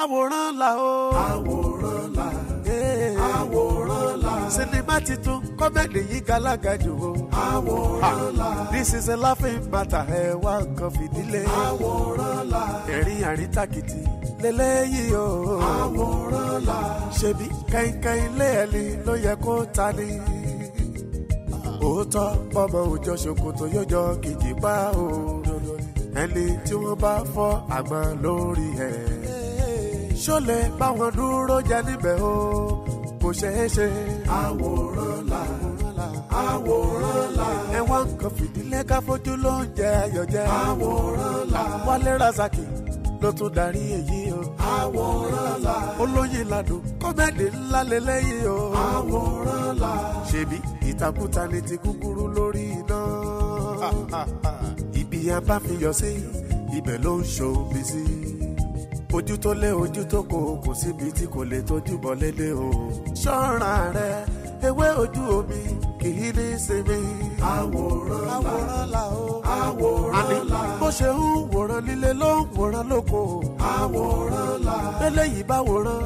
àwòrán la o. àwòrán la. Eh. àwòrán la. sinimá titun kọ́mẹ́dì yìí galaga jù o. àwòrán la. this is a laughing matter ẹ wá nǹkan fìdílé. àwòrán la. ẹ̀rín àríntàkìtì lélẹ́yìí o. àwòrán la. ṣebí kẹ́hìnkẹ́hìn lẹ́ẹ̀lì ló yẹ kó ta ni. òótọ́ bọ́bọ òjò ṣòkòtò yóò jọ kìjì pa o. ẹni tí wọ́n bá fọ́ àgbọn lórí ẹ̀ ṣó lè bá wọn dúró jẹ níbẹ̀ o kò ṣeé ṣe. àwòrán la àwòrán la. ẹ nǹkan fìdílé ká fojú ló ń jẹ ayọ̀ jẹ. àwòrán la. wálé razaki ló tún darí èyí o. àwòrán la. olóyè ladò kọ́mẹ́dì ńlá lélẹ́yìí o. àwòrán la. ṣèbí ìtakùtà ni ti gúgúrú lórí iná. ibi abáfiyọ̀ sí ibẹ̀ ló ń ṣòbí sí ojú tó lé ojú tó kò kò síbi tí kò lè tójú bọ̀ lédè o. ṣọ́ra rẹ ewé ojú omi kì ní sinmi. àwòrán la o. àwòrán la. àní bó ṣe ń wòran líle ló ń wòran lóko. àwòrán la. eléyìí bá wòran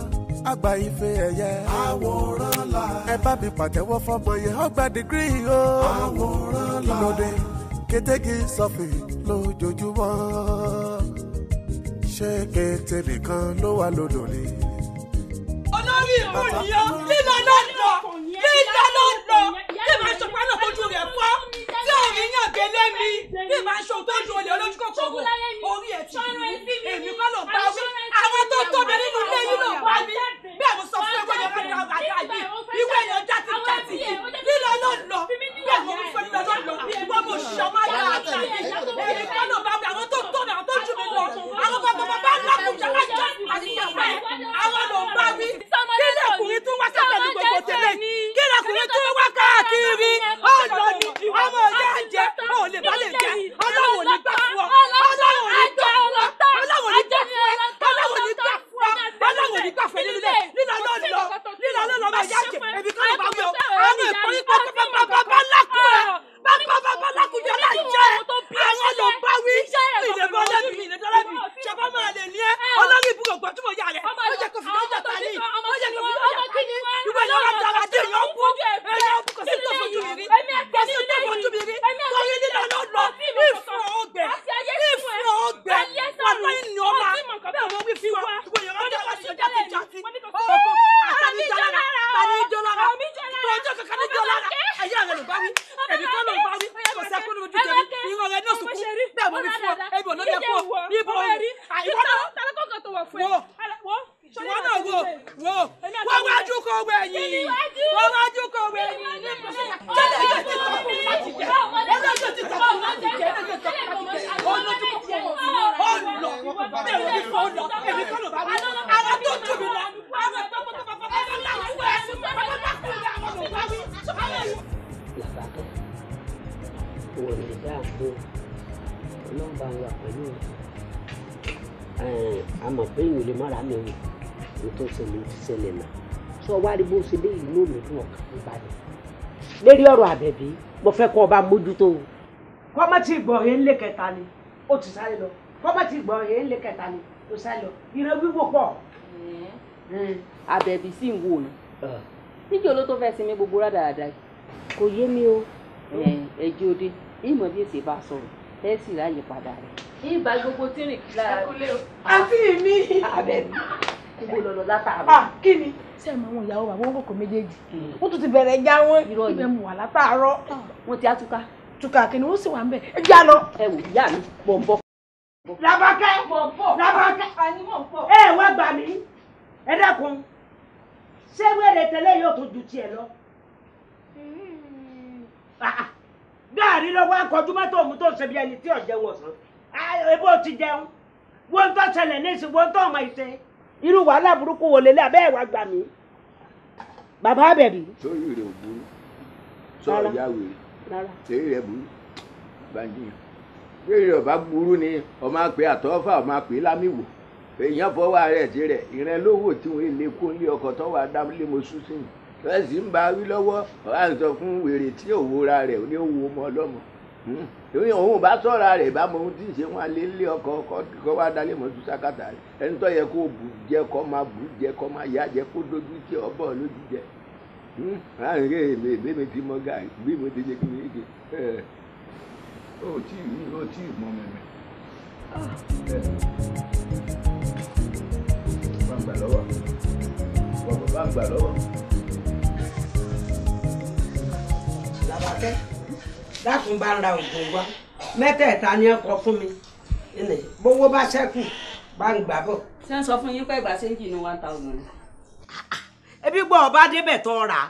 àgbà ife ẹ̀yẹ. àwòrán la. ẹ bá mi pàtẹ́wọ́ fọmọ yẹn ó dìgírì o. àwòrán la. ìlòdì kété kí n lójoojúmọ́ ṣé kété nìkan ló wà lódò ni. olórí ìlú nìyọ lílọ lọ́dọ̀ lílọ lọ́dọ̀ kí màá sọ pé ọlọ́pàá ojú rẹ̀ pọ́ ní yàn gbélé mi bí màá ṣe òótọ́ ju olè olójú kòkòrò orí ẹ̀ ti rí èmi kọ́ ló bá wí àwọn tó tóbi nínú ilé yìí ló bá mi bẹ́ẹ̀ mo sọ fún ẹgbẹ́ yẹn lọ́dọ̀ àgbà yìí ìwé yẹn jáde jáde lílọ ló lọ bẹ́ẹ̀ mo fún lílọ ló lọ ìwọ mo ṣe ọmọ ayé àgbà yìí èmi kọ́ ló bá mi àwọn tó tóbi àwọn tó jù mí lọ àwọn bàbá bàbá lákùnjà lájọ àti àwọn ló bá wí kí lẹ́kùnrin tún wá sábẹ́ ní gbogbo tẹ̀lé kí lẹ́kùnrin tún wá káàkiri ọ̀nà ni ọmọ jẹ ọ lè bá lè jẹ ọlọ́wọ́ ní gbà fún ọ ọlọ́wọ́ ní gbà fún ọ ọlọ́wọ́ ní gbà fún ọ ọlọ́wọ́ ní gbà fún ọ ọlọ́wọ́ ní gbà fún ẹni nílẹ̀ nílọ náà lọ nílọ náà lọ máa yá jẹ èmi kọ́ ló bá wẹ̀ ọ́ ọmọ ìpọ́nrí pápápápá lákùú ẹ̀ pápá bàbá lákùnjọ náà jẹ́ àwọn ló bá wí ìdèbọ̀ lẹ́bi ìdèbọ̀ lẹ́bi ṣẹ̀fà máa ṣẹlẹ̀ náà sọ wá rí bó ṣe dé ìlú mi fún ọkàn mi balẹ̀ lérí ọ̀rọ̀ àbẹ̀bí mo fẹ́ kọ́ ọba mójútó. kọ́mọ́ ti gbọ̀ yẹn lé kẹta ni ó ti sáré lọ kọ́mọ́ ti gbọ̀ yẹn lé kẹta ni ó sáré lọ ìrẹ́ wíwò pọ̀. àbẹ̀bí sì ń wò ni níjẹ́ olótó fẹ́ sinmi gbogbo rádaràda kò yé mi o ẹjọ́ òde ìmọ̀ bí èsì bá sọ̀rọ̀ ẹ sì ráyè padà rẹ̀. ìbá gbogbo tí rìn lára. àti mi. àbẹ̀bí gbogbo lọ́lọ́ látàárọ̀. ah kí ni ṣé ẹ mọ àwọn ìyàwó àwọn kòkò méjèèjì hmm. wọ́n tún ti bẹ̀rẹ̀ já wọn ibẹ̀ mú wà látàárọ̀. Ah, wọ́n ti àtúkà. túkà kìnnì wọ́n sì wà ń bẹ̀ ẹ já lọ. ẹ wò ìyá mi mọ̀ ń bọ̀. làbàkẹ́ làbàkẹ́ ẹ wá gbà mí ẹ dẹ́kun ṣé wẹ́rẹ́ tẹ́lẹ̀ yóò tún ju tiẹ̀ lọ. Hmm. Ah, ah. gbáàrí lọ́wọ́ akọjú mọ́tò òun tó ń ṣe bí ẹni tí ọ̀jẹ̀ wọ̀ sàn. ebo ti jẹun wọ́n tó ṣẹlẹ̀ ní ìsìn irú wàhálà burúkú wo lélẹ̀ abẹ́ ẹ̀wà gbà mí bàbá àbẹ̀bí. sórí rẹ ò burú sọ̀rọ̀ ya wèrè sèrí rẹ burú bandiyan sórí rẹ ọba burú ni ọmọ àpè àtọ́fà ọmọ àpè lámìwò èèyàn fọwọ́ rẹ̀ ti rẹ̀ ìrìn lówó tí wọ́n lè kó lé ọkọ̀ tó wà dá lé mo sùn sí ni lọ́sìn ń bá wí lọ́wọ́ ọ̀hán sọ fún wèrè tí òwúra rẹ̀ ó ní òwò ọmọ ọlọ́mọ. Hmm torí òun ò bá sọ̀ra rẹ̀ bá mọ ohun tí ń ṣe wọn alẹ́ lé ọkọ̀ kọ́ wá dalé mọ́ tún sákàtà rẹ̀ ẹni tó yẹ kó bù jẹ kó máa bù jẹ kó máa yá jẹ kó dojú tí ọbọ̀ lójú jẹ láàrin rẹ̀ èmi èmi mi ti mọ gàrí bí mo ti ṣe kí ni ṣe. o tí ì o tí ì mọ mẹ́mẹ́. bá gbà lọ́wọ́ bá gbà lọ́wọ́. làbàkẹ́ dákun bá ń ra oògùn wa mẹ́tẹ̀ẹ̀ta ni ọkọ̀ fún mi ìní bówó bá ṣẹ́kù bá ń gbà bọ̀. ṣé ń sọ fún yín pé ìgbà ṣéǹjì ní one thousand. ebi gbọ́ ọba débẹ̀ tọ́ ra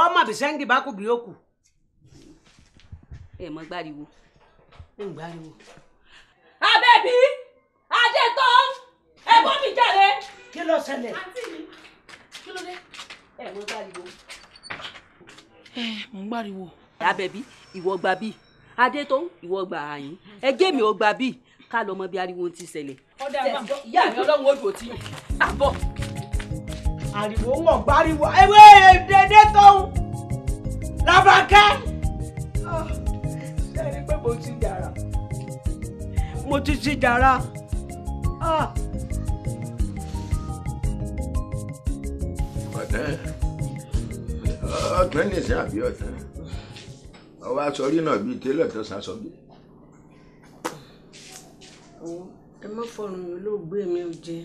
ọmọ bìsẹ́ǹgì bá kù bí ó kù. ẹ mọ gbáriwo. ń gbáriwo. abẹ́bí adétọ́ ẹ̀gbọ́n mi jáde. kí ló ṣẹlẹ̀. àǹtí mi kí ló dé. ẹ mọ gbáriwo. ẹ mọ gbáriwo. abẹ́bí ìwọ gba bíi adétò ìwọ gba àyín ẹgẹ́ mi ò gba bíi ká lọ mọ bí ariwo ti ṣẹlẹ̀. ọ̀dà ìyá mi ọlọ́run odò tí àbọ̀. ariwo ń wọ̀n gbáriwo ewé dédé tóun làbàkẹ́. Ah, ṣé ẹni pé mo ti dára mo ti ti dára. Ah. ọ̀tẹ́ ọ̀tún ẹ̀ ní sẹ́ àbí ọ̀tún ọwọ́ aṣọrí náà bíi tẹ́lẹ̀ tó sasọ bí. ẹ má fọ̀rùn yìí olóògbé mi ò jẹ.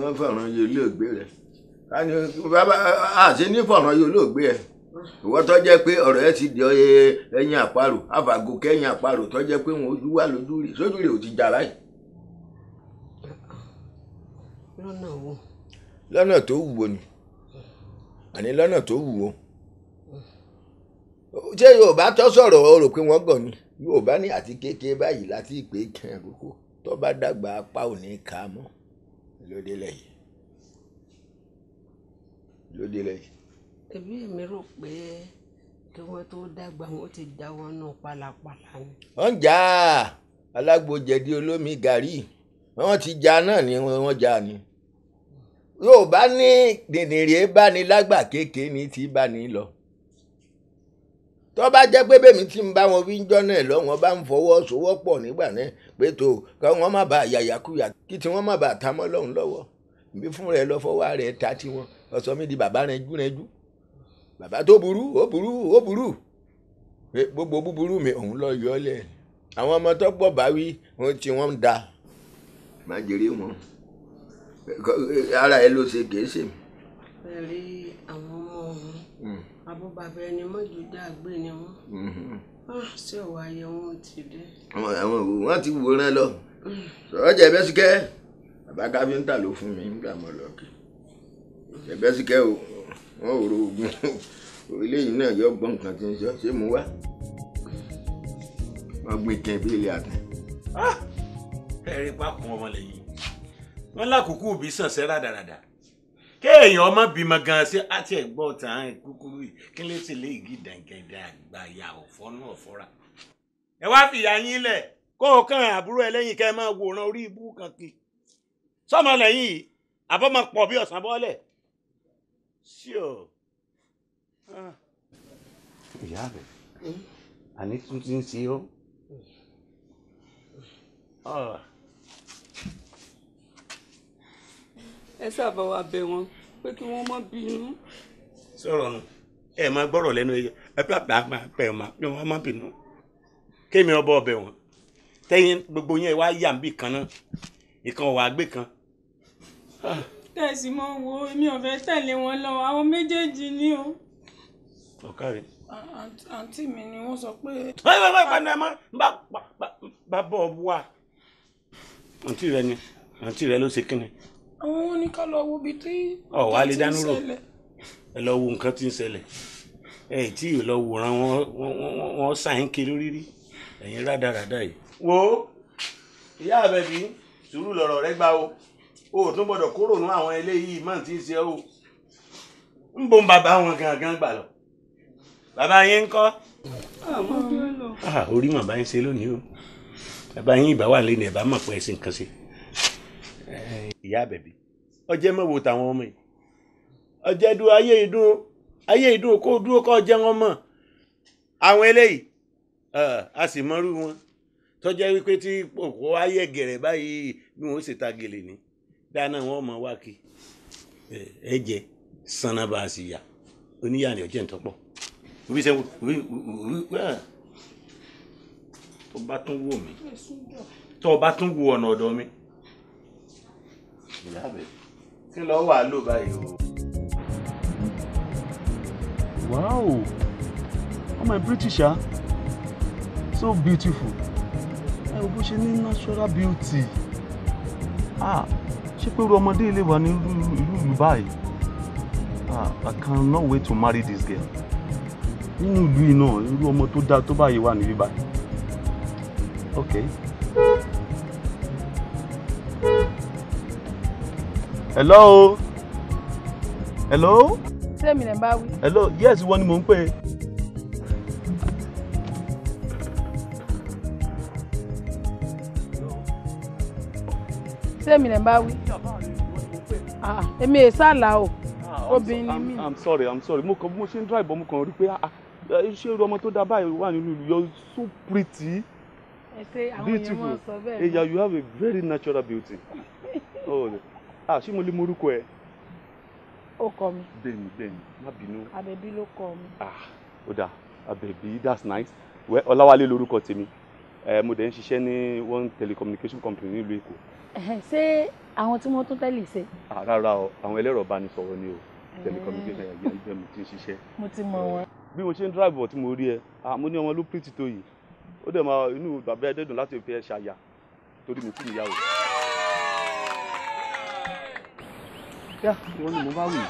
wọ́n fọ̀rùn yìí olóògbé rẹ̀ bàbá àti ní fọ̀rùn yìí olóògbé ẹ̀ ìwọ́n tó jẹ́ pé ọ̀rọ̀ ẹ ti di ẹyin àparò àfàgò kẹ́yìn àparò tó jẹ́ pé wọn ojú wà lójú rẹ̀ sójú rẹ̀ ò ti jà láì. lọ́nà wo. lọ́nà tó wù wo ni àní lọ́nà tó wù wo ṣé yorùbá tó sọ̀rọ̀ o rò pé wọ́n gàn ni yorùbá ní àti kékeré báyìí láti ìpè kan àkókò tó bá dàgbà apá ò ní ká mọ́ lóde lẹ́yìn lóde lẹ́yìn. èmi èmi rò pé kí wọ́n tó dàgbà wọ́n ti dáwọ́ náà pálapàla ni. wọ́n jà á alágbòjẹ̀dí olómi gàrí wọ́n ti jà náà ni wọ́n jà ni yorùbá ní dìndìnrín bá ní lágbà kékeré ní ti bá ní lọ tó bá jẹ́ pé bẹ́ẹ̀ mi ti ń bá wọn wí ń jọ́nà ẹ̀ lọ́wọ́n bá ń fọwọ́ sowọ́pọ̀ nígbà náà pé tó kọ́ wọ́n má bàa yàyàkúyà kí tí wọ́n má bàa ta mọ́ lọ́hùn lọ́wọ́ bí fún rẹ lọ fọwọ́ rẹ ta tí wọn ọ̀sọ́ mi di bàbá rẹ jú rẹ jú bàbá tó burú ó burú ó burú gbogbo búburú mi òun lọ yọ ọ́ àwọn ọmọ tó pọ̀ bá wí ohun tí wọ́n ń da má wọn ara ẹ ló ṣe kèé pẹ̀lú àwọn ọmọ òun Mm. abúbàbà ẹni mọ́jú dàgbé ni mm-hmm. ah, wọ́n ṣe wà yẹ wọ́n ti dé. àwọn àwọn òwò wọn ti wòran lọ sọ̀rọ̀ mm. jẹ́ bẹ́síkẹ́ bàbá káfíńtà ló fún mi nígbà mọ́ lọ kí jẹ́ bẹ́síkẹ́ o wọ́n ò ro oògùn eléyìí náà yọ gbọ́n nǹkan tí ń sọ ṣé mo wá wọ́n gbé kẹ́ bí ilé àtàn. Ah! ẹ̀rí pápọ̀ ọmọ lẹ́yìn wọ́n lákòókò òbí sàn sẹ́rà dáradára. kéèyàn ọmọ bímọ gan ṣe àti ẹgbọ ọtá ẹ kúkúrú yìí kí ló sì lè ọfọ náà fọra. ẹ wá fìyà yín lẹ kó àbúrò ẹlẹ́yìn kẹ́ ẹ máa orí ibú kan kì í sọmọ lẹ́yìn àbọ̀mọ pọ̀ bí ọ̀sán ìyá àní ẹ sábà wá bẹ̀ wọ́n pé kí wọ́n má bínú. sọ̀rọ̀ nù ẹ máa gbọ́rọ̀ lẹ́nu ẹ pàpà máa pẹ̀ máa pé wọ́n má bínú kémi ọba ọbẹ̀ wọn tẹ́yìn gbogbo yẹn wá yà ń bì kan náà ìkan ọ̀wà àgbè kan. tẹ̀sí mo wo mi ò fẹ́ tẹ̀lé wọn lọ àwọn méjèèjì ni o. ọ̀kàrẹ̀. àǹtí mi ni wọ́n sọ pé. báyìí báyìí báyìí báyìí bá bá bá bọ̀ wá. àǹtí rẹ ni àǹtí rẹ ló ṣe kí ni ní ká lọ wo ibi tí. ọ wà á lè dánú rò ẹ lọ wo nǹkan tí ń ṣẹlẹ̀ ẹ tí ì lọ wòran wọn sàn kiri rírí ẹ̀yin rádaràda yìí. wo ìyá àbẹ̀bí sùúrù lọ̀rọ̀ rẹ gbá o o ò tún gbọ́dọ̀ kúrò nú àwọn eléyìí mọ̀ tí ń ṣe o ń bo bàbá wọn gangan gbà lọ bàbá yín ń kọ́. Ah, orí màmá yín ṣe lónìí o bàbá yín ìbá wà lé ní ẹ̀ bá mọ̀ pé ẹ̀ ṣe nǹkan ṣe ìyá àbẹ̀bí ọjẹ́ mọ̀wò tàwọn ọmọ yìí ọjẹ́ dúró ayé ìdún ayé ìdún kó dúró kọ́ jẹ́ wọn mọ̀ àwọn eléyìí a sì mọ́rú wọn tọ́jẹ́ wípé tí òkú ayé gẹ̀rẹ̀ báyìí bí wọ́n ṣe ta gèlè ní dáná wọn mọ̀ wá kí ẹ jẹ sanna bá a sì yà oníyà ni ọjẹ́ ń tọ́pọ̀ wí sẹ́wọ́ wí wí wí tó bá tún wò mí tó bá tún wò ọ̀nà ọ̀dọ̀ mi. Yeah, baby kí ló wà lò báyìí o. wow ọmọ ẹ british ah so beautiful ẹ wo bó ṣe ní natural beauty ah ṣé pé irú ọmọdé ilé wa ní ìlú ìlú báyìí ah i cannot wait to marry this girl nínú ìlú yìí náà irú ọmọ tó dáa tó báyìí wà níbí báyìí okay. hello hello. sẹ́mi lè bá wí. hello yes wọ́n ni mò ń pè é. sẹ́mi lè bá wí. Ah, èmi è sálà o ah, obìnrin mi. i'm sorry i'm sorry mo kàn mo ṣe ń dra ìbọn mo kàn rí pé ah, ṣé irú ọmọ tó dá báyìí wà nínú ìlú you're so pretty beautiful eya you have a very natural beauty. Oh, ah ṣé mo lè morúkọ ẹ. ó kọ mi. bẹ́ẹ̀ni bẹ́ẹ̀ni má bínú. àbẹ̀bí ló kọ mi. ah ó dáa àbẹ̀bí that's nice wẹ́ ọláwálé lórúkọ tèmi ẹ mo dẹ̀ ń ṣiṣẹ́ ní one telecommunication company nílùú èkó. ṣé àwọn tí wọ́n tún tẹ́lẹ̀ ṣe. rárá o àwọn ẹlẹ́rọ ìbánisọ̀rọ̀ ni o telecommunication ẹ̀yà ibẹ̀ mo ti ń ṣiṣẹ́. mo ti mọ wọn. bí mo ṣe ń drive bọ̀ tí mo rí ẹ mo ní ọmọ ló pírìtì tó yìí ó dẹ̀ máa inú bàbá ẹ̀dẹ́dùn láti fi ẹ ṣàyà torí mi kú níyàwó. yá ìwọ ni mo bá wù yìí.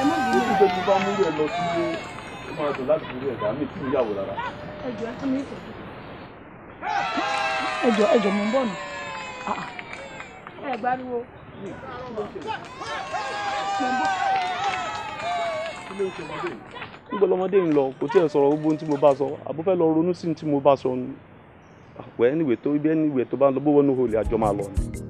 ẹ má bínú ẹ. ìgbésẹ̀ tó bá múlò ẹ lọ sí ilé ó máa dùn láti rí ẹ̀dá mi tí mo yàwó rárá. ẹjọ ẹ fún mi ìtọ́jú. ẹjọ ẹjọ mo ń bọ̀ nù. Ah, ah. ẹ gbariwo. nígbà lọmọdé ń lọ kò tiẹ̀ sọ̀rọ̀ gbogbo tí mo bá sọ àbó fẹ́ lọ ronú sí tí mo bá sọ ni àpò ẹniwèé tó ibi ẹniwèé tó bá ń lọ bó wọnú olè àjọ máa lọ ni.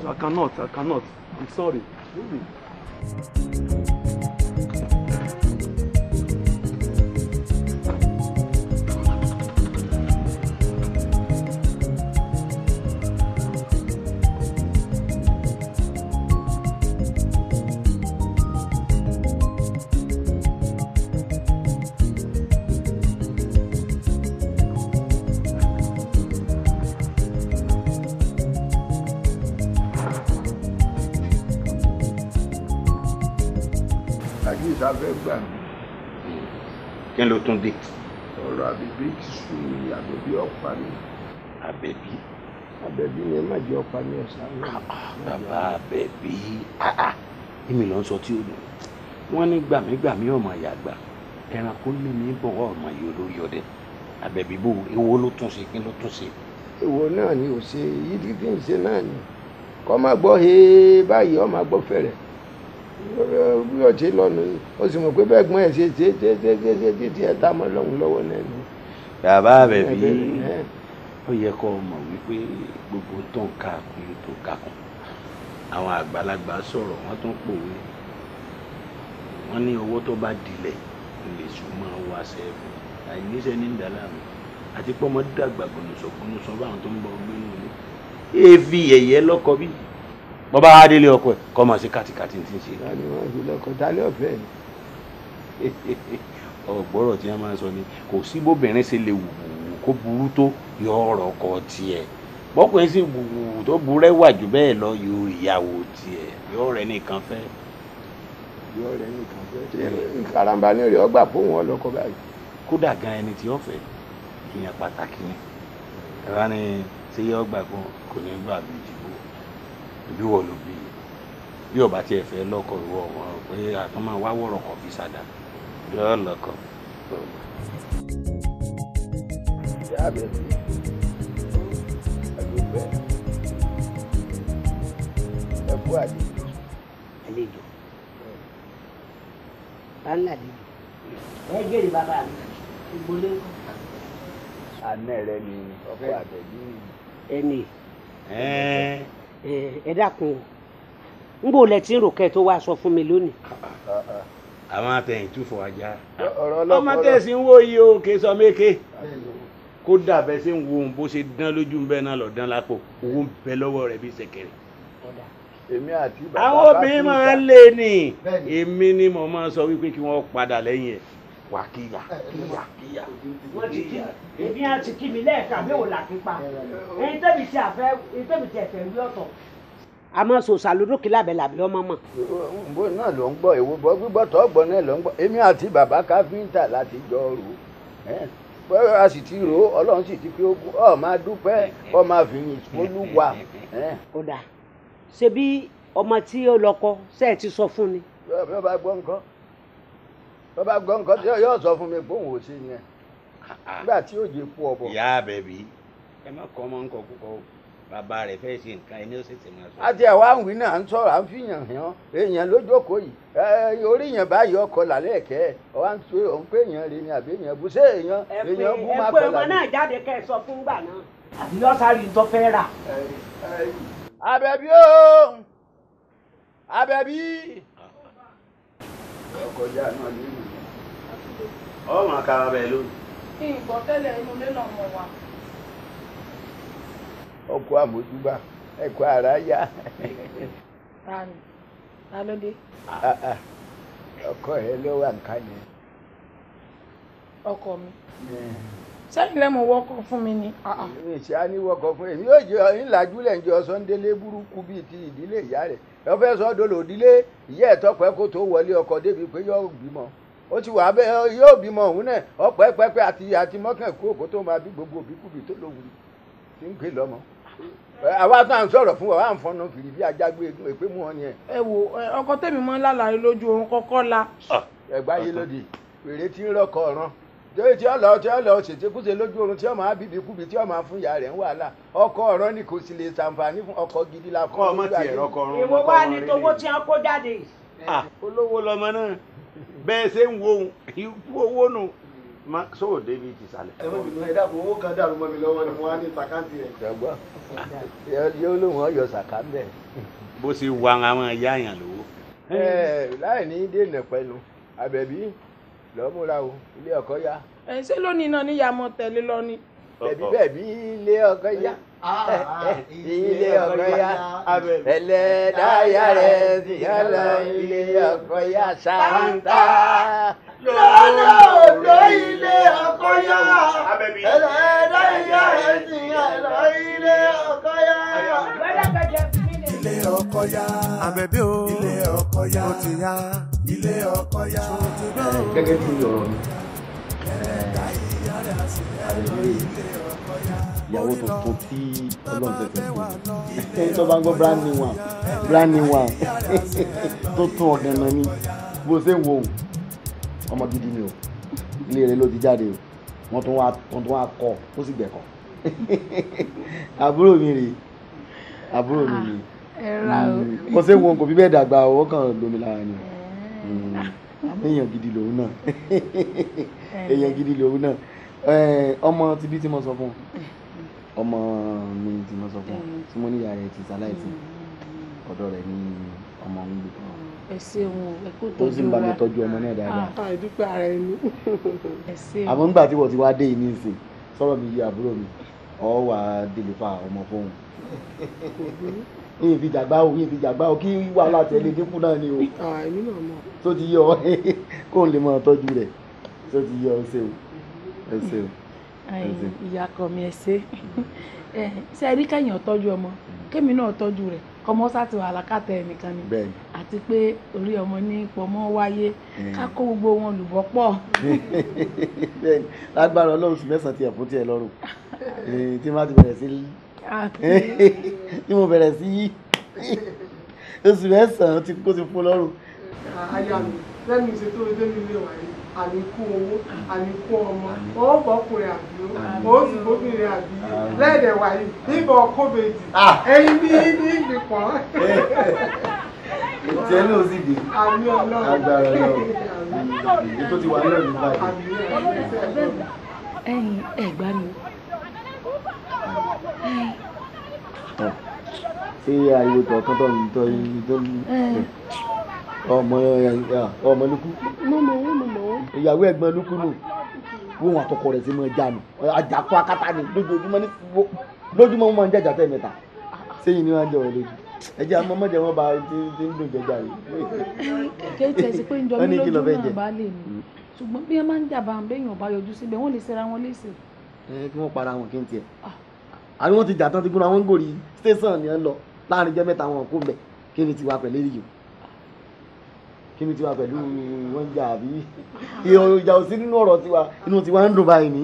cannot, I cannot, I cannot. I'm sorry. Really? bẹ̀bí yẹn má jẹ́ ọ̀pá mi ọ̀sán. bàbá bẹ̀bí èmi ló ń sọ tí ó dùn wọ́n ní gbàmígbàmí ọmọ yàgbà ẹranko ní mi bọ̀ ọmọ yìí olórí ọdẹ àbẹ̀bí bò ewo ló tún ṣe kí ló tún ṣe. ewo náà ni ò ṣe yídí tí ń ṣe náà ni kọ́ máa gbọ́ hee báyìí ọ máa gbọ́ fẹ̀rẹ̀ ọtí lọ́nu ó sì mọ̀ pé bẹ́ẹ̀ gbọ́n ẹ̀ ṣe ṣe ṣe ṣe ṣe ṣe ṣe ẹ̀ dá lọ́wọ́ náà ni. bàbá bẹ̀bí ó yẹ kó mọ̀ wípé gbogbo tó ń ka kún tó ka kún àwọn àgbàlagbà sọ̀rọ̀ wọ́n tún pòwe wọ́n ní owó tó bá dilẹ̀ lè súnmọ́ wá sẹ́ẹ̀bù àìníṣẹ́ ní ìdálàmú àti pọ́nmọ́ dàgbà gbọ̀nùsọ gbọ̀nùsọ báwọn tó ń bọ gbénu ilé èéfì yẹ̀yẹ́ lọ́kọ bí bọ́bá adélé ọkọ ẹ̀ kọ́ máa ṣe kàtìkàtì ti ń ṣe. láti wọ́n ṣe lọ́kọ̀ dálé ọ̀fẹ́ ọ̀gbọ́rọ̀ tí wọ́n máa ń sọ ni kò sí ṣe lè wù wù kó burú tó yọ ọ̀rọ̀ ọkọ tiẹ̀ bọ́kùnrin sì gbùgbù tó burẹ́ wà jù bẹ́ẹ̀ lọ yóò ìyàwó tiẹ̀ yóò rẹ nìkan fẹ́. yóò rẹ nìkan fẹ́. karamba ní rẹ̀ ọgbà bó wọn lọ́kọ báyìí. kódà gan ẹni tí ó fẹ́ ìyẹn pàtàkì ni ẹ̀rọ ni ṣé yọ ọgbà kan kò ní gbà bí ìdìbò ìbí wọ ló bí bí ọba tiẹ̀ fẹ́ lọ́kọ ìwọ ọ̀rọ̀ pé àtúmọ̀ wá wọ̀rọ̀ kọ̀ sádà yọ ọ lọ́kọ. Thank you ìyá mi rí àlùfẹ́ ẹ kú àlejò. àlejò bá ń làlejò ẹ jèrè bàbá mi ìgbólé. àná rẹ ni ọkọ àbẹ̀bí. ẹnì ẹ dákun n bò lẹ tí ń rò kẹ tó wá sọ fún mi lónìí àwọn atẹ̀yìn tún fọ ajá. ọmọ tẹ̀sí ń wò yìí o kì í sọ méke kódà bẹ́ẹ̀ ṣe ń wo ohun bó ṣe dán lójú ń bẹ́ẹ̀ náà lọ dán lápò owó ń bẹ lọ́wọ́ rẹ̀ bí ṣẹ̀kẹ̀rẹ̀. èmi àti bàbá bá àwọn obìnrin máa ń lè ní èmi ni mo máa sọ wípé kí wọ́n padà lẹ́yìn ẹ̀ wà kíyà kíyà kíyà. èmi á kí mi lẹ́ẹ̀ka mi ò là kípa èyí tẹ́bi ti àfẹ́ èyí tẹ́bi ti ẹ̀fẹ́ wí ọ̀tọ̀ a máa sọ sàlódókè lábẹ́lábẹ́ lọ́mọ mọ̀. bó náà ló ń gbọ́ èwo gbígbọ́ tó gbọ́ náà ló ń gbọ́ èmi àti bàbá káfíńtà láti jọ rò pẹ́ẹ́rẹ́ a sì ti rò ó ọlọ́run sì ti pé ó kú ọ máa dúpẹ́ kọ́ máa fi yìn olúwa. ó dà ṣe bí ọmọ tí ó lọkọ ṣe é ti sọ fún ni. bí wọ́n bá gbọ́ nǹkan bí bá gbọ́ nǹkan yóò sọ fún mi pé ò sí yẹn ah, ah. nígbà tí yóò jẹ́ kú ọ̀bọ̀. ìyá bẹ̀bí ẹ má kọ́ ọmọ nǹkan kúkọ o bàbá rẹ̀ fẹ́ ṣe nǹkan ẹni ó sì ti máa sọ. àti ẹ̀wá ń wí náà ń sọ̀rọ̀ à ń fìyàn hàn èèyàn lójókòó yìí orí yẹn báyìí ọkọ̀ lálẹ́ ẹ̀kẹ́ ọ̀wá ń sọ èèyàn rè ni àbí èèyàn bú èèyàn èèyàn bú má kọ̀ lálẹ́. ẹ̀pẹ́ ọmọ náà jáde kẹ́ ẹ sọ fún gbà náà àbí lọ́sàárì tó fẹ́ rà. Àbẹ̀bí o Àbẹ̀bí. ọkọjá náà ní ìlú ọmọ àkàrà bẹ́ẹ̀ lónìí. ìgbọ́tẹ́lẹ̀ inú lé ọkụ àmójúbà ẹkọ ara ya. ọkọ rẹ ló wà nkàlẹ̀. ọkọ mi sẹ́yìn lẹ́mọ̀ wọ́kọ̀ fún mi ni. ìṣe á ní wọ́kọ̀ fún mi yóò jẹ ọyìn làjú lẹ́njọ sọ́ndélé burúkú bíi ti ìdílé ìyá rẹ̀ lọ́ fẹ́ sọ dolo ìdílé ìyá tó wọlé ọkọ débi pé yóò bímọ ó ti wà bẹ́ẹ̀ yóò bímọ òun náà ọ̀pẹ́ pẹ́pẹ́ àti àti mọ́kàn tó máa bí gbogbo tó ti ń gbé lọ́mọ. àwa tó à ń sọ̀rọ̀ fún wa wà ń fọnà fìrí bí ajágbé egun èpè mú wọn yẹn. ẹ wo ọkọ tèmi mọ lálàyé lójú oorun kọ́kọ́ la. ẹgbà yìí lòdì wèrè tí ń rọkọ ọ̀ràn tóyè tí ọlọ tí ọlọ ṣètìkúṣe lójú oorun tí ọmọ abíbi kúbi tí ọmọ fún ìyá rẹ̀ ń wàhálà ọkọ ọ̀rọ̀ ni kò sì lè ṣàǹfààní fún ọkọ gidi la fún ọmọ tiẹ̀ rọkọ ọ̀run ìwọ wá ní tówó tí wọn kó jáde. olówó lọmọ náà bẹ́ẹ̀ ṣe ń wo owó nù ma so david isalẹ. ẹ mọ̀ bínú ẹ dàpọ̀ owó kan dàrú mọ́ mi lọ́wọ́ ni mo wá ní sàkáǹtì rẹ̀. ṣùgbọ́n yóò lóun ọyọ sàká bẹ́ẹ̀. bó ṣe wà àwọn ẹ̀yà àyàn lówó. láì ní dènà pẹ̀lú àbẹ̀bí lọ́múra o ilé ọ̀kọ́ yá. ẹ̀ ṣé lónìí náà níyàmọ̀ tẹ̀lé lọ́nìí bẹ̀bí bẹ̀bí ilé ọkọ yá ah, ah, ah, ilé ọkọ yá ẹlẹ́dáyà rẹ̀ sì yá lọ ilé ọkọ yá sáńtà lọ́nà òdò ilé ọkọ yá ẹlẹ́dáyà rẹ̀ sì yá lọ ilé ọkọ yá. Ilé ọkọ yá. Àbẹ̀bí o. Ilé ọkọ yá. O ti yá. Ilé ọkọ yá. Gẹ́gẹ́ bí ọ̀rọ̀ mi ìyàwó tuntun tí ọlọ́run tẹ̀sí fún mi tó bá ń gbọ́ brand new one brand new one tó tún ọ̀gàn náà ni bó ṣe ń wo òun ọmọ gidi ni o ilé rẹ ló ti jáde o wọ́n tún wá wọ́n tún wá kọ́ ó sì gbẹ̀kọ́ àbúrò mi rèé àbúrò mi rèé kò ah, ṣe ń wo kò fi bẹ́ẹ̀ dàgbà owó kan lómi lára ni eh. hmm. èèyàn gidi lòun náà eh. èèyàn gidi lòun náà ọmọ tibí tí mo sọ fún ọmọ mi tí mo sọ fún tí mo níyà rẹ ti ṣaláìsí ọ̀dọ̀ rẹ̀ ní ọmọ ń gbé kan. ẹ ṣeun ẹ kó tọ́jú wa ó sì ń bá mi tọ́jú ọmọ náà dáadáa. àà ah, ah, ìdúpẹ́ ara ẹ ní. ẹ ṣeun. àmọ́ nígbà tí wọ́n ti wá dé yìí nísìn sọ̀rọ̀ mi yí àbúrò mi ọ̀ wà á délé fa ọmọ fóun. yín fi jàgbá o yín fi jàgbá o kí wàhálà tẹ̀lé dínkù náà ni o. àà ah, èmi náà mọ̀. tó ti yọ kó n lè mọ tọ́jú rẹ̀ tó ti yọ ọ ṣeun ẹ ṣe o ìyá kọ mi ẹ ṣe ṣe ẹ rí kẹyìn ọtọjú ọmọ kémi náà tọjú rẹ kọmọ sáti wà lákàtà ẹnìkan ni àti pé orí ọmọ ní pọmọ wáyé ká kó gbogbo wọn lùbọ pọ. bẹ́ẹ̀ni lágbára Ọlọ́run sì mẹ́sàn-án ti ẹfun tiẹ lọ́rùn tí má ti bẹ̀rẹ̀ sí tí mo bẹ̀rẹ̀ sí yí oṣù mẹ́sàn-án ti kó ti fún lọ́rùn. àyà mi lẹ́nu ìṣètò ilé wáyé àníkú owó àníkú ọmọ ọ̀ọ́bọ̀ ọkùnrin àbíó oṣù gómìnrin àbíyé lẹ́ẹ̀dẹ̀ wáyé níbọ̀ kóbejì ẹyin ní ní ìgbìpọ̀. tí ẹ náà sì dé agbára lọ ètò ti wà nílẹ̀ ní báyìí. ẹyin ẹ gbá mi. ṣé ayé tọ̀ọ̀kan tó ń tọ́ yín tó ń ọmọ ọmọ lukú ìyàwó ẹ̀gbọ́n lukú nù wọn àtọkọ rẹ̀ sí mọ ẹja nù àjàkọ akátá ni lójoojúmọ́ ní lójúmọ́ wọn máa ń jẹjà tẹ̀mẹ́ta sẹ́yìn ni wọ́n jẹ wọn lójú ẹjẹ àmọ́ mọjẹ wọn bá ti ti ń dùn jẹjà yìí. kéèké ẹsẹ pé njọ mi lójú náà bá lè mí ṣùgbọ́n bí wọ́n máa ń jàbá béèyàn bá yọjú síbẹ̀ wọ́n lè ṣera wọn léṣe. ẹ kí wọ́n para wọn kí n tiẹ̀ ah. àwọn wọn ti jà tán ti gúnra wọn ń gòrí tẹsán ni ẹ lọ láàrin jẹ mẹ́ta wọn kó mbẹ kí ni tiwa pẹ̀lú èyí o kí ni tiwa pẹ̀lú wọ́n jà àbí ìjà ò sí nínú ọ̀rọ̀ tiwa inú tiwa ń dùn báyìí ni.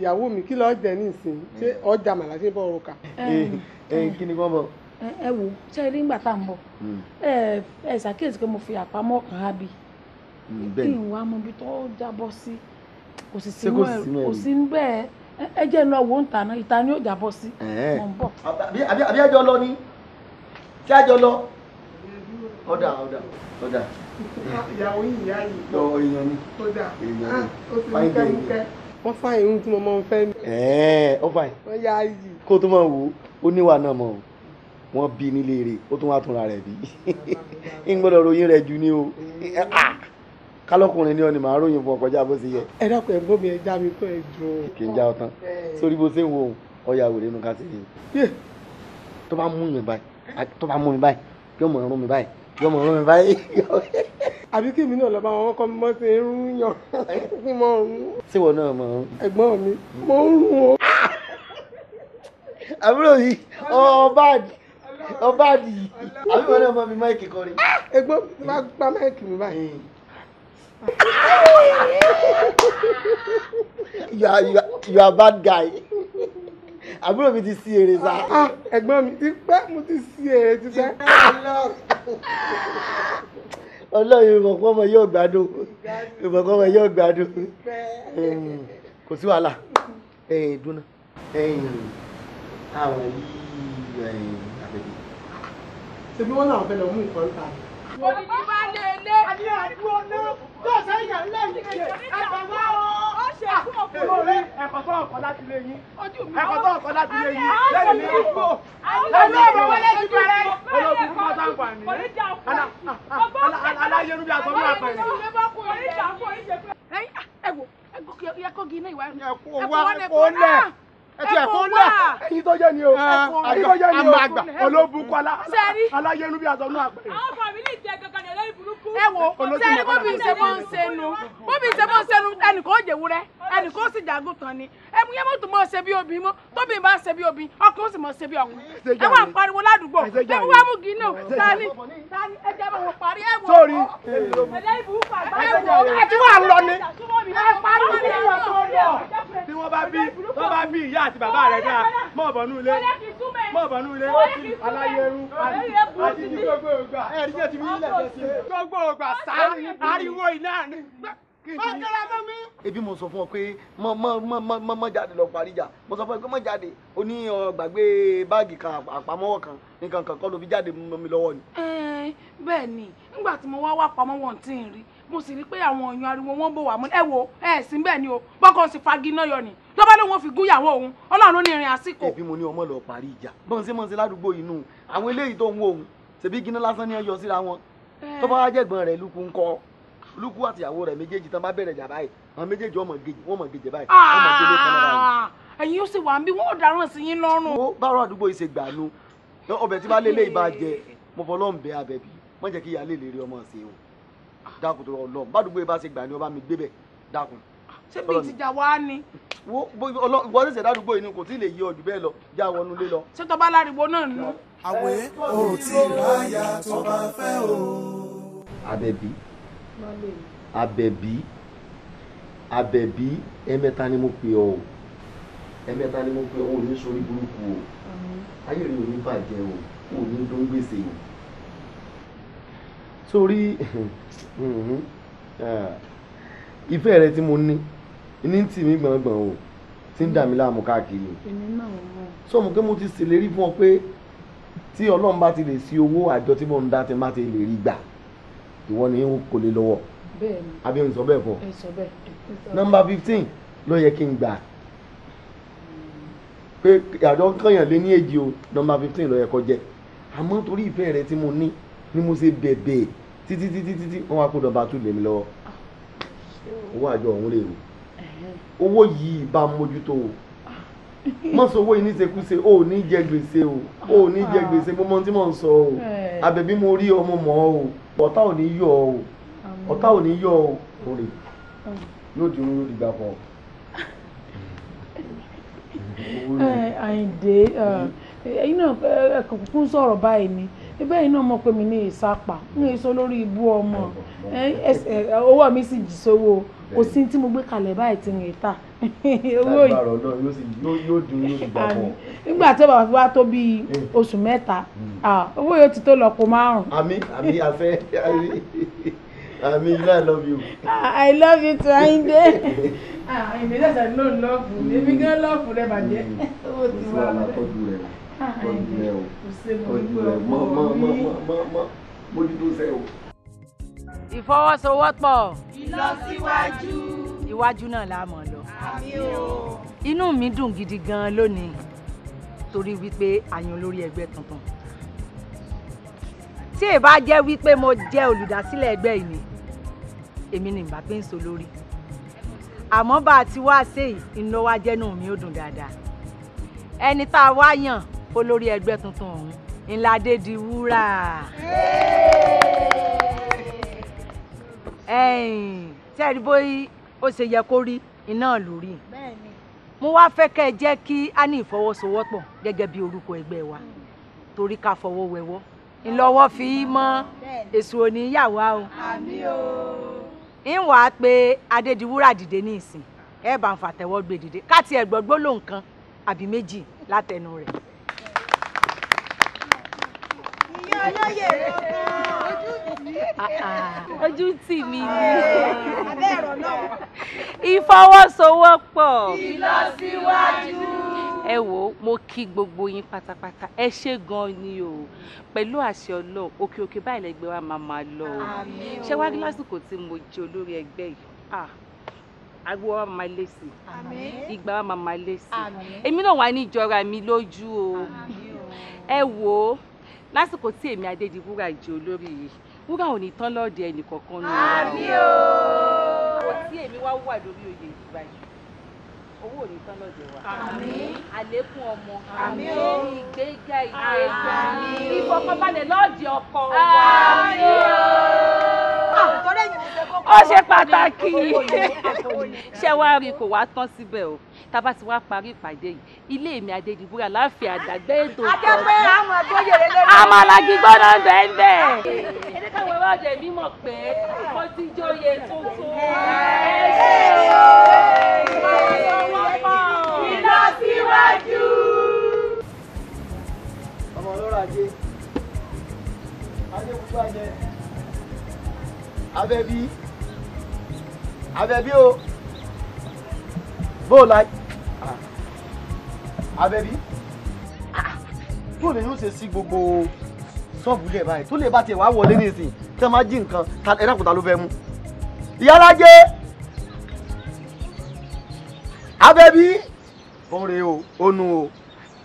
ìyàwó mi kí lọ́ọ́ jẹ nísìn ṣé ọjà màlá ṣe bọ́ ọ̀rọ̀ kà. kí ni wọ́n bọ̀. ẹ wo ṣe ilé ńgbà tá à ń bọ̀ hmm. ẹ ṣàkíyèsí pé mo fi àpamọ́ kan á bi hmm, kí n wá mọ ibi tó jábọ́ sí kò sì sínú ẹ kò sí bẹ́ẹ̀ ẹ jẹ́ lọ wo ìta náà ìta ni ó jábọ́ sí mọ̀ ń bọ̀. àbí àjọ lọ ni ṣé àjọ lọ ọ̀dà ọ̀dà ọ̀dà. ìyàwó yìí ìyá yìí pọ̀ èèyàn ni ọ̀dà èèyàn ni fáyín bẹ́ẹ̀ wọ́n fá irun tí mo máa ń fẹ́ mi. ẹ̀ẹ́ ó fà yín. wọ́n yá yìí. kó tó máa wò ó níwà náà mọ̀ wọ́n bí nílé rẹ̀ ó tún wá túnra rẹ̀ bí ń gbọ́dọ̀ ròyìn rẹ̀ jù ní o ah! kálọ́kùnrin ni ọ ni màá ròyìn fún ọkọjá bó ṣe yẹ. ẹ dákun ẹ̀gbọ́n mi ẹ já mi tó ẹ jọ. kì í já ọ tán sórí bó ṣe ń wo ọyà wèrè nù ká sí i. tó bá mú yàn báyìí tó bá mú mi báyìí yóò mọ̀ ẹ̀rún mi báyìí yọmọ ọ̀rọ̀ mi báyìí. àbí kí èmi náà lọ bá wọn kọ́ mọ́ sí irun yàn sí mọ́ ọ̀run. síwọ náà mọ̀ ọ́n. ẹ̀gbọ́n mi mo ń rún o. àbúrò yìí ọba àdì ọba àdì yìí àbúrò náà mọ mi máìkì kọrin. ẹ̀gbọ́n mi máa gba máìkì mi báyìí. you are you are you are bad guy àbúrò mi ti sí èrè sá. Ah, ah, ẹ̀gbọ́n mi ti pẹ́ mo ti sí èrè ti pẹ́ ọlọ́run ìmọ̀pọ̀ ọmọ yóò gbádùn ìmọ̀pọ̀ ọmọ yóò gbádùn kò sí wàhálà dúnà àwọn yìí àbẹ̀bẹ̀. ṣebí wọn làwọn fẹ́ lọ mú nǹkan ta òdìdí bá lé ilé. àní àdúró náà tó sẹ́yìn ẹ̀lẹ́ yìí ṣe àtàwọn ó ṣe fún òkúrò rẹ. ẹ̀kọ́ tó ọkọ̀ láti lé yín ẹ̀kọ́ tó ọkọ̀ láti lé yín lẹ́yìn ní ìgbò lẹ́yìn ọ̀rọ̀ wọlé ti pẹ́rẹ́ olóògùn fún ọ̀tá ń pàní aláyẹrú bí asọ́mọ́ àpẹẹrẹ. ẹ̀yin ẹ̀wò ẹ̀kọ́ kí iná ìwà ẹ̀kọ́ wọn ẹ̀kọ́ náà ẹtì ẹ̀kọ́ ńlẹ̀ ẹ̀yin tó jẹ́ ni o ẹ̀yin tó jẹ́ ni o olóbukọ aláyẹnu bí àtọ́nú àgbẹ̀. àwọn ọmọ mi ní ìjẹ gangan ní olóyìn burúkú. ẹ wo sẹ́ni bóbi ṣe mọ́ ń senu bóbi ṣe mọ́ ń senu ẹnì kò jẹ́ wúrẹ́ ẹnì kò sì jagun tán ni ẹ mú yẹmọ́tò mọ́ ṣe bí obìnrin mọ́ tóbi bá ṣe bí obìnrin ọkùnrin sì mọ́ ṣe bí ọkùnrin ẹ wà ń pariwo ládùúgbò ẹ mú mú gí náà tani tani ẹ jẹ́ bọ̀ parí ẹ wò ẹ wò ẹ ti wà lọ ni ẹ pariwo ni ẹ wà tí wọ́n bá bí ìyá àti bàbá rẹ̀ dáa mọ́ ọ̀bọ̀nú ilé mọ́ ọ̀bọ̀nú ilé aláyẹrú àti ní gbogbo ògbà ẹ̀rí jẹ́ ti mí nílẹ̀ jẹ́ sí. gbogbo ògbà sá ariwo iná ni. Ebi mo sọ fún ọ pé mọ jáde lọ parí ìjà mo sọ fún ọ pé mọ jáde o ní gbàgbé báàgì kan àpamọ́wọ́ kan nǹkan kan kọ́ ló fi jáde mọ́ mi lọ́wọ́ ni. Bẹ́ẹ̀ ni nígbà tí mo wá wá pamọ́wọ́ tí ń rí mo sì rí pé àwọn èèyàn ariwo wọn bò wá mú ẹ wo ẹ sì ń bẹ ni o bọ́kàn sì faginá yọ ni tó bá lóun fi gúnyàwó òun ọlọ́run ní ìrìn àsìkò. èbí mo ní ọmọ lọ parí ìjà bọ́nsẹ́ mọ́nsẹ́ ládùúgbò inú àwọn eléyìí tó ń wo òun ṣèbí gíná lásán ni ọyọ síra wọn tó bá wá jẹ̀gbọ́n rẹ̀ lukú ńkọ́ lukú àtìyàwó rẹ̀ méjèèjì tán bá bẹ̀rẹ̀ jà báyìí àwọn méjèèjì wọ́n gèjì wọ́n mọ̀ gèjì báyìí wọ́n ah, ó sì wà ń bí wọ́n ò dáràn sí yín lọ́rùn. ó bárò àdúgbò yìí ṣe gbà nu ọbẹ̀ tí bá lélẹ̀ ìbá jẹ mo fọlọ́ ń bẹ abẹ́bí kí ìyá lè lè rí ọmọ ṣe o dákun tó lọ bádùúgbò yìí bá ṣe gbà ni ọba mi gbébẹ̀ dákun. ṣé bí ìtìjà wa ni. wo wọ́n ṣẹ̀ṣẹ̀ dádùúgbò yìí ni kò tí ì lè yí ọdún bẹ́ẹ̀ lọ já wọnú lé lọ. ṣé tọ́ba láriwo náà nù. àwẹ̀ ò tí ì tó bá fẹ́ o. Àbẹ̀bí Àbẹ̀bí Àbẹ̀bí ẹ̀mẹ́ta ni mo pè ọ́ ẹ̀mẹ́ta ni mo pè ọ́ òní sórí burúkú o ayé rẹ̀ òní bàjẹ́ o òní dóńgbèsè o sórí mm-hmm. eh, ìfẹ́ rẹ tí mo ní ní tì mí gbọ̀ngbọ̀n o tí ń dà mí láàmú káàkiri sọmọ pé mo ti ṣèlérí fún ọ pé tí ọlọ́run bá ti lè sí owó àjọ tí mo ń dá tí má ti lè rí gbà ìwọ ni n kò lè lọ́wọ́ àbí n sọ bẹ́ẹ̀ fọ nọ́mbà fifteen ló yẹ kí n gbà pé àjọ kànyàn lé ní èjì o nọ́mbà fifteen ló yẹ kó jẹ àmọ́ torí ìfẹ́ rẹ tí mo ní ni mo ṣe bẹ̀bẹ̀ títí títí títí wọ́n wá kó dọba tún lèmi lọ́wọ́ owó àjọ ọ̀hún lè rò owó yìí bá mójútó o mọ sọ owó yìí ní ṣekúṣe o ò ní jẹ gbèsè o o ò ní jẹ gbèsè mo mọ tí mò ń sọ o àbẹ̀bí mo rí ọmọ mọ́ o ọ̀tá ò ní yọ o ọ̀tá ò ní yọ o orí yóò di oró yóò di gbà pọ̀. Àyìndé uh, ẹ̀yin náà ẹ̀kọ́ kúkú ń sọ̀rọ̀ báyìí ni ibẹ̀ yìí náà mọ̀ pé mi ní ìsapà ní èso lórí ibú ọmọ owó mi sì jí sówó kò sí tí mo gbé kalẹ̀ báyìí ti rìn ta owó yìí yóò dùn yóò gbà bọ̀. nígbà tó bàbá fi wá tó bíi oṣù mẹ́ta hmm. owó yóò ti tó lọ́pọ̀ márùn. àmì àmì afẹ́ àmì ilé i love you. i love you too ayinde. àyìnbí sẹ̀sẹ̀ ló ń lọ́ọ̀fù èmi gan lọ́ọ̀fù rẹ̀ bàjẹ́. Hmm. owó ti wà lọ́wọ́ ọ̀nẹ́ ah, e o ọ̀nẹ́ mọ́ mọ́ mọ́ mọ́ mọ́ mójútó sẹ́ o. ìfọwọ́sowọ́pọ̀ ìlọsíwájú e iwájú náà la mọ̀ lọ. àmín o. inú mi dùn gidi gan-an lónìí torí wípé a yan olórí ẹgbẹ́ tuntun tí ì bá jẹ́ wípé mo jẹ́ olùdásílẹ̀ ẹgbẹ́ yìí ni èmi ni ìgbà pé ń so lórí àmọ́ bá a ti wá ṣe yìí ìnáwó ajẹ́nu mi ò dùn dáadáa ẹni tá a wá yàn olórí ẹgbẹ́ tuntun ọ̀hún ńlá Adédiwúrà. tí ẹ̀rí bóyí ó ṣe yẹ kó rí iná lórí mo wá fẹ́ kẹ́ ẹ jẹ́ kí a ní ìfọwọ́sowọ́pọ̀ gẹ́gẹ́ bí orúkọ ẹgbẹ́ wa torí ká fọwọ́ wẹwọ́ ńlọ́wọ́ fi í mọ́ èso oníyàwó o. ń wàá pé Adédiwúrà dìde ní ìsìn ẹ bá ń fàtẹ́wọ́ gbé dìde ká tiẹ̀ gbọ́gbó ló nǹkan àbí méjì látẹnu rẹ̀. ojú tì mí ni ìfọwọ́sowọ́pọ̀ ìlọsíwájú ẹ wò mo kí gbogbo yín pátápátá ẹ ṣe gan ni o pẹ̀lú àṣẹ Ọlọ́run òkè òkè báyìí lẹ́gbẹ́ wa máa máa lọ o ṣé wá lásìkò tí mo jẹ olórí ẹgbẹ́ yìí agbo wa máa lé sí i ìgbà wa máa máa lé sí i èmi náà wà ní ìjọra mi lójú o ẹ wo lásìkò tí èmi adédìwúrà ìjẹ olórí yìí wúrà ò ní tán lọ́ọ̀dẹ ẹnì kọ̀ọ̀kan nù. àmì o. àwọn tí èmi wá wà lórí oyè ìgbà yìí owó ò ní tán lọ́ọ̀dẹ wa. àmín. àlékún ọmọ. àmín o. ìgbéga ìgbéga. àmín. ìfọkànbalẹ̀ lọ́ọ̀dẹ ọkọ wa. àmín o. Ah, ó ṣe pàtàkì ṣé wàá rí kò wá tán síbẹ̀ o tábà ti wá parí ìpàdé yìí ilé mi adédìbúra láàfin àdàgbé ètò ìtọ́jú àjẹpẹ́ àwọn pé ó ti jóye tuntun. ìlọsíwájú. ọmọ ọlọ́run ajé ajé gbogbo ajé Àbẹ̀bí o bóò la Àbẹ̀bí tó lè yóò ṣe sí gbogbo ṣọ́ọ̀bù lẹ̀ báyìí tó lè bá tiẹ̀ wá wọlé nísìnyí tí wọ́n máa jí nǹkan ẹ̀rọ àkùtà ló fẹ́ mú ìyálájé Àbẹ̀bí òǹrè o ònu o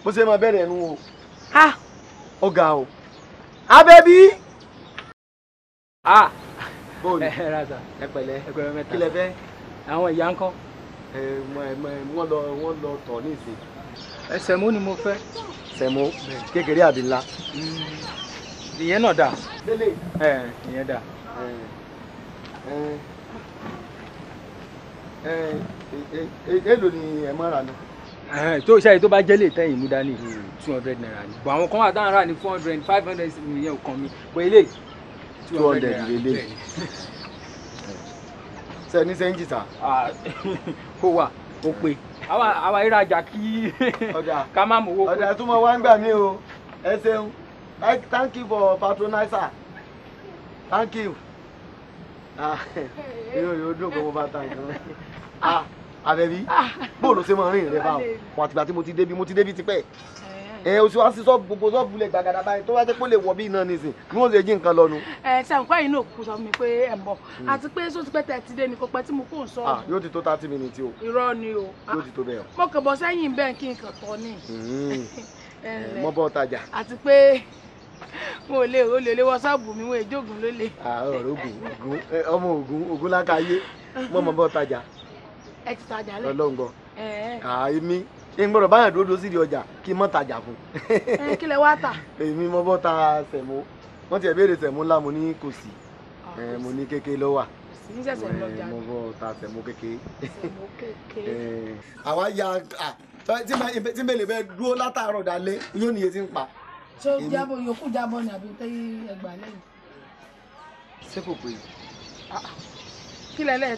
bó ṣe máa bẹ̀rẹ̀ ẹnu o ọ̀gá ah. o Àbẹ̀bí. Ah bóòlù ẹ raza ẹ pẹ̀lẹ́ ẹgbẹ̀rún mẹ́ta kílẹ fẹ. àwọn ìyá ńkọ́. ẹ wọ́n lọ wọ́n lọ tọ̀ ní ìsìn. ẹ sẹ̀mó ni mo fẹ́. sẹ̀mó kékeré àbí ńlá. Hmm, ìyẹn náà dà. délé. ẹ ìyẹn dà. èlò ni ẹ máa rà náà tó ṣe tó bá jẹ́ lè tẹ́yìn mú dání two hundred naira ni bọ̀ àwọn kan wà dáhùn rà ní four hundred five hundred million kan mi bọ̀ two hundred naira bẹ́ẹ̀ ni ṣe ní sẹ́ńjì sá. kó wà ó pé àwa àwa ìrajà kí ká má mú owó. ọ̀dà tó mọ wá ń gbà mí o ẹ ṣeun thank you for patronizer thank you. yóò yóò dùn kó mo bá ta nǹkan. àbẹ̀bí bóòlù ṣe máa rìn rẹ báwọn àtìgbà tí mo ti débi mo ti débi tipẹ́ ẹ o sì wá sí sọ́ọ̀bù gbogbo sọ́ọ̀bù lè gbàgàdà báyìí tó wá jẹ́ pé lè wọ̀ bí iná nìsín ni wọ́n ṣe jí nǹkan lọ́nu. ẹ ṣe àǹkọ́ yìí náà kúkú sọ mi pé ẹ mọ̀ hmm. àti pé sọ́ọ̀tì pé tẹ̀ ti dé ni kò pẹ́ tí mo kò ń sọ. Ah, yóò ti tó thirty minutes o. irọ́ ni o. yóò ti tó bẹ́ẹ̀ o. mo kàn bọ́ sẹ́yìn bẹ́ẹ̀ kí n kàn tọ́ ni. mo hmm. bọ́ tajà. àti pé mo lè o lè lé wọ́sọ́ọ̀bù mi wọ́n èjì ògùn ló lè. Ah, ọmọ ògùn ògùn lákàáyé mo mọ̀ bọ́ tajà. ẹ ti tajà lẹ. ọlọ́ngbọ. ẹ̀ẹ́. àìmí ah, n gbọ́dọ̀ báyàn dúró dúró sí di ọjà kí n mọ tajà fún. ẹ eh, kí lẹ wá tà. èmi mo bọ́ ta sẹ̀mó wọ́n ti ẹ̀ béèrè sẹ̀mó ńlá mo ní kò sí ah, eh, mo ní kéke ló wà eh, mo bọ́ ta sẹ̀mó kéke. àwa ya tí n lè bẹ dúró látàárọ̀ dalẹ́ yóò níye tí ń pa. ṣé o yòókù jábọ̀ ni àbí tẹ́yìn ẹgbàá lẹ́yìn. ṣé pé. Ah, kí lẹ lẹ́ẹ̀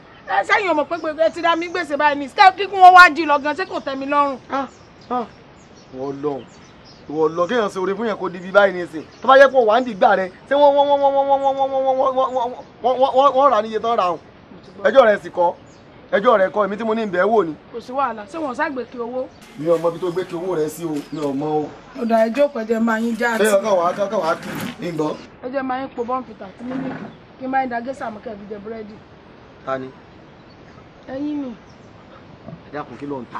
sẹ́yìn ọmọ pé ẹ ti dá mi gbèsè báyìí ní skype kíkún wọn wá di lọ́gán ṣé kò tẹ́ mi lọ́rùn. wọ́n lọ wọ́n lọ kéèyàn ṣe oore fún yẹn kó di bí báyìí ní ìsìn tó bá yẹ kó wà ń dìgbà rẹ ṣé wọ́n wọ́n wọ́n wọ́n wọ́n wọ́n wọ́n wọ́n wọ́n wọ́n wọ́n rà níye tán rà o ẹjọ́ rẹ̀ sì kọ́ ẹjọ́ rẹ̀ kọ́ èmi tí mo ní ìbẹ̀ wò ni. kò sí wàhálà ṣé wọn ṣàgbé kí owó. mi ò mọ ibi tó gbé kí owó rẹ sí o mi ò mọ o. ọ̀dà ẹjọ́ pẹ̀jẹ̀ máa yín já àti. ṣé ọkọ̀ wàá kọ́kọ́ wàá kí n gbọ́. ẹjọ́ máa yín po bọ́ǹfìtà tí mílíkì kí n máa yín da gẹ́sà mọ́kẹ́ fi jẹ búrẹ́dì. ta ni ẹyin mi. àdàkùn kí ló ń ta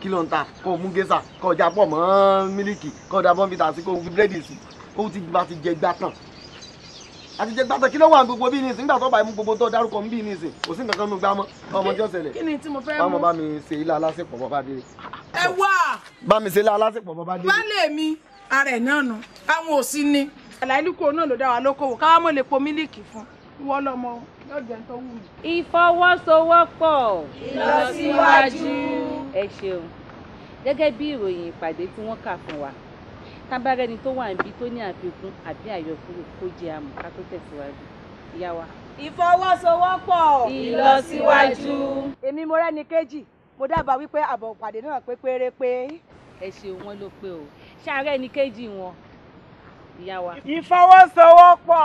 kí ló ń ta kó o mú géṣà kó o já pọ̀ mọ́ mílíkì kó o dà bọ́ǹfìtà sí kó o fi búrẹ́dì sí kó o ti bá ti jẹ gbá tán àti jẹ gbàtàn kí ló wà gbogbo bí nísìn nígbà tó bá mú gbogbo tó dárúkọ ń bí nísìn kò sí nǹkan kan nù gbá mọ ọmọ jọ ṣẹlẹ̀. báwo bá mi ṣe ilé alásèpọ̀ bọ́ bá dé. ẹ wá. bá mi ṣe ilé alásèpọ̀ bọ́ bá dé. baálé mi ara náà nù àwọn òsì ni. àlàyé kò náà ló dá wa lókòwò káwá mọ̀ lè po mílíìkì fún wọ́n lọ́mọ ìfọwọ́sowọ́pọ̀ ìlọsíwájú. ẹ ṣeun gẹ́gẹ́ bí ìròyìn ìpàdé tí wọ́n kà fún wa tábàrẹ́ni tó wà níbi tó ní àfikún àbí àyọkúrò kó jẹ àmọ́ ká tó tẹ̀síwájú ìyá wa. ìfọwọ́sowọ́pọ̀ ìlọsíwájú. èmi mo rẹ́ni kejì mo dábàá wípé àbọ̀ ìpàdé náà pé pérépé. ẹ ṣeun wọn ló pé o ṣáà rẹ́ni kejì wọn ìyá wa. ìfọwọ́sowọ́pọ̀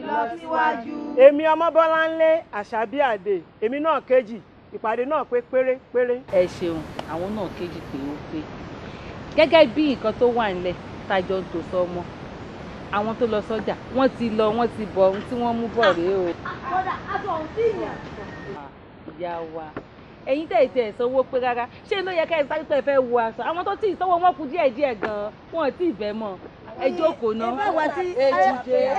ìlọsíwájú. èmi ọmọ Bọ́láńlé Àṣàbí Àdè èmi náà kejì ìpàdé náà pé pérépéré. ẹ ṣeun àwọn náà kejì pé ó pé gẹ́gẹ́ bí nǹkan tó wà nílẹ̀ tájọ ń tò sọmọ àwọn tó lọ sọ́jà wọ́n ti lọ wọ́n ti bọ̀ ohun tí wọ́n mú bọ̀ rèé o. ìyá wa ẹ̀yin tẹ̀ ìtẹ̀ ìsanwó pé rárá ṣé ló yẹ ká ẹ sáré tẹ̀ fẹ́ wo aṣọ àwọn tó ti ìsanwó wọn kù díẹ̀ díẹ̀ gan-an wọn ò tí ì bẹ́ mọ̀ ẹ jókòó náà. ìbáwa tí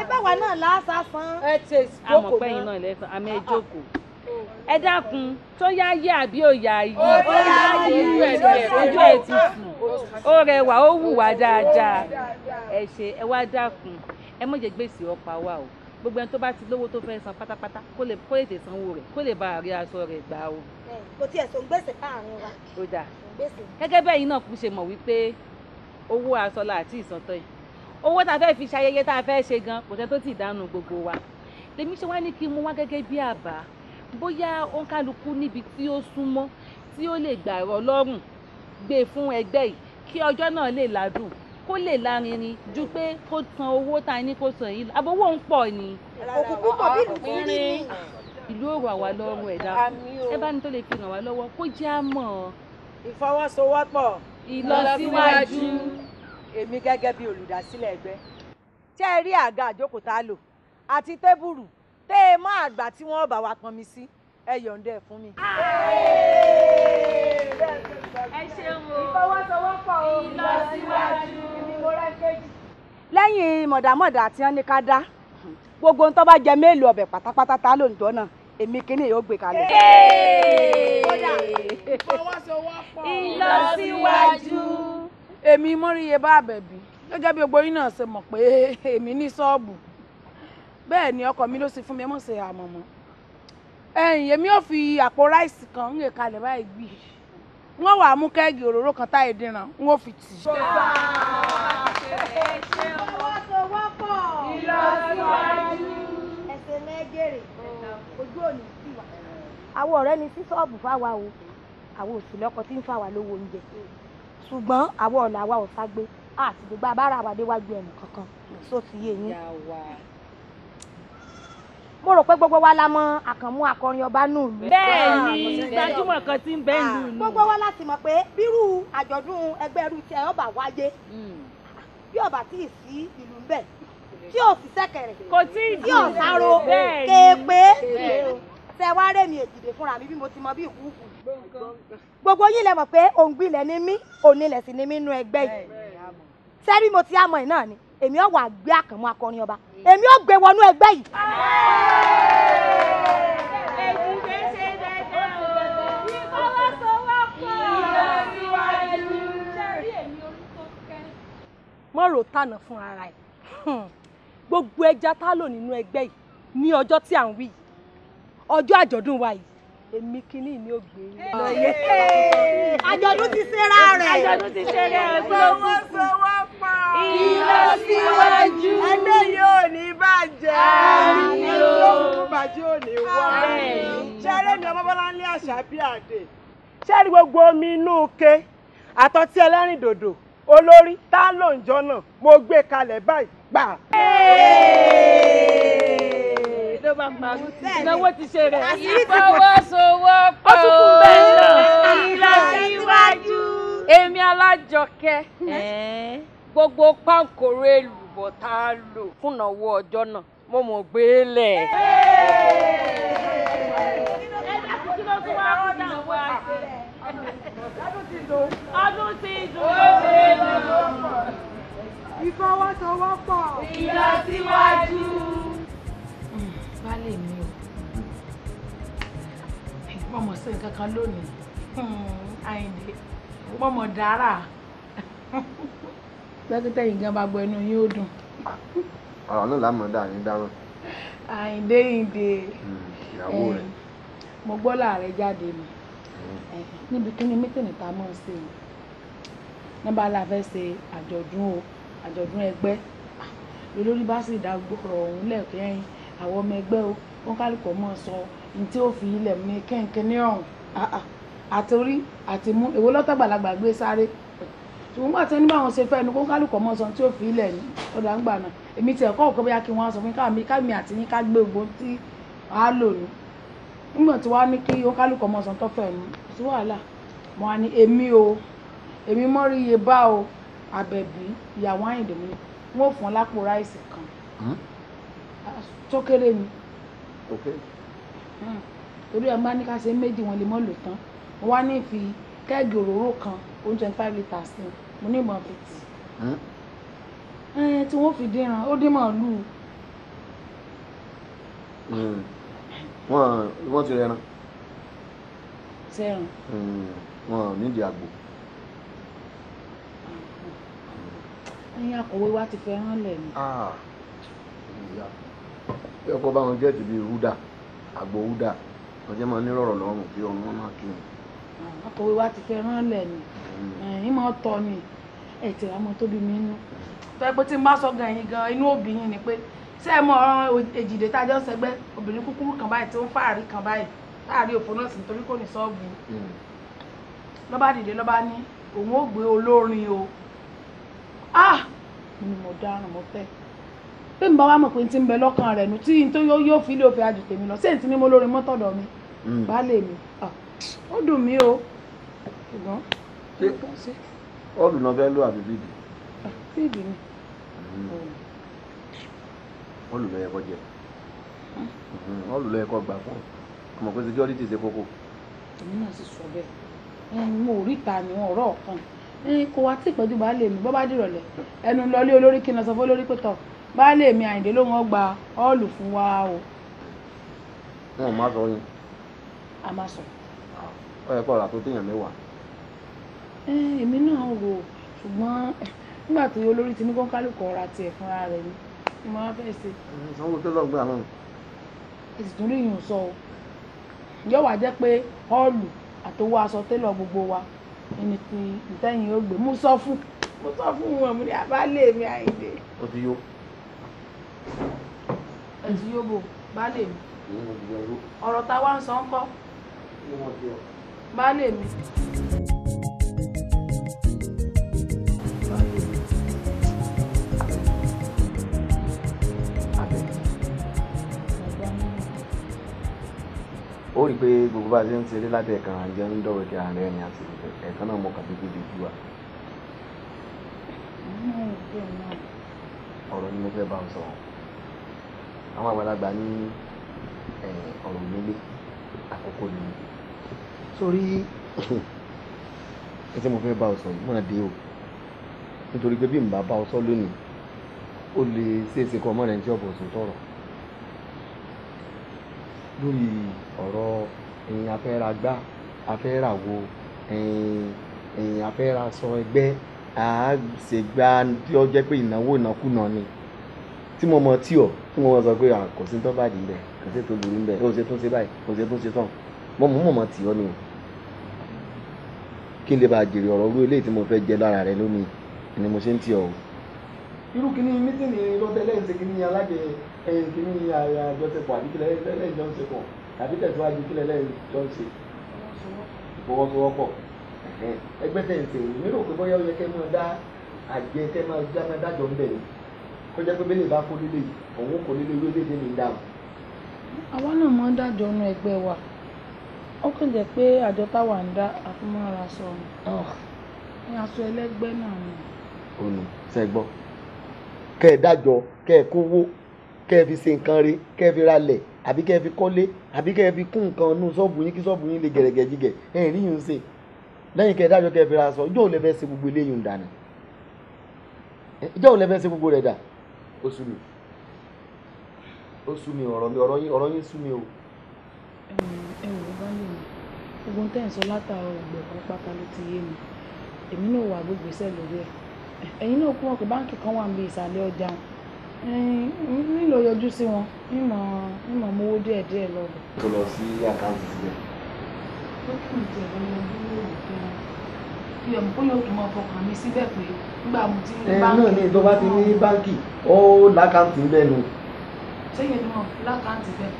ìbáwa náà láàṣà san. ẹ tẹ ìsìnkú náà àmọ́ pẹ́yìn náà lẹ́sàn àmì ẹ jókòó ẹ dákun tó yá yé àbí òyà yìí ó yá yìí ojú ẹ tiẹ̀ ojú ẹ ti sùn ó rẹwà ó wùwà dáadáa ẹ ṣe ẹ wá dákun ẹ mọ̀jẹ̀ gbèsè ọ̀pá wa o gbogbo ẹni tó bá ti lówó tó fẹ́ san pátápátá kó lè tẹ̀ sanwó rẹ̀ kó lè bá àrí aṣọ rẹ̀ gbà o kò tiẹ̀ sọ ń gbèsè káàrin wa. ó dáa gẹ́gẹ́ bẹ́ẹ̀ yín náà kú ṣe mọ̀ wípé owó asọ́lá àti ìsọ̀tọ̀ yìí owó tá a fẹ́ fi ṣayẹyẹ tá a fẹ́ ṣe gan kò sẹ́ tó ti dànù gbogbo wa lèmi ṣe wá ní kí n mú wá gẹ́gẹ́ bí àbá bóyá òǹkálukú níbi tí ó súnmọ́ tí ó lè gbà rọ lọ́rùn gbé e fún ẹgbẹ́ yìí kí ọjọ́ náà lè ládùn kó lè lárinrin ju pé kó tan owó tá a ní kó san yìí àbówó ń pọ̀ ni. òkùnkùn pọ̀ bí ìlú kúrin ni ìlú òrò àwa lọ́rùn ẹ̀dá ẹ bá ní tó lè fi ràn wá lọ́wọ́ kó jẹ́ á mọ̀ ìfọwọ́sowọ́pọ̀ ìlọsíwájú èmi gẹ́gẹ́ bí olùdásílẹ̀ ẹgbẹ́ tẹ́ ẹ rí àga àjókòó tá a lò àti tébùrù tẹ́ ẹ mọ́ àgbà tí wọ́n bá wa pọnmi sí ẹ yọ̀ǹda fún mi. ẹ ṣeun o ìfọwọ́sowọ́pọ̀ o ìlọsíwájú lẹ́yìn mọ̀dàmọ́dà tí wọ́n ní ká dá gbogbo ń tó bá jẹ méèlù ọbẹ̀ pátápátá tá ló èmi kíní yóò gbé kalẹ̀. ìlọsíwájú. èmi mọ́ríye bá àbẹ̀bí gẹ́gẹ́ bí gbogbo yín náà ṣe mọ̀ pé èmi ní ṣọ́ọ̀bù bẹ́ẹ̀ ni ọkọ mi ló si fún mi ẹ mọ̀ ṣe àmọ̀mọ́ ẹ̀yìn èmi ò fi àpò ráìsì kan ń rè kalẹ̀ báyìí gbì wọ́n wàá mú kẹ́ẹ̀gì òróró kan táyé dínran n ó fi tì. ìlọsíwájú. ẹsẹ̀ mẹ́gẹ̀rẹ̀. ojú òní sí wa. àwọn ọ̀rẹ́ ni sí ṣọ́ọ̀bù fáwa o àwọn òsì lọ́kọ tí ń fà wá lówó oúnjẹ ṣùgbọ́n àwọn ọ̀nà àwa ò ságbé àti gbogbo abára àwa déwájú ẹnì kankan só ti yé yín. mo rò pé gbogbo wa la mọ àkànmú akọrin ọba nù lù. bẹ́ẹ̀ni gbajúmọ̀ kan ti ń bẹ nù lù. gbogbo wa láti mọ̀ pé bírú àjọ̀dún ẹgbẹ́ rú tí ọba wáyé hmm. bí ọba tí ì sí ìlú ń bẹ tí ò sí sẹ́kẹ̀rẹ̀ tí ò sáró kéèpé tẹ wá rèmi èdìdè fúnra mi bí mo ti mọ bí ìkúùkù gbogbo yín lẹ mọ̀ pé òǹgbìlẹ̀ ni mí onílẹ̀ sì ni mí nú ẹgbẹ́ yìí sẹ́rí mo ti àmọ́ ẹ̀ náà ni èmi ò wà gbé àkànmú akọrin ọba èmi ò gbé wọnú ẹgbẹ́ yìí. mọ̀rọ̀ tànà fún ara ẹ̀. Hmm gbogbo ẹja tá lò nínú ẹgbẹ́ yìí ní ọjọ́ tí à ń wí yìí ọjọ́ àjọ̀dún wa yìí èmi kìíní mi ò gbé lọ́yẹ. àjọ̀dún ti ṣera rẹ̀. àjọ̀dún ti ṣera rẹ̀. ìfọwọ́sowọ́pọ̀. ìlọsíwájú. ẹgbẹ́ yóò ní bàjẹ́. àmín o. bàjẹ́ ò ní wá. ṣẹ́rẹ́ ni ọmọbọ́lá ń lé àṣà bí àdè. ṣẹ́rẹ́ gbogbo omi inú ke àtọ́tí ẹlẹ́rìndòdò olórí tá ló ń jọ́nà mo gbé kalẹ̀ báyìí gbà. ló bá pa ìnáwó ti ṣe rẹ̀. ìfọwọ́sowọ́pọ̀ ìlọsíwájú. èmi alájọkẹ́ gbogbo pákòrò èlùbọ̀ tá a lò fúnnáwó ọjọ́ náà mo mọ̀ gbé lẹ̀. ẹ dákun Ọdún ti dùn. Ó ṣe dùn. Ìfọwọ́sowọ́pọ̀. Ìlọsíwájú. Baálé mi o. Mọ̀mọ̀ sí nǹkan kan lónìí. Àyìndé. Mọ̀mọ̀ dára. Dókítà yìí gan bá gbọ́ ẹnu yín ó dùn. Ọ̀rọ̀ náà lámọ̀ dá yín dáhùn. Àyìndé Ìdè. Ìyàwó rẹ̀. Mo gbọ́ láàrẹ jáde ni níbi kíní mítìnì tá a mọ̀ sí o nígbà la fẹ́ ṣe àjọ̀dún o àjọ̀dún ẹgbẹ́ lórí bá sì dá ọ̀rọ̀ ọ̀hún lẹ́ẹ̀kẹ́rin àwọn ọmọ ẹgbẹ́ o wọn kálukọ̀ mọ̀ sọ ní tí ó fi ilẹ̀ ní kẹ́ńkẹ́ ní ọ̀hún àtòrí àtìmú èwo lọ́tọ̀ gbàlagbà gbé sáré ṣùgbọ́n gbà tí wọ́n ní báwọn ṣe fẹ́ ẹnu kó kálukọ̀ mọ́ sọ tí ó fi ilẹ̀ ní ọ̀dà ń gbà náà èmi tiẹ̀ kọ́ òkè bóyá kí wọ́n sọ fún mi káàmì àti yín ká gbé ogbó tí a lò ní nígbà tí wàá ní kí oníkálukú ọmọ sàn tọ́fẹ̀ mi sí wàhálà mo wá ní èmi o èmi mọ́rí iye bá o àbẹ̀bí ìyàwó àyìndé mi wọ́n fún ọ lápò ráìsì kan hmm? tó kéré ni hmm. torí ẹ̀ máa ní ká ṣe méjì wọn lè mọ́ lò tán mo wá ní fi kẹ́ẹ̀gì òróró kan one twenty five litres ni mo ní ìmọ̀ fi hmm? tí wọ́n fi dín ran ó dín màálù. wọ́n ti rẹran. sẹ́ran. Mm, wọn ò àgbò. ẹ̀yin akọ̀wé wa ti fẹ́ hàn lẹ̀ ni. ẹ ah, kọ́ bá wọn húdà àgbò húdà jẹ́ máa nírọ̀rọ̀ lọ́rùn kí ọ̀run wọn máa kí wọn. akọ̀wé ah, wa ti fẹ́ lẹ̀ ni máa mm. tọ́ ni ẹ̀ tóbi mi nú. pé tí n bá sọ gan yín gan inú òbí yín ni pé. ṣé ẹ mọ ọ̀rọ̀ èjìdè tájọ́ sẹgbẹ́ obìnrin kúkúrú kan báyìí tí ó ń fàárí kan báyìí fàárí òfò náà sì nítorí kò ní sọ́ọ̀bù hmm. lọ́ba dìde lọ́ba ní òun ò gbé olórin o ah ni mo dáràn mo fẹ́ pé n bá wa mọ̀ pé n ti ń bẹ lọ́kàn rẹ̀ nù tí n tó yóò fi ilé òfin àjù tèmi lọ sí èyí tí ní mo lórin mọ́tọ̀dọ̀ mi hmm. baálé mi ah! ó dùn mí o ṣùgbọ́n ó dùn náà fẹ́ lọ àbí bíìdì. Ah! bíìdì ni. Hmm wọ́n lù lọ́yẹ kọ́ jẹ wọ́n lù lọ́yẹ kọ́ gbà fún ọmọ pé security ṣe kókó. èmi náà sì sọ bẹ́ẹ̀ mo rí ta ni wọn ọ̀rọ̀ kan kò wá tí ìpẹ́jù bá lè mi bọ́ bá dìrọ̀lẹ́ ẹnu lọlé olórí kí n lọ sọ fún olórí pé tọ̀ bá lè mi àyìndé ló wọn gba ọ́ọ̀lù fún wa o. wọn ò má sọ yín. a má sọ. ọ yẹ kó ọ̀rọ̀ àtúntò èèyàn mẹ́wàá. èmi náà rò ṣùgbọ́n nígbà tí olórí ti ní kó ọ̀rọ̀ àti ẹ̀fúnra rẹ̀ ni tí mo máa fẹ́ ṣe. sanwó tó lọ gbà náà. èsì tó níyìn sọ o yóò wá jẹ́ pé ọ́ọ̀lù àtòwò aṣọ télọ̀ gbogbo wa ẹni tí ìtẹ́yìn ó gbé mo sọ fún mo sọ fún wọn mo ní abálé mi àìdè. o ti yó. ẹ ti yó bò baálé mi ọ̀rọ̀ tá wá ń sọ ń kọ́ baálé mi. ó rí i pé gbogbo bá a ṣe ń ṣeré lábẹ́ ẹ̀kan àjẹ́ ń dọ̀wọ́ kí àárẹ̀ ni àti ẹ̀kan náà mọ̀ kàbí gbèdé jù wa. ọ̀rọ̀ ni mo fẹ́ bá ọ sọ àwọn àgbàlagbà ní ọ̀rọ̀ nílé àkókò ni sórí ẹ tí mo fẹ́ bá ọ sọ yìí máa dé o nítorí pé bí n bá bá ọ sọ lónìí ó lè ṣeéṣe kọ́ ọmọ rẹ̀ ń tí ọ̀bọ̀ tọ̀rọ̀ lórí ọ̀rọ̀ ẹ̀yin a fẹ́ ra gbá a fẹ́ ra wo ẹ̀yin ẹ̀yin a sọ ẹgbẹ́ a ṣe gbá tí ó jẹ́ pé ìnáwó ìnákúnà ni tí mo mọ tí ọ tí mo mọ sọ pé kò sí tó bàjẹ́ níbẹ̀ kò sí tó burú níbẹ̀ kò sí tó ṣe báyìí kò sí tó ṣe tán mo mọ̀ mọ̀ mọ̀ tì ni o kí n lè bá jèrè ọ̀rọ̀ orú eléyìí tí mo fẹ́ jẹ lára rẹ lónìí ni mo ṣe ń tì ọ́ o irú kìíní mítìnì lọ́tẹ́ lẹ́yìn ṣe kìíní alájẹ ẹ̀yìn kìíní àjọṣepọ̀ àbí kílẹ̀ lẹ́yìn jọ ń ṣe pọ̀ àbí tẹ̀síwájú kílẹ̀ lẹ́yìn jọ ń ṣe ìfọwọ́sowọ́pọ̀ ẹgbẹ́ tẹ̀ ń ṣe èyí mérò pé bóyá ó yẹ kẹ́ máa dá àjẹ tẹ́ máa já máa dájọ́ ń bẹ̀ ni kó jẹ́ pé bẹ́lẹ̀ bá kó lílé òun kò lílé ìwé léde mi dáhùn. àwa náà máa ń dájọ́ nú ẹgbẹ́ wa ó kàn jẹ́ pé àjọ táwa ń dá àfimọ́ra sọ̀rọ̀ ní aṣọ ẹlẹ́gbẹ́ náà ni. ònù sẹ́gbọ́n kẹ́ ẹ dájọ kẹ́ ẹ kówó kẹ́ ẹ fi ṣe nǹkan re kẹ́ ẹ fi ralẹ̀ àbí kẹ́ ẹ fi kọ́lé àbí kẹ́ ẹ fi kún nǹkan nù ṣọ́ọ̀bù yín kí ṣọ́ọ̀bù yín lè gẹ̀rẹ̀gẹ̀ jígẹ̀ ẹ̀ rí yín ṣe lẹ́yìn kẹ́ ẹ dájọ kẹ́ ẹ fi ra sọ ìjọ́ ò lè fẹ́ ṣe gbogbo eléyìí ń dànù ìjọ́ ò lè fẹ́ ṣe gbogbo rẹ̀ dà ó sú mi ó sú mi ọ̀rọ̀ mi ọ̀rọ̀ yín ọ̀rọ̀ yín sú mi o. ẹ wò ó bá lè tẹ́ ẹ̀ sọ látàárọ̀ ọ̀gbẹ̀ pátápátá ló ti yé mi èmi náà wà gbégbèsè lórí ẹ̀ ẹ̀yin náà kú wọn pé báǹkì kan wà níbi ìsàlẹ̀ ọjà wọn nílò yọjú sí wọn ìmọ̀ ìmọ̀ mowó díẹ̀ díẹ̀ lọ́dọ̀. tó lọ sí àkáǹtì síbẹ̀. ó kì í jẹ́ ẹ̀rọ ojú lóòrùn gan-an fi ọ̀mù kó yóò tún máa fọkàn mi síbẹ̀ pé nígbà mo ti ní báǹkì. náà ni tó bá ti ní báǹkì ó lákàǹtì ńbẹ nu. sẹ́yìn ni wọn lákàǹtì bẹ́ẹ̀.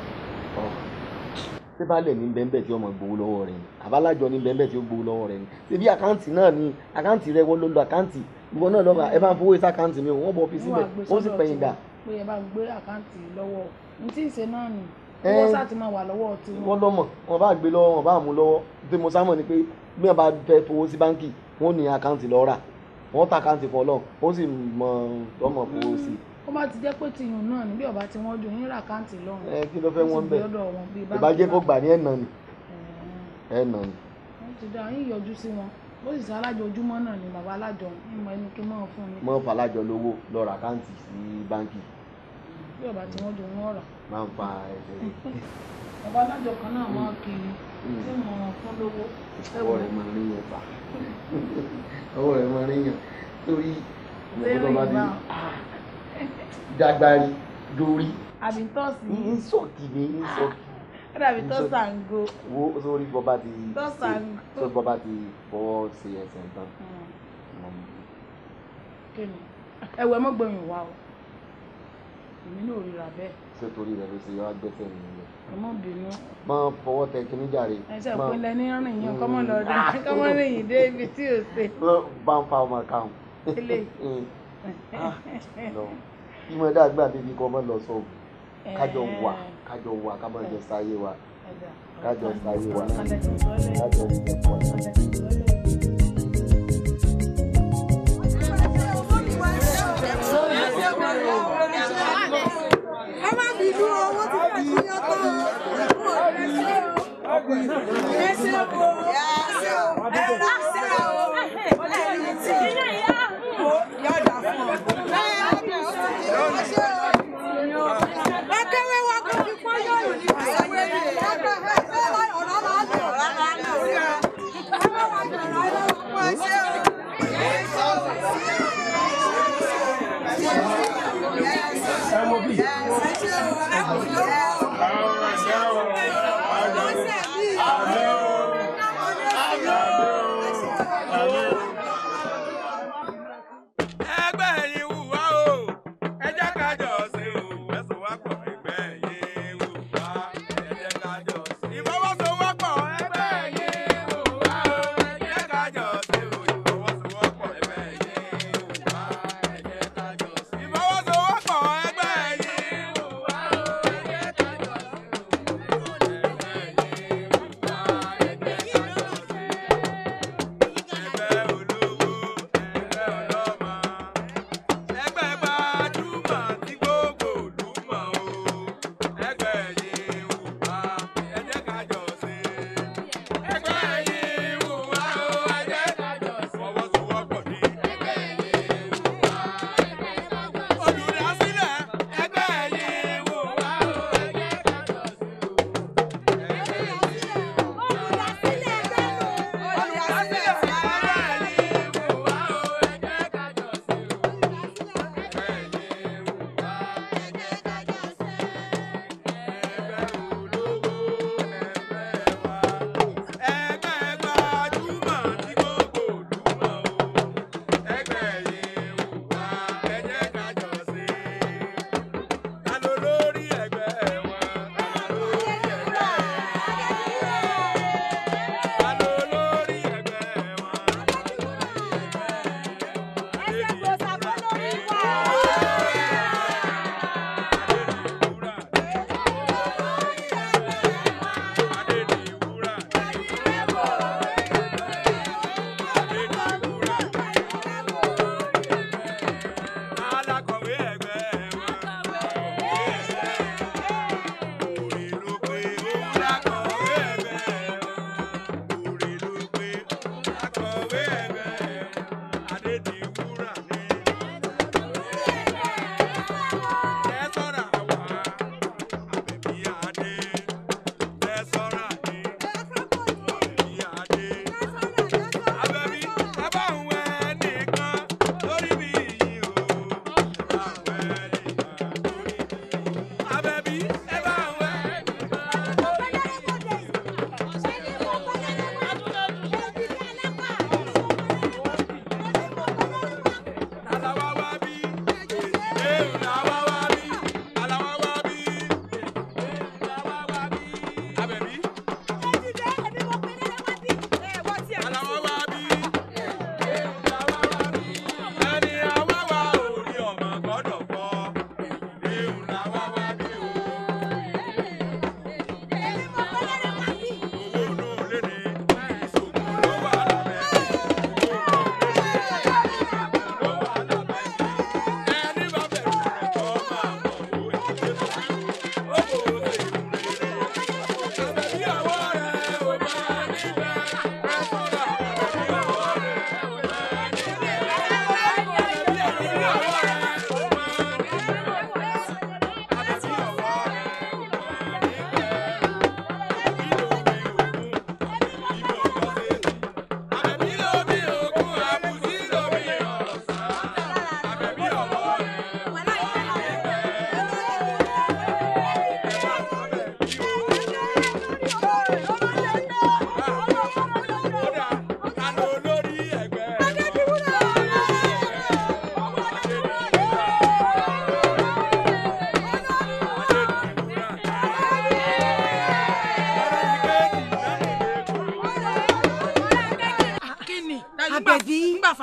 ṣé baálẹ̀ ní bẹ́ẹ̀ tí ọmọ gbowó lọ́wọ́ rẹ̀ ni àbálájọ ní bẹ́ẹ̀ tí ó gbowó lọ́wọ́ rẹ̀ ni ṣé àkáǹtì náà ni àkáǹtì rẹ̀ wọ́n ló lo àkáǹtì gbogbo náà lọ́ba ẹ bá ń fowó ìsàkáǹtì mi wọ́n bọ̀ fi síbẹ̀ ó sì pẹ̀yìn dà. pé ẹ bá ń gbé àkáǹtì lọ́wọ́ n tí ì ṣe náà nù owó sáà ti máa wà lọ́wọ́ tí wọ́n. wọ́n lọ́mọ̀ wọn bá gbé lọ́wọ́ wọn bá mú lọ́wọ́ tí mo sámọ̀ ni pé bí wọn bá fẹ́ fowó sí báǹkì wọn ní àkáǹtì lọ́ọ́ rà wọn ta àkáǹtì fọ́ lọ́n ó sì mọ ọmọ fowó hmm, sí. ó má ti jẹ́ pé tìyùn náà níbi ọ̀bá tí wọ́n dùn nírà àkáǹtì lọ́run. ẹ kí ló fẹ́ wọ́n bẹ̀ ìbàjẹ́ kó gbà ní ẹ̀nà ni hmm. ẹ̀nà ni. wọ́n ti dá yín yọjú sí wọn bó sì sọ alájọjúmọ́ náà ni bàbá alájọ ìmọ̀ ẹni kí mọ́ fún mi. mọ́ falájọ lówó lọ ra àkáǹtì sí báǹkì. bí ọba tí wọ́n jọ wọ́n rà. máa ń fa ẹsẹ̀ rẹ̀. bàbá alájọ kan náà máa hmm. kiri hmm. tí mo ràn fún lówó. ọwọ́ rẹ̀ máa rí yẹn fà ọwọ́ rẹ̀ máa rí torí ọmọkùnrin bá ti ah, dágbárí dórí. àbí tọ́sí. ń sọ̀kì ni ń dàbí tọ́sàngó. wo sórí bọ́ba ti tọ́sàngó sórí bọ́ba ti fọwọ́ ṣe ẹsẹ̀ tán. ẹwẹ mọ gbẹyìn wa o èmi náà ríra bẹ́ẹ̀. ṣé torí rẹ ló ṣe yọ agbẹsẹ mi lọ. ọmọ bínú. mọ fọwọ́ tẹ kíní jàre. ẹsẹ ìpínlẹ ní rìn yín kọmọ lọ hmm. dé ah! kọmọ rìn dé ibi tí o ṣe. bá ń fa ọmọ kan. ilé ah! ìmọ̀ dàgbà débi kọ́ mọ́ lọ sọ́ọ̀bù kájọ wà kájọ wà ká máa jọ sáyé wa kájọ sáyé wa kájọ sáyé wa. ọmọ mi lu owó tí Hallelujah.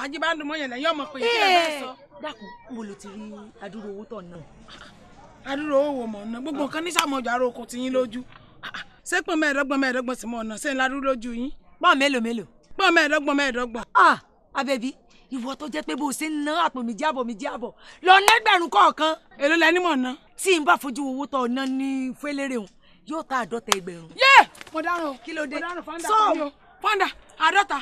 fàájì bá ń dùn mọ́yàn lẹ́yìn ọmọ pé kí ẹ bá eh. sọ. dákun mo lò ti rí adúrò owó tọ̀ náà. adúrò owó mọ̀ náà gbogbo nǹkan ní sàmọ̀jà ara oko ti lójú ṣé pọ̀ mẹ́ẹ̀ẹ́dọ́gbọ̀n mẹ́ẹ̀ẹ́dọ́gbọ̀n sì mọ̀ ọ̀nà ṣé ń larú lójú yín. pọ̀ mélòó mélòó. pọ̀ mẹ́ẹ̀ẹ́dọ́gbọ̀n mẹ́ẹ̀ẹ́dọ́gbọ̀n. ah abẹ́bí ìwọ tó jẹ́ pé bó ṣe ń ná àpò mi jábọ̀ mi jábọ̀ lọ lẹ́gbẹ̀rún kọ̀ọ̀kan. èló lẹ ní mọ̀ ná. tí n bá fojú owó tọ̀ ná ní fẹ́lẹ́rẹ̀ hùn yóò ta àádọ́ta ẹgbẹ̀rún. yé mo dáràn kí ló dé sọ́ọ̀ fọ́ńdà àádọ́ta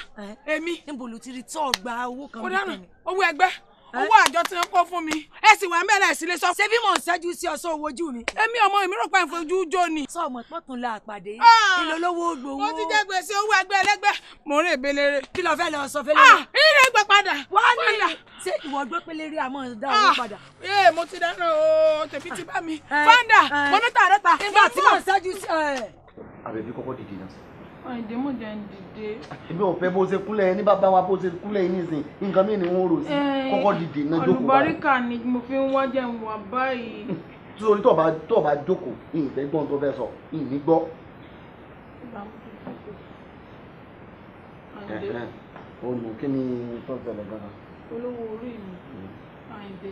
èmi. níbo ló ti rí tọ́ gba owó kan bí tẹ̀lé. owó ẹgbẹ́ owó àjọ tí wọ́n kó fún mi. ẹ sì wá mẹ́rẹ̀ sílé sọ. ṣé bí mò ń ṣẹ́jú sí ọsọ owó ojú mi. èmi ọmọ èmi rò pé n fojú jó ni. sọ ọmọ pọ́tún la àpàdé. Ah! èlò lówó gbowó. mo ti jẹ́ gbèsè owó ẹgbẹ́ ẹlẹ́gbẹ́. mo rìn ìbelere. kí lọ fẹ́ lọ sọ fẹ́lẹ́. ah ìrìn ìgbà padà. wà á nílà. ṣé ìwọ gbé péléré àmọ́ dá owó ah! padà. ee eh, mo ti dáná o tèmi ti bá mi. Eh, fanda eh. mo ní tààrẹ́ta. nígbà tí mo ń ṣẹ́jú sí. àbẹ̀bí kọ́kọ́ dìde náà àìdè mò jẹ́ ń dìde. èmi ò fẹ́ bó ṣe kúnlẹ̀ ní bàbá wa bó ṣe kúnlẹ̀ yín nísìn nǹkan mí ni wọ́n rò sí eh, kọ́kọ́ dìde náà jókòó báyìí. àlùbáríkà ni mo fi ń wá jẹ́ ń wà báyìí. sórí tó o bá jókòó ìfẹ́ gbọ́n tó fẹ́ sọ ìní gbọ́. olùkí ni tó ń ṣẹlẹ̀ gan-an. olówó orí mi hmm. àìdè.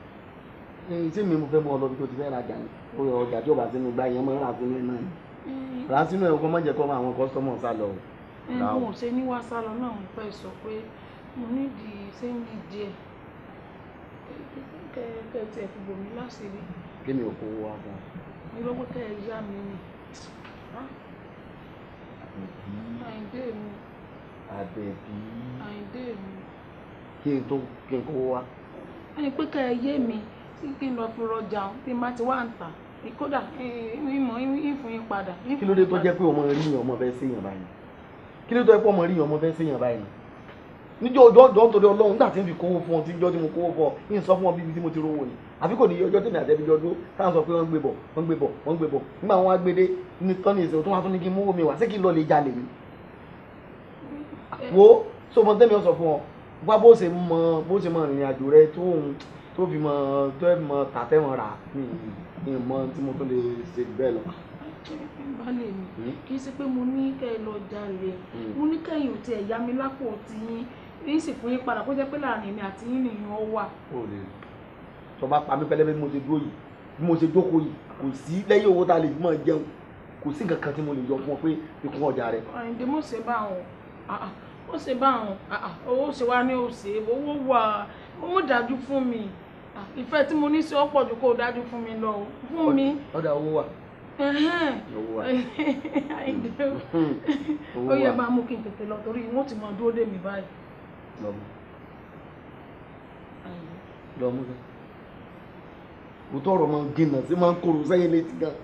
iṣẹ́ mi mo fẹ́ mọ ọlọ́bi tó ti fẹ́ rajà ni ó yọ ọjà tí ó bá sínú gbá yẹn mọ́ ra sínú ẹ̀ náà ni mm. ra sínú ẹ̀ kó má jẹ́ kó máa àwọn kọ́sítọ́mọ̀ sá lọ. ẹ mo ò ṣe ní wá sá lọ náà mo fẹ́ sọ pé mo nídìí sẹ́ńdì díẹ̀ kẹ́kẹ́ tiẹ̀ fi bò mí láṣìírí. kí ni òkú wa fún ọ. ìrọ́pọ̀ tẹ ẹ yá mi ni. Mm-hmm. àìdè mi. àbẹ̀bí. àìdè mi. kí n tó kí n kó wa. àìpé ká ẹ yé mi tí kí n lọ fi rọjà tí n bá ti wá ń tà kódà ìmọ̀ ìfún yín padà. kí ló dé tó jẹ́ pé ọmọ rí yàn ọmọ fẹ́ séyàn báyìí kí ló dé tó jẹ́ pé ọmọ rí yàn ọmọ fẹ́ séyàn báyìí níjọ́ ọjọ́ ọjọ́ nítorí ọlọ́run nígbà tí n fi kówó fún ọ tí níjọ́ tí mo kówó fún ọ yìí ń sọ fún ọ bíbi tí mo ti rówó ni àbí kò ní ọjọ́ tèmi àtẹ́bí ọjọ́ tá à ń sọ pé wọ́n ń gbé bọ̀ wọ́n ń gbé bọ̀ wọ́n ń gbé bọ̀ nígbà wọn agbede ní tán ní ìṣòro tó tún ní kí n mú omi wá sí kí n lọ lè jalè mi. wo so tẹ́mi ọ sọ fún ọ wá bó ṣe mọ bó ṣe mọ ìrìn àjò rẹ tó òun tó fi mọ tó ẹ mọ tàtẹ́ wọn rà mí ní mọ tí mo tún lè ṣe bẹ́ẹ̀ lọ. balẹ̀ mi hmm? kì í ṣe pé mo ní kẹ́ ẹ lọ jalè hmm. mo ní kẹ́yìn ò tiẹ̀ yá mi lápò tiyín ní ìsìnkú yín padà kó jẹ́ pé láàrin èmi àti yín nìyẹn ó wà. o lè sọ bá pa mí pẹlẹbẹ bí mo ṣe dúró yìí bí mo ṣe jókòó yìí kò sí lẹ́yìn owó tá a lè mọ̀ jẹun kò sí nǹkan kan tí mo lè yọ fún ọ pé ikùn ọjà rẹ. àyìndé mo ṣe bá wọn ó ṣe bá wọn owó ṣe wá ní òṣè owó wà owó dájú fún mi. Ah, ìfẹ́ tí mo ní sí ọ̀pọ̀ jù kó o dájú fún mi lọ o fún mi. ọ̀dà owó wà. ó yẹ máa mú kí n tètè lọ torí wọ́n ti máa dúró dè mí báyìí. lọ́mú lọ́mú sẹ́ òótọ́ ọ̀rọ̀ máa ń gé náà sí máa ń kóró sẹ́yìn létí gan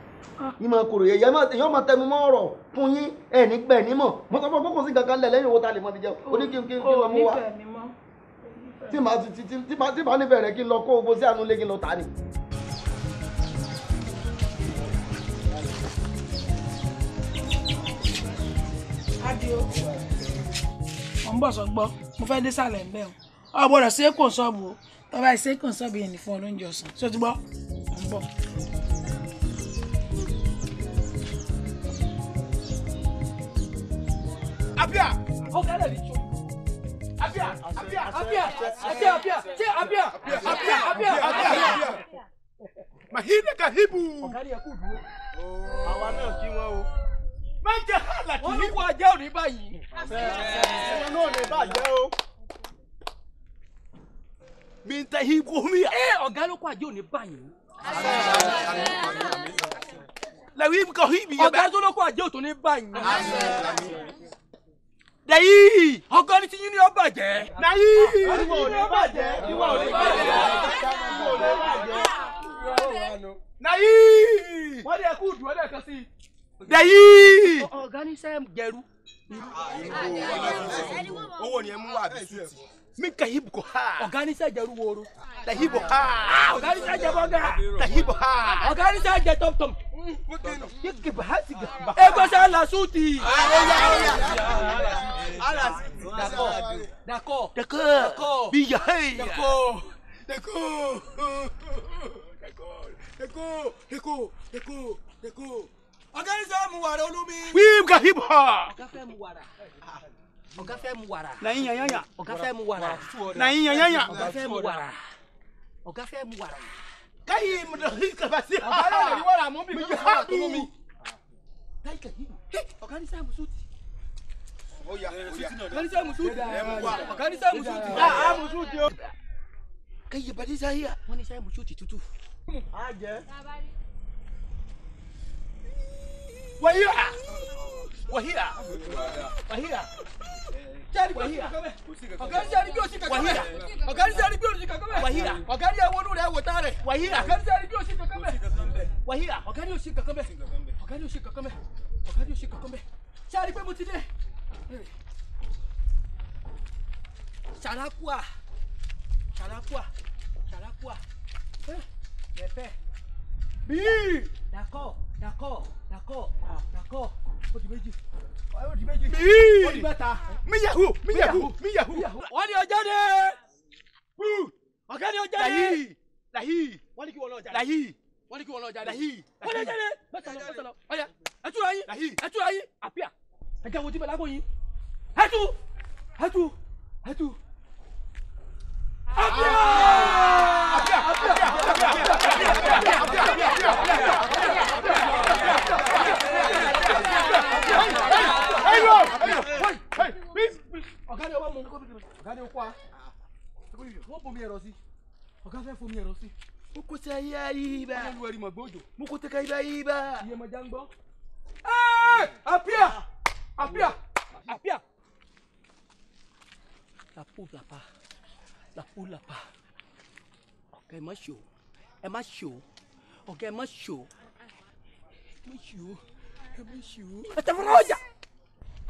yín ah. máa kóró yẹn yọ́n máa tẹnu mọ́ ọ̀rọ̀ fún yín ẹ̀ nígbẹ̀ nímọ̀ mo sọ fún ọ kókò sí kankan lẹ̀ lẹ́yìn owó ta lè mọ́ ti jẹun oníkíkí máa mú wa tí màá ti tí màá tí màá nífẹ̀ẹ́ rẹ̀ kí n lọ kó owó sí àánú lé kí n lọ tà ní. adio mo ń bọ̀ sọ gbọ́ mo fẹ́ dé sàlẹ̀ ń bẹ̀ o ọ gbọ́dọ̀ sí èkó sọ́ọ̀bù o tọ́ba ìsẹ́ èkó sọ́ọ̀bù yẹn ní fún olóúnjẹ ọ̀sán ṣé o ti gbọ́ mo ń bọ̀. abia. ó kálẹ̀ ní tó mahina kahibu. ọ̀gárí ẹ̀kú dúró. àwa náà kí wọ́n o. má jẹ́ hàlà kí. wọ́n ní kó ajá òní báyìí. ẹ̀rọ náà lè bàjẹ́ o. mi ta ibo mi. ẹ ọ̀gá ló kó ajá òní báyìí. lẹ́wìn kahibu yẹn bẹ́ẹ̀. ọ̀gá tó ló kó ajá òtún ní báyìí. Dèyí. ọgọ́ni tí yín ni ó bàjẹ́. Dèyí. ìwọ ò lè bàjẹ́. ìwọ ò lè bàjẹ́. ìwọ ò lè bàjẹ́. Dèyí. wọ́n ní ẹkú ìdúró lẹ́ẹ̀kan sí i. Dèyí. ọ̀gá ní sẹ́yìn gẹ̀rú owó ni ẹ mú wá àbí suwiti. min ka hibu ko ha. ọ̀gánísà jẹ̀rú woro. ta hibu ha. ọ̀gánísà jẹ bọ́ngà. ta hibu ha. ọ̀gánísà jẹ tọ́mtọ́m. yé gèbè ha sì gà. e ko sẹ́ la suwiti. d'accord d'accord d'accord bi ya he. d'accord d'accord d'accord d'accord d'accord d'accord ọ̀gá yìí fẹ́ mu wàrà olúmi. wíìm ka hip hop. ọ̀gá fẹ́ mu wàrà. ọ̀gá fẹ́ mu wàrà. nàyìn yanyanya. ọ̀gá fẹ́ mu wàrà. nàyìn yanyanya. ọ̀gá fẹ́ mu wàrà. ọ̀gá fẹ́ mu wàrà. kayi mudali kabasi. ọ̀gá yẹn lè wàrà mọ́ mi kí n wàrà tó lómi. láyé kàyí ọ̀gá ní sáà musuti. ọ̀gá ní sáà musuti. ọ̀gá ní sáà musuti. a musuti sáyà. wọ́n ní sáyà musuti tútù. a jẹ́. Wahia! Wahia! Wahia! Jari Wahia! Ọ̀gárí Jari bí o sì kankan bẹ̀. Ọ̀gárí Jari bí o sì kankan bẹ̀. Wahia! Ọ̀gárí ẹ̀wọ̀n ló rẹ̀ wò tá rẹ̀. Wahia! Ọ̀gárí Jari bí o sì kankan bẹ̀. Wahia! Ọ̀gárí o sì kankan bẹ̀. Ọ̀gárí o sì kankan bẹ̀. Ọ̀gárí o sì kankan bẹ̀. Jari pé mo ti dé. Sarakua! Sarakua! Sarakua! Lẹ́fẹ̀. Bíi! Dakọ̀! Dakọ̀! Nako, nako, o di méjì. O di méjì. Mi. O di mẹ́ta. Mi yahoo, mi yahoo, mi yahoo. Wọ́n ní ọjọ́ de. Ọ̀gá ni ọjọ́ de. Lahi, lahi. Wọ́n ní kí wọ́n lọ jáde. Lahi. Wọ́n ní kí wọ́n lọ jáde. Lahi. Wọ́n lọ jáde. Mẹ́ta lọ, mẹ́ta lọ. Ọya, ẹ túra yín. Lahi. Ẹ túra yín. Àpíà. Ẹ jẹ́ wo tí bẹ̀ lágbo yín. Ẹ tú. Ẹ tú. Ẹ tú. Àpíà. Àpíà. Àpíà. Àpíà. Àpíà. Àpíà. Àpíà. Àpíà. Àpíà. Àpíà. ayo ayo please please ọ̀gá ni ọba mọ̀ nǹkan bìbìrì ọ̀gá ni okó a wọ́n bomi ẹ̀rọ sí ọ̀gá fẹ́ fomi ẹ̀rọ sí. mukuta ya yiba olùwẹ̀rì mọ̀ gbọ́dọ̀ mukuta ka yiba yiba iyemọ̀já ń gbọ́. apia apia apia. lapu lapa lapu lapa ọ̀gá ẹ má ṣe o ẹ má ṣe o ọ̀gá ẹ má ṣe o ẹ má ṣe o ẹ má ṣe o. ẹ tẹ fọlá ọjà.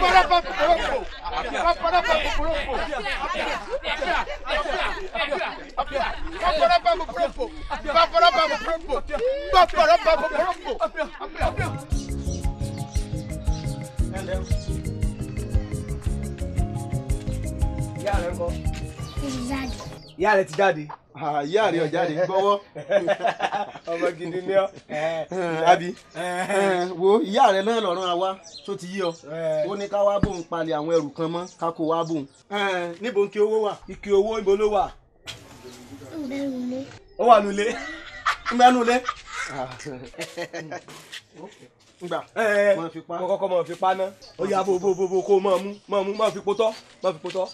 Ìyá rẹ̀ ti jáde. Ìyá rẹ̀ ah, ò jáde gbọ́wọ́. ọmọ gidi ni ọ eh, eh, àbí eh. wo ìyá rẹ náà lọ́rùn àwa tó ti yí ọ ó ní ká wá bóun palẹ̀ àwọn ẹrù kan mọ́ ká kó wá bóun. níbo ike owó wà ike owó ibo ló wà. ó wà nulẹ̀ ó wà nulẹ̀ ngba mọ fi pa ná ó yà bó bó bó kó mọ mú mọ mú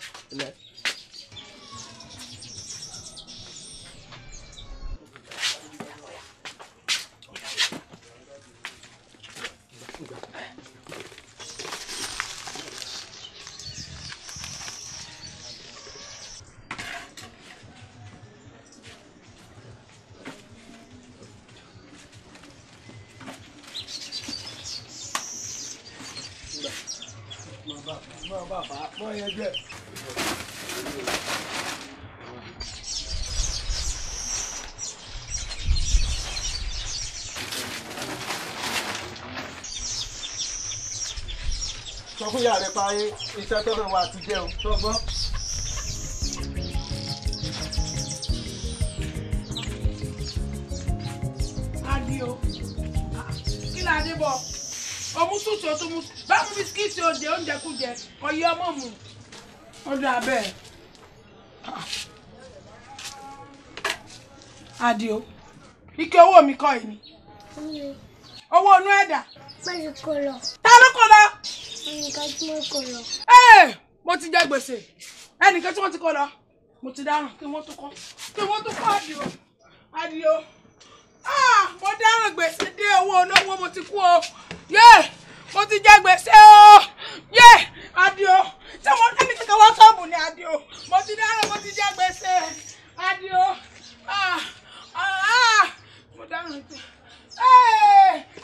iṣẹ́ tọ́lọ́ wa ti jẹ́ o tó gbọ́. adi o kí la dé bọ omu sùtù tó mu báwo bisikíìtì òjè oúnjẹ kújẹ kò yí ọmọ mu ó dà bẹ́ẹ̀. Adio. Ike owó mi kọ́ yìí ni. Owó inú ẹ̀dà. Pẹ̀lú kò Ta ló kò ẹnìkan tí wọ́n kọ lọ. ẹ mo ti jẹ gbèsè ẹnìkan tí wọ́n ti kọ lọ mo ti dáràn kí wọ́n tún kọ́ kí wọ́n tún kọ́ àdìo àdìo ah! mo dáràn gbèsè dé owó olówó mo ti kú o yé mo ti jẹ gbèsè o yé àdìo ṣé mo ní kíkẹ́ wọ́n sọ́ọ̀bù ni àdìo mo ti dáràn mo ti jẹ gbèsè àdìo ah! ah! mo dáràn gbèsè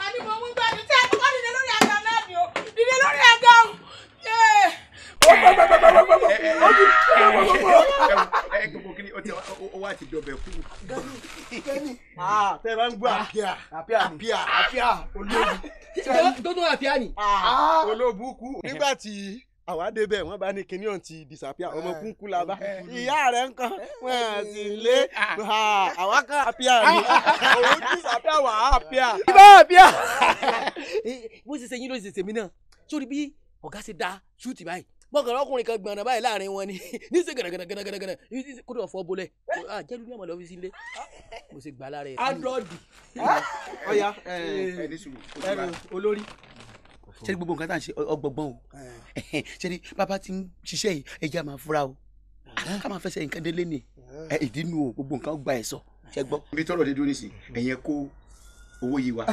àdìo mo mú gbàdúrà tí a kọ́kọ́ nílé lórí àgbà ni o dìde lórí ẹ̀gá o. Owó àti dọ̀bẹ̀ kú. Tẹ́ bá ń gbọ́ àpíà àpíà àpíà olóògùn. Tó tó àpíà ni. Olóògùn kú. Nígbà tí àwa débẹ̀ wọ́n bá ní kinní ọ̀hún disapia ọmọ eh, kúnkún la bá ìyá rẹ̀ ń kan eh, wọ́n ti eh, lé ah. àwa kan apia ni ah. òun disapia wà á apia. ibà apia bó ṣe ṣe yín ló ṣe ṣe mí náà sórí bí ọ̀gá ṣe da ṣúùtì báyìí mọ̀kànlá ọkùnrin kan gbọ̀nà báyìí láàrin wọn ni níṣẹ́ gànàgànà gànàgànà kó tó fọ́ bolẹ̀ ah, jẹ́lu ní ọmọ lọ́wọ́ sí ilé mo ṣe gbà lára ẹ̀. adọ́ọ̀dì ọ̀ya ẹ̀ ẹ̀ ní sùúrù olórí ṣe ni gbogbo nǹkan tá à ń ṣe ọgbọgbọn o ṣe ni bàbá ti ń ṣiṣẹ́ yìí ẹja máa fura o ká máa fẹsẹ̀ nǹkan délé ni ìdí nu o gbogbo nǹkan gba ẹ̀ sọ ṣe gbọ́. ibi tọrọ dé dúró nísìn ẹ̀yẹn kó owó yìí wá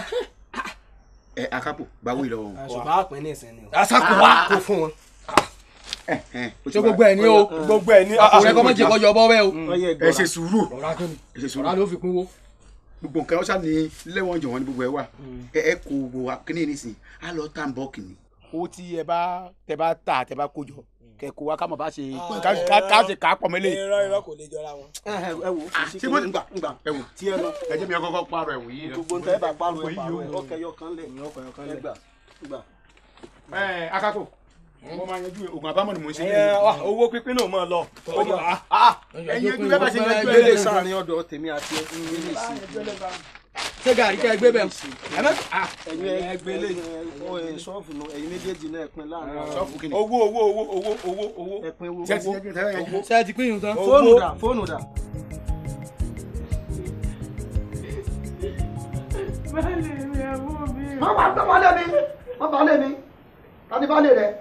ẹ akápò báwo ìlọ wọn. ṣùgbọ́n àpín ní ìsìn ni o. àṣàkó wa kó fún wọn. ṣé gbogbo ẹ̀ ní o gbogbo ẹ̀ ní. àkùrẹ́kọ́ mọ̀jẹ̀kọ́ yọ ọ bọ́ bẹ́ẹ̀ o. ẹ ṣe sùúrù ẹ ṣe sùúrù. ọ̀rá ló fi kún wo gbogbo nǹkan ọ̀sán ni lẹ́wọ̀n jọ̀wọ́n mm. ní gbogbo ẹ̀ wà ẹ kò wò wá kíní nísìn á lọ tá n bọ̀ kìíní. owó tí ẹ bá tẹ bá ta tẹ bá kó jọ mm. kẹ kó wa ká mọ̀ bá ṣe ah, ká ṣe ká pọ̀ mẹ́lẹ̀. irọ́ irọ́ kò lè jọra wọn. Ah, ẹ wo ṣé mo ń gbà ń ẹ wo tí lọ. ẹ jẹ́ mi ọkọ̀ pààrọ̀ ẹ̀wò yìí. gbogbo ń tẹ́ bá pààrọ̀ ẹ̀ pààrọ̀ ẹ̀ ọkọ̀ ẹ̀yọkan lẹ̀ ẹgbà. ẹ akako mo máa yanjú oògùn àbámọ̀ ni mo ń ṣe lẹ́yìn. Ah, owó pínpín náà máa lọ. Ah, ah, ẹyin ojú bẹ́ẹ̀ bá ṣe yanjú ẹ̀ lè sáàrin ọ̀dọ̀ tèmi àti ẹ̀yin lè ṣe. ṣé gàrí kẹ́ ẹ gbé bẹ́ẹ̀ ẹ̀yin ẹ gbé lè ṣọ́ọ̀fù nù ẹ̀yin méjèèjì náà ẹ̀pin láàrin ṣọ́ọ̀fù kìíní. owó owó owó owó owó owó ẹ̀pin owó owó ṣe ti pín yín tán. fóònù dà fóònù dà. má wàá gbọ́ wọlé mi má wàá lé mi tani bá lè rẹ̀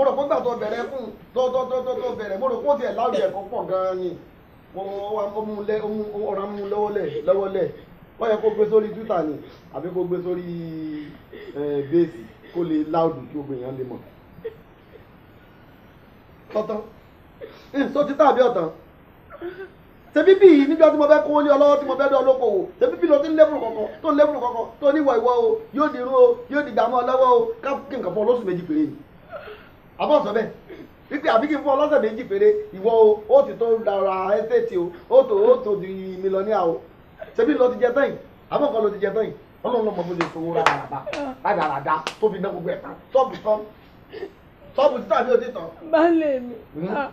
mo rò pé gbà tó bẹ̀rẹ̀ fún tó tó tó tó bẹ̀rẹ̀ mo rò pé ó tiẹ̀ láwùjọ ẹ̀kọ́ pọ̀ gan-an ni ọ̀rọ̀ mú lọ́wọ́ lẹ̀ wọ́n yẹ kó gbé sórí twitter ni àbí kó gbé sórí bẹ́ẹ̀sì kó lè láòdù kí gbogbo èèyàn lè mọ̀ tọ́tán nso títà àbí ọ̀tán tẹbí bíi nígbà tí mo fẹ́ kó lé ọlọ́wọ́ tí mo fẹ́ dé olókòwò tẹbí bíi ló ti ń lébùrù kọ̀kọ̀ tó ń lébùrù kọ̀kọ̀ tó ní ìwà ìwọ o yóò dirun o yóò dìgbà mọ́ ọ lọ́wọ́ o ká kí nǹkan fún ọ méjì péré yìí àbọ̀ sọ bẹ́ẹ̀ wípé àbí kí n fún ọ lọ́sẹ̀ méjì péré ìwọ o ó ti tó ra ẹ́sẹ̀tì o ó tó ó tó di mílíọ̀nìyà o ṣebí ló ti jẹ tán yìí àbọ̀ kan ló ti jẹ tán yìí ọlọ́run lọ́mọ bó ṣe fowó rádaràdà rádaràdà tó fi ná gbogbo ẹ̀ tán sọ́ọ̀bù tán sọ́ọ̀bù títà bí o ti tán. baálé mi hmm? ah,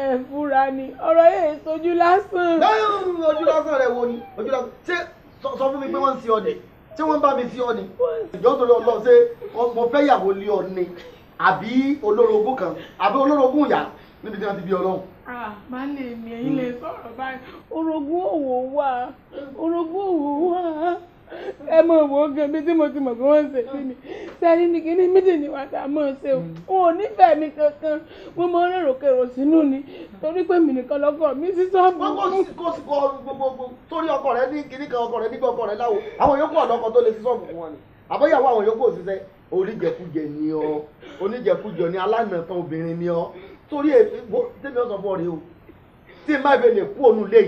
ẹ fura ni ọ̀rọ̀ yẹn sojú lásán. ojú lásán rẹ wo ni ojú lásán ṣé sọ fún mi pé wọ́n ń ṣe ọdẹ ṣé wọ́n bá mi ṣe ọdẹ ìjọ́ torí ọlọ́run ṣé mo fẹ́ àbí olórogún kan àbí olórogún ìyá níbi tí wọ́n ti bí ọlọ́run. má lè ní ẹ̀yin lè sọ̀rọ̀ báyìí orogún òwò wà orogún òwò wà ẹ mọ òwò gan bí tí mo ti mọ̀ pé wọ́n ń ṣe sí mi mm. ní kíní méjì ni wàá o mi kankan mọ sínú ni torí pé mi nìkan mi sí kò ní kíní kan oníjẹkújẹ ni ọ oníjẹkújẹ ni aláìmọ̀kan obìnrin ni ọ torí èbó tèmi ọ̀sán fún ọ̀rẹ́ o tí n bá ibẹ̀ lè kú òun lè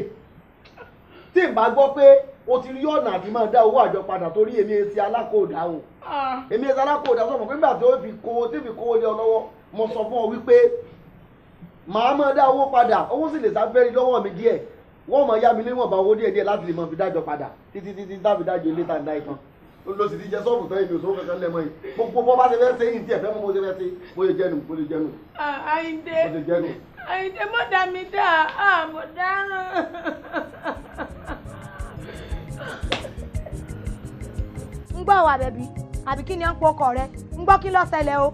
tí n bá gbọ́ pé o ti rí ọ̀nà àti máa dá owó àjọ padà torí èmi èsì alákòódà o ah. èmi èsì alákòódà sọ̀rọ̀ pé nígbà tí o fi o tí fi o lé ọ lọ́wọ́ mo sọ fún ọ wípé màá máa dá owó padà owó sì lè sáfẹ́rí lọ́wọ́ mi díẹ̀ wọ́n máa yá mi níwọ̀nba owó díẹ̀díẹ̀ láti lè máa fi dájọ padà títí títí táfi dájọ ilé tàǹdà ìtàn ló sì ti jẹ sọ́ọ̀bù tán ìlú sọ́ọ̀bù kankan lẹ́mọ yìí gbogbo bọ́ bá ti fẹ́ ṣe yìí tí ẹ̀fẹ́ mọ́ bó ṣe fẹ́ ṣe bó ṣe jẹnu bó ṣe ah, jẹnu. Àyìndé Àyìndé mọ̀ dá mi dá àmọ̀ ah, dáràn. ń gbọ́ wà bẹ̀bí àbí kí ni ó ń pokọ rẹ ń gbọ́ kí ló ṣẹlẹ̀ o.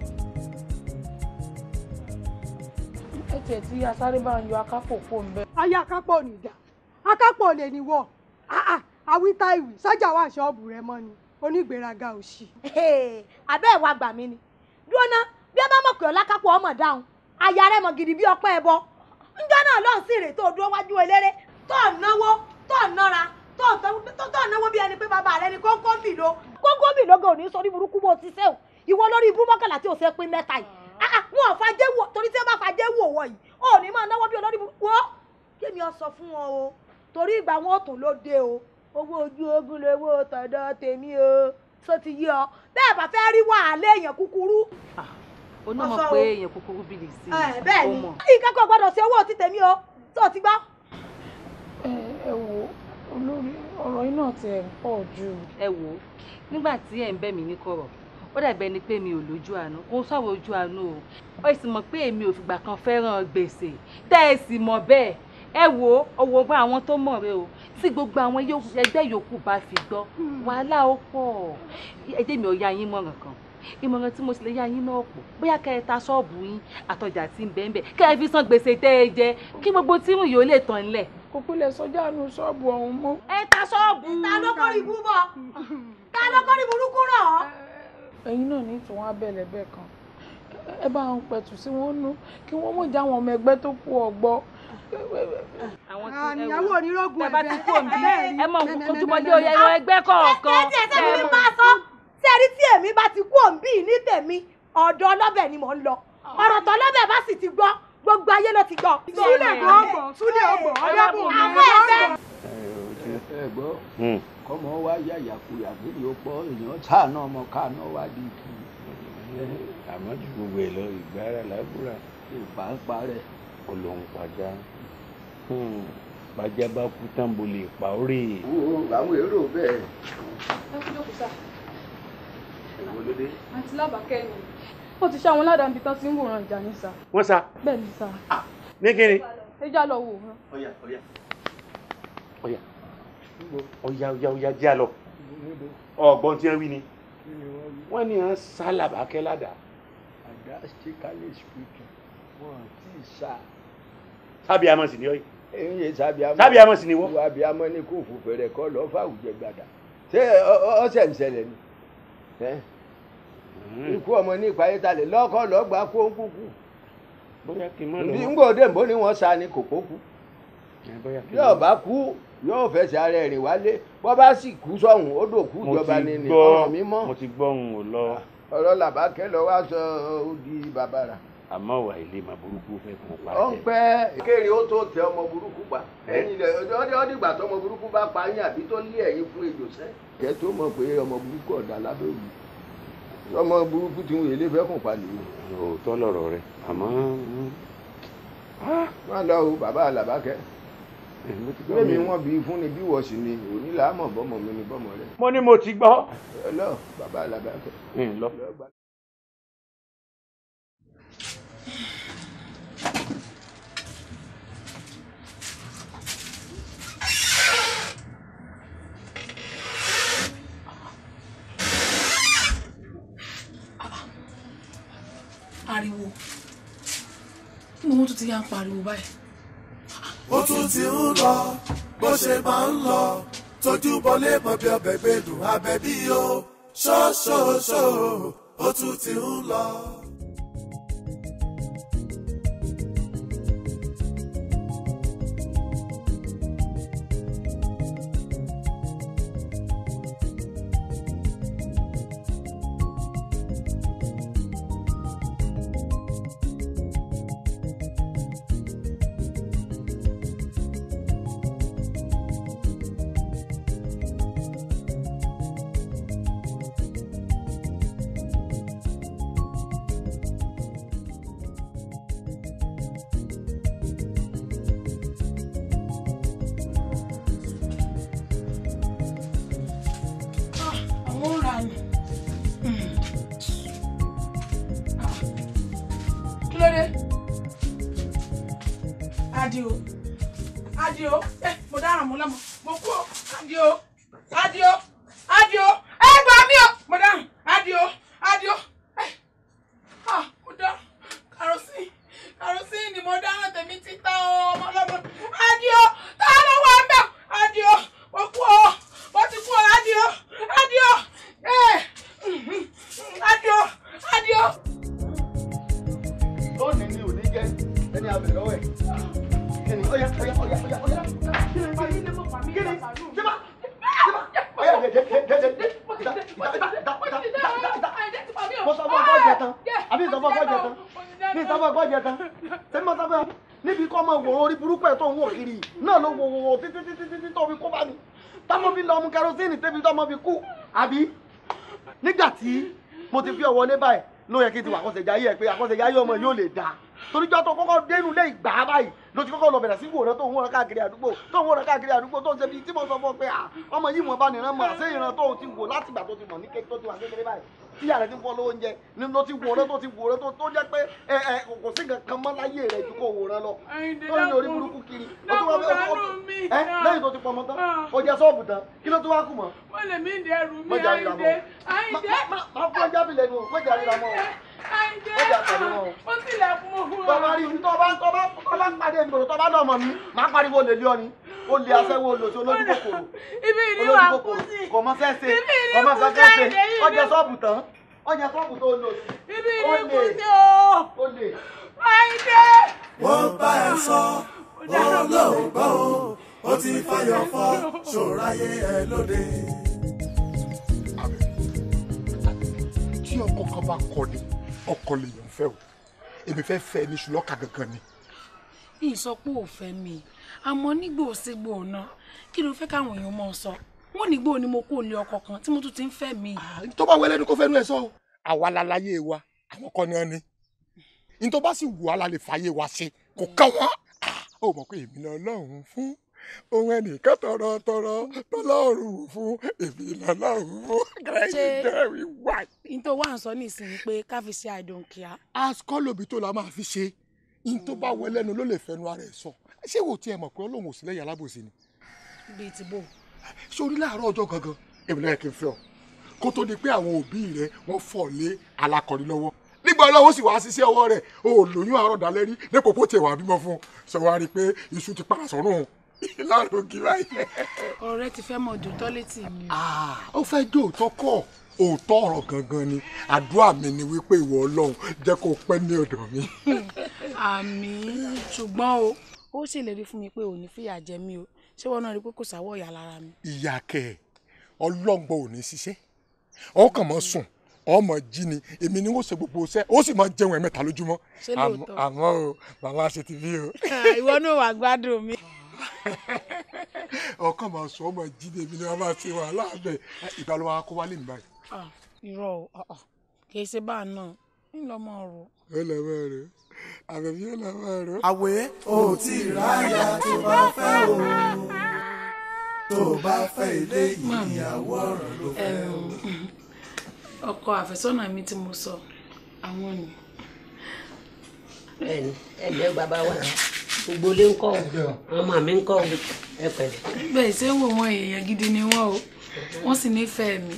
ẹ tiẹ̀ tí asáré bá ń yọ akápò kó ń bẹ́ẹ̀. ayé akápò nìjà akápò lè ní wọ ah, àwítá ìwì sọ́jà wà ṣọ́ọ̀bù rẹ mọ́ ni onígbéraga òṣì. àbẹ́ ẹ̀ wá gbà mí ni dúró ná bí ẹ bá mọ̀ pé ọ̀làkápọ̀ ọmọ dáhùn aya rẹ̀ mọ̀ gidi bí ọpẹ́ ẹbọ njọ́ náà lọ́n sì rè tó dúró wájú eléré tó náwó tó nára tó náwó bí ẹni pé bàbá rẹ ni kóńkóńbì ló. kóńkóńbì ló gan ò ní sọ ní burúkú bó ti sẹ́wọ̀ ìwọ lórí ibú mọ́kànlá tí o ṣe pín mẹ́ta yìí ah. Ah, ah, wọn ò fàjẹ́ wò torí tí wọ́n bá fàjẹ́ wò wọ̀ yìí ò ní máa náwó bí olórí burúkú ó kémi ọ sọ fún wọn o torí ìgbà wọn ò tún ló dé o owó ojú ogun lowó tọ̀dọ̀ tèmi o tó ti yí ọ bẹ́ẹ̀ bá fẹ́ rí wàhálà èèyàn kúkúrú. Ah, o náà mọ̀ pé èèyàn kúkúrú bìlì sí i. bẹ́ẹ̀ ni nǹkan kan gbọ́dọ̀ sí owó ti tèmi o tó ti gbọ́. ẹ wo olórí ọ̀rọ̀ yìí náà ti ẹ̀ ń pọ̀ jù. ẹ wo nígbà tí ẹ̀ ń bẹ̀ mí ní kọ̀rọ̀ ó dàbí ẹni pé mi ò lójú àánú kò ń sọ̀rọ̀ ojú àánú o ó sì mọ̀ pé èmi ò fìgbà kan fẹ́ràn gbèsè tẹ́ ẹ sì mọ̀ bẹ́ẹ̀ ẹ wo ọwọ́ gbọ́ àwọn tó mọ̀ rẹ o tí gbogbo àwọn ẹgbẹ́ yòókù bá fi gbọ́ hmm. wàhálà ó pọ̀ ẹjẹ́ mi ò yá yín mọ̀ràn kan ìmọ̀ràn tí mo sì lè yá yín náà pọ̀ bóyá kẹ́ ṣọ́ọ̀bù yín àtọjà tí ń bẹ́ẹ̀ bẹ́ẹ̀ kẹ́ fi san gbèsè tẹ́ ẹ jẹ kí gbogbo tírùn yìí ó lè tàn lẹ̀. kòkó lè sọjá nu ṣọ́ọ̀bù ọ̀hún mọ́. ẹ ṣọ́ọ̀bù. ta ló kọ́ ibú bọ̀ hmm. ta ló kọ́ ibú burúkú rọ̀. ẹ̀yin náà ní tòun wọn Ah, ìyàwó onírògùn ẹgbẹ́ ẹ mọ ojúmọdé oyè ẹran ẹgbẹ́ kọ̀ọ̀kan. ẹ jẹ́ ẹ̀sẹ̀ mi máa sọ sẹ́rí tí èmi bá ti kú òǹbí ní tèmi ọ̀dọ̀ ọlọ́bẹ̀ ni mò ń lọ ah. ọ̀rọ̀ tó ọlọ́bẹ̀ bá sì ti gbọ́ gbogbo ayé ló ti gbọ́. súlẹ̀ gbọ́ súlẹ̀ ọgbọ̀ ọlọ́bùn mi ẹ gbọ́ hmm. kọ́mọ wá yàyàkuyà lórí ọ̀pọ̀ èèyàn sáànà ọmọ káànà wá di ìkú. àmọ́ ju gbogbo ẹ̀ lọ ìgbára làbúrà. ìpàǹpà rẹ̀. olóhùn pàjá. Hmm. bàjẹ́ bá kú tán mo lè pa ó rè é. Hmm, wo àwọn èrò bẹ́ẹ̀. ẹ kú jókòó sá. èwo ló dé. àǹtí lábàákẹ́ ni wọ́n ti ṣá àwọn ládàá níbi tán ti ń wòran ìjà ní sá. wọ́n sá. bẹ́ẹ̀ ni sá. Ah, ní kíni. ẹ já lọ wò wọ́n. ọ̀yà ọ̀yà ọ̀yà ọ̀yà ọ̀yà ọ̀yà já lọ ọ̀gbọ́n tí wọ́n wí ni wọ́n ní à ń sá làbàákẹ́ ládàá. àdá ṣe kálẹ̀ ṣùkùtù èyí sábìámọ sábìámọ sì ni wọ. sábìámọ ní kò fò fèrè kọ lọ fàwùjẹ gbàdà ṣé ọsẹ ń ṣẹlẹ̀ ni hmm. ikú ọmọ ní ìpayé talẹ lọkọ lọgbà kó ń kúkú bóyá kí n mọ lọ. nígbà òde ìbò ni wọn sa ni kòkó kú yóò bá kú yóò fẹsẹ̀ ara ẹ̀rìn wálé bọ́ bá sì kú sọ̀hún ó dòkú ìjọba ni nìkan mi mo ti gbọ́ ohun ò lọ. ọ̀rọ̀ làbákẹ́ lọ wá sọ ó àmọ́ wà ilé ma burúkú fẹ́ kàn pa. ó ń pẹ́ kéèrè ó tó tẹ ọmọ burúkú pa ẹ̀yin rẹ̀ ọdẹ ọdìgbà tó ọmọ burúkú bá pa yín àbí tó lé ẹ̀yin fún ejò sẹ́. kẹ́ tó mọ̀ pé ọmọ burúkú ọ̀dà lábẹ́ òbí ọmọ burúkú ti ń wò ilé fẹ́ kàn pa nìyí. òótọ́ lọ̀rọ̀ rẹ àmọ́. Hm. Ah! má lọ o bàbá Àlàbákẹ́ lẹ́mi wọ́n bí fún ni bí wọ́ọ̀sì ni òní làámọ̀ bọ́mọ mi ni bọ́mọ rẹ. mo ní mo ti gbọ́. lọ bàbá Àlàbákẹ́ ariwo kí ti yá ń pariwo báyìí. ó tún ti ń lọ bó ṣe máa ń lọ tójú bọlé mọ bí ọbẹ̀ gbẹdùn abẹ bí o ṣóṣóṣó ó tún ti ń lọ. níbi kọ́ ọmọ ìwòrán orí burúkú ẹ̀ tó ń wò kiri náà ló wò wò títí títí títí tó fi kó bá mi táwọn fi lọ ọmú kẹrosíìnì tẹ́bi tó ọmọ fi kú àbí nígbà tí mo ti fi ọwọ́ lé báyìí ló yẹ kí n ti wà àkọsẹ̀jáyé ẹ pé àkọsẹ̀jáyé ọmọ yóò lè dáa toríjọ́ tó kọ́kọ́ dénú lé ìgbà báyìí ló ti kọ́kọ́ lọ bẹ̀rẹ̀ sí wòran tó ń wòran káàkiri àdúgbò tó ń wòran káàkiri àdúgbò tó ń ṣe bíi tí mo sọ fún ọ pé ọmọ yìí wọn bá nìran mọ àṣẹ ìran tó ti wò láti ìgbà tó ti mọ̀ ní kékeré tó ti wà kékeré báyìí tí yàrá ti ń fọ́ lówó oúnjẹ ni ló ti wòran tó ti wòran tó tó jẹ́ pé ẹ ẹ kò sí nǹkan kan mọ́ láyé rẹ̀ ju kó wòran lọ tó ń lórí burúkú kiri ó tún wá fẹ́ ọkọ ẹ lẹ́yìn tó ti pọmọ tán ah. ó jẹ sọ́ọ̀bù tán kí ló tún wá kù mọ́. wọ́n ó tilẹ̀ fún un. tọ́ba rí ibi tọ́ba tọ́ba tọ́ba ń pàdé ìbòrò tọ́ba náà mọ̀ mí máa pariwo lè lé ọ ni ó lè aṣẹ́wó olóṣù olójú kòkòrò olójú kòkòrò kò mọ sẹ́sẹ̀ kò mọ sẹ́sẹ̀ ọjà sọ́ọ̀bù tán ọjà sọ́ọ̀bù tó olóṣù ó lè ó lè. wọ́n bá ẹ sọ olóògbọ́ o ó ti fayọ̀ fọ́ ṣòráyé ẹ lóde. tí ọkọ̀ kan bá kọ ni ọkọ lèèyàn fẹ́ o èmi fẹ́ fẹ́ ní ṣùlọ́kà gangan ni. ìsọpọ ò fẹ́ mi àmọ́ nígbò sígbò náà kí ló fẹ́ káwọn èèyàn mọ̀ sọ wọn nígbò ni mo kó lé ọkọ kan tí mo tún ti ń fẹ́ mi. tó bá wẹlẹ́nu kó fẹ́nu ẹ̀ sọ o. àwa lálàyé wa àwọn kan náà ni ní tó bá sì wù á la lè fàyè wa ṣe kò ká wọn. ó mọ̀ pé èmi lọ́ọ́ lọ́hùn-ún fún ohun ẹnìkan tọrọ tọrọ tọlọ́run fún èmi lọ́lọ́run fún kẹrẹsì dẹrẹ wà. n tó wá ń sọ nísìnyí pé ká fi ṣe àìdùnkìá. aṣọ lòbí tó la máa fi ṣe n tó bá wọ ẹlẹ́nu ló lè fẹnu ara ẹ̀ sọ ṣé wò tiẹ̀ mọ̀ pé ọlọ́run ò sí lẹ́yìn alábòsí ni. bíi ti bò. sórí láàárọ̀ ọjọ́ gangan èmi náà kì í fẹ́ ọ kó tó di pé àwọn òbí rẹ wọ́n fọ̀ lé alákọ̀ọ́rí lọ́wọ́ nígbà ọlọ́wọ́ sì wá ṣiṣẹ́ ọwọ́ rẹ̀ o lóyún àárọ̀ dalẹ́ rí ní kòkó tiẹ̀ wà bímọ fún un sọ wá rí i pé iṣu ti para sọ́run lọ́rùn ògì báyìí. ọ̀rẹ́ ti fẹ́ mọ̀ dùn tọ́lẹ́tì mi. Ah, ó fẹ́ jó òótọ́ kọ́ òótọ́ ọ̀rọ̀ gangan ni àdúrà mi ni wípé ìwọ ọlọ́run jẹ́ kó pẹ́ ní ọ̀dọ̀ mi. àmín ṣùgbọ́n o ó ṣèlérí fún mi pé ò fìyà jẹ mí o ṣé wọn náà rí i pé kò sáwọ́ ìyá lára mi. ìyá kẹ ọlọ́gbọ́n ò ní ṣiṣẹ́ ọkàn mọ́ sùn ọmọ jí ni èmi ni wọn ṣe gbogbo ṣẹ ó sì máa jẹun ẹ̀mẹ́ta lójúmọ́ àmọ́ o màmá ṣe ti bí o. ìwọ náà wà gbádùn mi. ọkàn máa sọ ọmọ jíde mi ni wọn máa fi wàhálà bẹ ìbálò wa kó wálé mi báyìí. irọ́ o kì í ṣe báà náà ń lọ mọ ọ̀rọ̀. ẹ lọ mọ ọ̀rọ̀ àbẹ̀bí ẹ lọ mọ ọ̀rọ̀. àwẹ̀ ò tí ì ráyà tó bá fẹ́ o tó bá fẹ́ ilé ìyàwó ọ̀rọ̀ ló fẹ́ o. Hm. ọkọ àfẹ́sọ́nà mi tí mo sọ àwọn ni. bẹ́ẹ̀ni ẹ lẹ bàbá wa gbogbo ilé ń kọ́ o àwọn màmí ń kọ́ o ẹ pẹ̀lẹ́. bẹ́ẹ̀ ṣé wò wọ́n èèyàn gidi ni wọ́n o wọ́n sì nífẹ̀ẹ́ mi.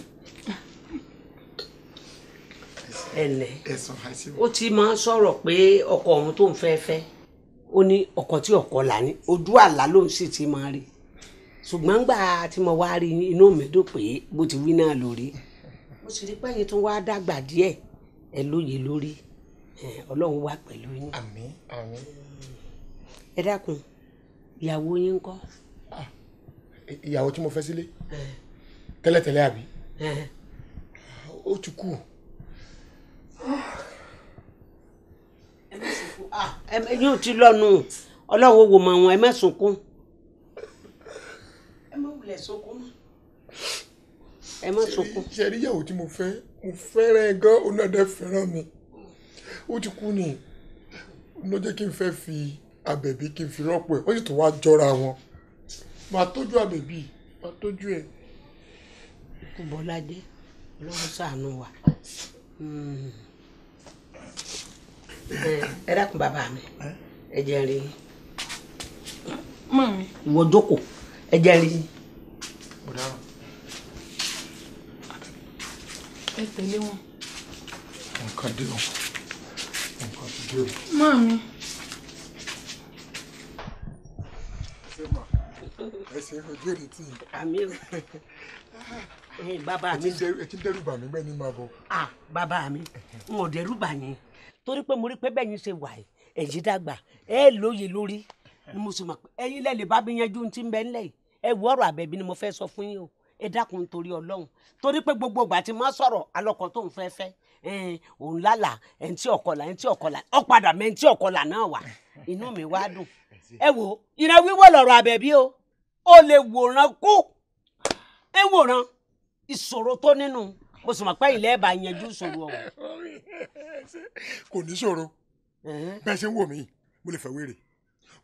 ẹnlẹ ó ti máa ń sọ̀rọ̀ pé ọkọ òun tó ń fẹ́ fẹ́ ó ní ọkọ tí ọkọ là ní ojú àlá lòun sì ti máa rí ṣùgbọ́n gbà tí mo wá rí inú mi dùn pé bó ti wí náà lórí mo sì rí pẹ́yìn tó wá dàgbà díẹ̀ ẹ lóye lórí ọlọ́run wà pẹ̀lú yín. àmín àmín ẹ dákun ìyàwó yín ńkọ́. Ah, ìyàwó tí mo fẹ́ sílé tẹ́lẹ̀tẹ́lẹ̀ àbí ó ti kú. Ah, yóò ti lọ́nu ọlọ́run wò mọ̀ wọn ẹ má sunkún ẹ má wulẹ̀ sunkún ẹ má sunkún. ṣe rí ìyàwó tí mo fẹ́ mo fẹ́ràn ẹ gan-an ó náà dẹ́ fẹ́ràn mi ó ti kú ni ó náà jẹ́ kí n fẹ́ fi àbẹ̀bí kí n fi rọ́pò ẹ̀ ó sì tún wá jọra wọn máa tọ́jú àbẹ̀bí máa tọ́jú ẹ̀. bọ́ládé ọlọ́run ṣàánú wa hmm. ẹ dákun bàbá mi ẹ jẹ́ rí i. mọ̀mí. ìwọ jókòó ẹ jẹ́ rí i. ẹ tẹ̀lé wọn. nǹkan dé o nǹkan dé o. mọ̀mí. ẹ ṣe ojú èrè tì àmì o bàbá mi. ẹ ti dẹ́rù bà mí bẹ́ẹ̀ ni màá bọ̀. bàbá mi n ò dẹ́rù bà yín torí pé mo rí pé bẹ́ẹ̀ yín ṣe wà yìí ẹ̀yin dàgbà ẹ lóye lórí ni mo sì mọ̀ pé ẹ̀yin lẹ́lẹ̀ bá mi yanjú ti ń bẹ ńlẹ̀ yìí ẹ wọ ọ̀rọ̀ àbẹ̀bí ni mo fẹ́ sọ fún yín o ẹ dákun torí ọlọ́run torí pé gbogbo ìgbà tí mo sọ̀rọ̀ alọ́kọ̀ tó ń fẹ́ fẹ́ òun lálà ẹni tí ọ̀kọ̀là ẹni tí ọ̀kọ̀là ọ̀padà mẹ́ni tí ọ̀kọ̀là náà wà inú mi wá dùn ẹ wo ìrẹ́wíwọ̀ lọ̀rọ̀ àbẹ̀bí o ó lè wòran kú ẹ wòran ìṣòro tó nínú mo sì mọ̀ pé ilé ẹ̀ bá yanjú ìṣòro ọ̀hún. kò ní ṣòro bẹ́ẹ̀ ṣe ń wò mí mo lè fẹ́ wèrè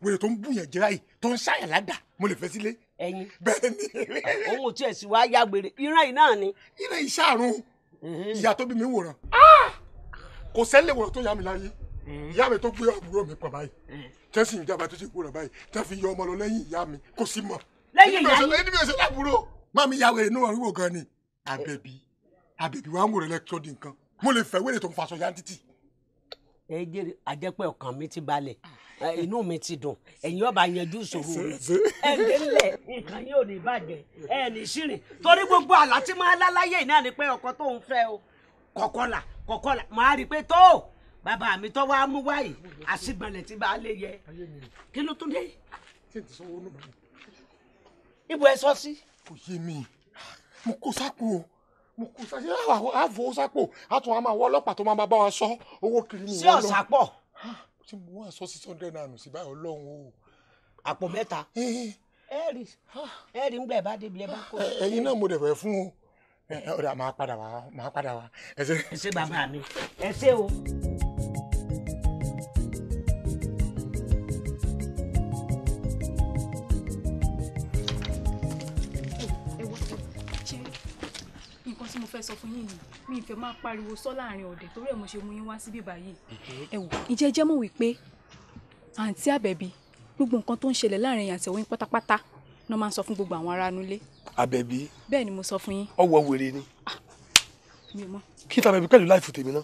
wèrè tó ń bùyàn jẹ́ báyìí tó ń ṣàyàn ládàá mo lè fẹ́ sílé. ẹyin bẹ́ẹ̀ ni. òun ò tiẹ̀ sì wá yá gbèrè ìran yìí náà ni. ìran yìí ṣàrùn ìyá tó bí mi wòran ah! kò sẹ́lẹ̀ wòran tó yá mi láyé ìyá mi tó gbé àbúrò mi pa báyìí tẹ́sí ìjábá tó ti kúrò báyìí tẹ́ fi yọ ọmọ lọ lẹ́yìn ìyá mi kò sí mọ́ lẹ́yìn ìyá yìí. ẹni mi ò ṣe lábúrò máa mi yàwé inú ọ̀rùn wò gan ni àbẹ̀bí àbẹ̀bí wa ń wòrán lẹ́kítọ́ nǹkan mo lè fẹ́ wèrè tó ń faṣọ yantiti. ẹ jẹrìí àjẹpẹ ọkàn mi ti balẹ̀ inú mi ti dùn ẹ̀yin ọba yanjú ìṣòro ẹ délẹ nǹkan yóò ní bàjẹ́ ẹ ní sírìn torí gbogbo àlá tí máa láláyé náà ni pé ọkọ tó ń fẹ́ o kọkọlà kọkọlà máa rí i pé tó bàbá mi tó wàá mú wáyé àṣìgbọnlẹ tí bá lè yẹ kí ló tún dé ibo ẹ sọ sí. kò yé mi mo kó sápò mo kó sápò ṣé àfọwọ́ sápò àtún àwọn àwọn ọlọ́pàá tó máa bá wa sọ owó kiri ni wọ́n lọ. sí ọ̀sàpọ̀. Ah, ṣé mo wá sọ six hundred naira sí báyọ̀ lọ́hùn o. àpò mẹ́ta ẹ̀rì eh, eh. ẹ̀rì ń gbẹ̀ bá débi lẹ́ bá kó. Eh, ẹyin náà mo dẹ̀ fẹ́ fún o ọ̀dà máa padà wá máa padà wá. ẹ ṣe bàbá mi ẹ ṣe o. fẹ́ sọ fún yín ni mi ìfẹ́ máa pariwo sọ láàrin ọ̀dẹ̀ torí ẹ̀ mo ṣe mú yín wá síbí báyìí. ẹ wò ìjẹ́ jẹ́ mọ̀ wípé àǹtí àbẹ̀bí gbogbo nǹkan tó ń ṣẹlẹ̀ láàrin yín àti ọ̀wọ́ yín pátápátá ló máa ń sọ fún gbogbo àwọn ará inú ilé. àbẹ̀bí. bẹ́ẹ̀ ni mo sọ fún yín. ọwọ́ wèrè ni. Ah, mi mọ. kí n ta àbẹ̀bí pẹ̀lú láìfù tèmi ná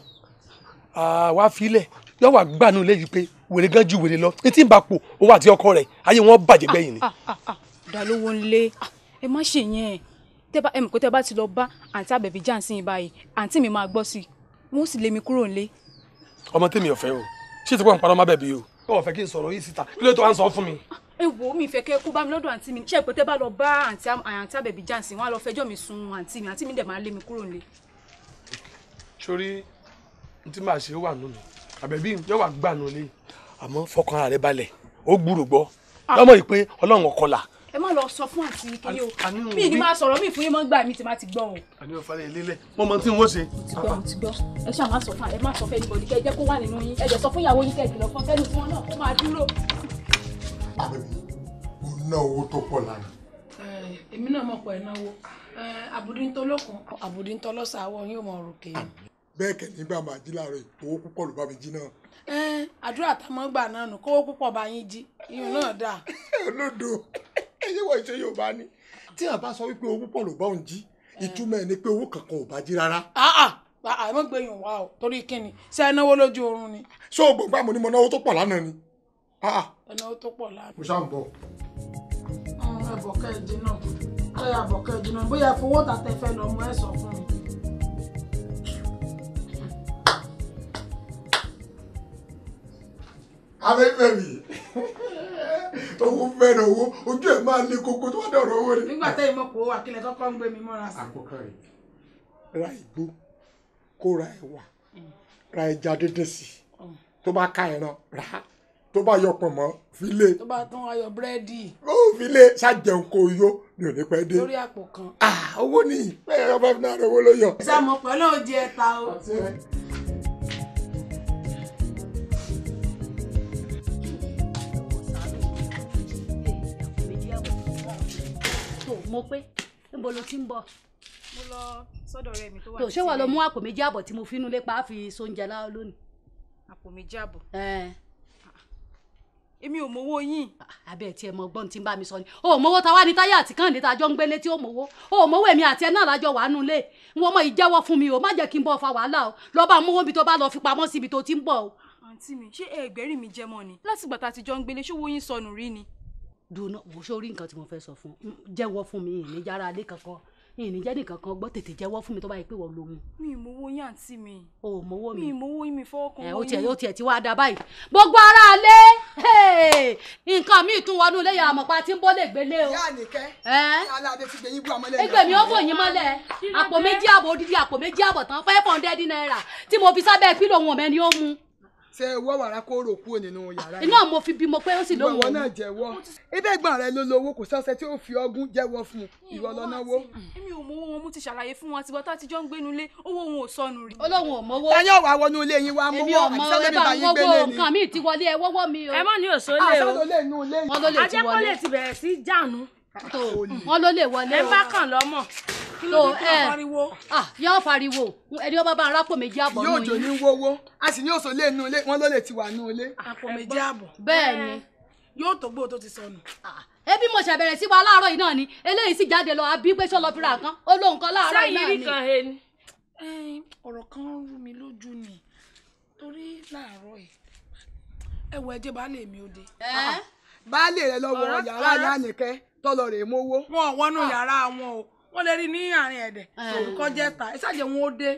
àwa filẹ̀ yóò wà gbànú lé yìí pé wèrè gan ju wèrè lọ etí ń bá pò owó àti ọkọ rẹ̀ ayé wọn bàjẹ́ gbẹ̀yìn ni. dà ń lé ẹ má ṣèyẹn tẹ́bá ẹ̀mí kó tẹ́bá ti lọ bá àǹtí àbẹ̀bí jansin báyìí àǹtí mi máa gbọ́ sí i wọ́n sì lé mi kúrò nílé. ọmọ tèmi ọ̀fẹ́ o ṣé ìsìnkú àǹparọ́ má bẹ̀bí o ó fẹ́ kí n sọ̀rọ̀ yìí síta kí ló tó wá ń sọ fún mi. Ah, ẹ mi ìfẹ́ kẹ́ kó bá mi lọ́dọ̀ àǹtí mi ṣé ìpè tẹ́ bá lọ bá àǹtí àǹtí àbẹ̀bí jansin wọn á lọ fẹjọ́ mi sun àǹtí mi àǹtí mi dẹ̀ máa lé mi kúrò nílé. sori n ti máa ṣe wà nù àbẹ̀bí yóò wà gbà nù àmọ́ fọkàn ara balẹ̀ ó gbúrò gbọ́ ah. lọ́mọ yìí ọlọ́run ọkọlà ẹ má lọ sọ fún àti kiri o mi ni máa sọ̀rọ̀ mi fún yín mọ́ gbà mí ti máa ti gbọ́ o. àníwò falẹ̀ ilélẹ̀ wọ́n mọ tí n ó ṣe. mo ti gbọ́ mo ti gbọ́ ẹ ṣáà má sọ fún ẹ má sọ fún ẹnìbọ̀dì kẹ́ ẹ jẹ́ kó wà nínú yín ẹ jẹ́ sọ fún ìyàwó yín kẹ́ ẹ kìlọ̀ fún fẹ́ẹ́ nìkan náà kó máa dúró. àbẹ̀bí o ná owó tó pọ̀ lára. Eh, èmi náà mọ̀ pọ̀ ẹ̀ náwó eh, àbùdíntọ́lọ́kan àbùdíntọ́lọ́sàwọ̀ yóò mọ̀ òrùkè bẹ́ẹ̀ kẹ̀ nígbà máa jí láàárọ̀ owó púpọ̀ ló bá mi jí náà. Eh, àdúrà táwọn gbà náà nù kówó púpọ̀ bá yín jí iyùn náà dáa. olódo ẹyẹ wọ ìṣe yorùbá ni tí a bá sọ wípé owó púpọ̀ ló bá òun jí eh. ìtumọ̀ ẹ̀ ni pé owó kankan ò bá jí rárá. àà ah, ah, mọ̀ gbé yàn wá o torí kíni ṣé ẹ náwó lójú oorun ni. ṣé o gbọ̀ngbà mo ní mo náwó tó pọ̀ lánàá ni. Ah, ẹ náwó tó pọ̀ lánàá. mo ṣáà ń bọ̀. ẹ bọ̀ kẹ́ ẹ jiná kẹ́ ẹ bọ̀ kẹ́ ẹ jiná bóyá fowó tàtẹ́ fẹ́ lọ mú ẹ sọ fún mi. abẹ́fẹ́ mi owó fẹ́ràn owó ojú ẹ̀ máa le koko tó wá dọ̀rọ̀ owó rẹ̀. nígbà tẹ́ ìmọ̀ kò wà kílẹ̀ kọ́kọ́ ń gbé mi mọ́ra sí. àkókò rẹ̀ ra igbó kó ra ẹ̀wà mm. ra ẹja díndín sí mm. tó bá ka ẹran rà á tó bá yọ pọ̀ mọ́ file. tó bá tán ayọ̀ búrẹ́dì. ó file ṣàjẹun kó yó ni ò ní pẹ́ dé. lórí àpò kan. owó ni ẹ ọba fúnra owó ló yọ. ìsàmù pẹ̀lú òjì ẹ̀ta o. mo pé níbo ló ti ń bọ̀. mo lọ sọ́dọ̀ ọ̀rẹ́ mi tó wà ní. tó ṣé wàá lọ mú àpò méjì àbọ̀ tí mo fi inú lépa á fi sóúnjẹ láwọn lónìí. àpò méjì àbọ̀. èmi ò mọ̀wó yín. abẹ́ ẹ̀ tí ẹ mọ ọgbọ́n tí ń bá mi sọ ni o ò mọ̀wó ta wá ní táyà àti kàǹdé tá a jọ ń gbélé tí ó mọ̀wó o ò mọ̀wó èmi àti ẹ náà lájọ wà nù lé wọn mọ ìjẹ́wọ́ fún mi o má jẹ́ kí n bọ́ fa wàhálà o lọ́ọ́ bá mọ́wó bí tó bá lọ fi pamọ́ síbi tó ti ń bọ̀ o. àǹtí mi ṣé ẹgbẹ́rì mi jẹ́ mọ́ ni látìgbà tá a ti jọ ń gbélé ṣé owó yín sọnù rí ni dùnà wò sórí nǹkan tí mo fẹ́ sọ fún mm, jẹ́wọ́ fún mi ìní yàrá ilé kankan ìní jẹ́ nìkan kan gbọ́ tètè jẹ́wọ́ fún mi tó bá yẹ pé wọ́n lo mi ì mowó yín àǹtí mi. o ò mowó mi. mi ì mowó yín mi fọwọ́kàn wọ́n yín. ẹ o tiẹ̀ ti wá da báyìí. gbogbo ara alẹ́ nǹkan mi tún wọnú ilé yàrá àmọ̀pá tí ń bọ́ lè gbélé o. ìyá àníkẹ́ aládé ti gbé yín bú àmọ́lẹ̀ yàrá. ẹgbẹ́ mi ó bò yín mọ́lẹ̀ àpò méjì àbọ̀ odidi àpò mo fi sábẹ́ pílò wọn mẹ́ni ó ṣe wọ́ wàrà kó rò kúrò nínú yàrá yìí. iná mo fi bímọ pé ó sì lóhùn. ìwọ náà jẹ́wọ́ ẹ̀gbọ́n rẹ ló lówó kò sọ́sẹ̀ tí ó fi ọgún jẹ́wọ́ fún un ìwọ lọ́nà ah, èmi ò mọwọ́ wọn mo ti ṣàlàyé fún wọn tiwọn tó ti jọ ń gbénu lé owó òun ò sọnù rí. olóhùn ò mọwọ́. tani ọ̀wà wọnú ilé yín wá mọwọ́ àtisọ́lẹ̀ mi bá yín gbélé ni. ni tó wọn ló lè wọlé o ẹ bá kàn lọ́mọ̀ tó ẹ yóò fariwo ah, ẹni ọba bá ń rápò méjì àbọ̀ nù yín. yóò jò ní wọ́wọ́ a sì ní òsò lé nu ilé wọn ló lè ti wà nu ilé. àpò méjì àbọ̀. bẹ́ẹ̀ ni. yóò tó gbó tó ti sọnù ah, ebi mo ṣẹ̀bẹ̀rẹ̀ sí wa láàárọ̀ yìí náà ni eléyìí sì jáde lọ àbí pé sọ lọ fira kan ó lóun kan láàárọ̀ yìí náà ni. sẹ́yìn nìkan he ni. ọ̀rọ̀ kan rú mi lójú ni torí láàárọ̀ yìí ẹ̀wọ̀ ẹ̀jẹ̀ baálé mi ó dé. Ah, baálé rẹ lọ wọ yàrá yá tọ́lọ rè mówó. wọn ò wọnú ah. yàrá wọn o wọn lè rí ní àárín ẹ̀dẹ̀ olùkọ́ eh. jẹ́ ta wọn ó dé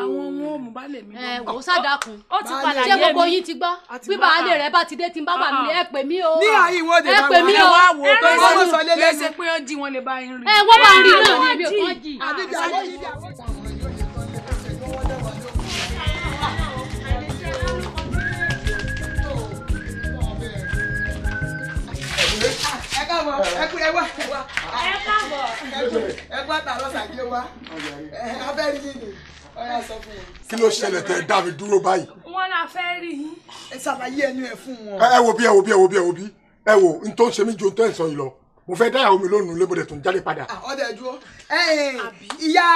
àwọn wọn ò mú balẹ̀ mi. ẹ wò ó sàdákun ó ti padà yé mi ṣé gbogbo yín ti gbọ́ bí baálé rẹ bá ti dé tí n bá bà ah, mí ah. ẹ pè mí o ní àyè ìwọ́de bá wà ẹ wá wò ó tó sọ lé lẹ́sẹ̀ ẹ wọ́n bá ń rí eh, náà ní ibi jì. ẹ káàbọ̀ ẹ kú ẹ wá ẹ wá ẹ káàbọ̀ ẹ kú àtàlọ́ sàgé wa abẹ́rẹ́ yìí ni ọ̀rẹ́ sọ fún wọn. kí ló ṣẹlẹ̀ tẹ dá mi dúró báyìí. wọn la fẹ́ rí i. ẹ ṣàlàyé ẹnu ẹ fún wọn. ẹ wo bí ẹ wo bí ẹ wo bí ẹ wo bí ẹ wo n tó ń ṣe mí ju tó ń sọ yìí lọ mo fẹ́ dáyàwó mi lónìí lébòdè tó ń jáde padà. ọdẹ dúró ìyá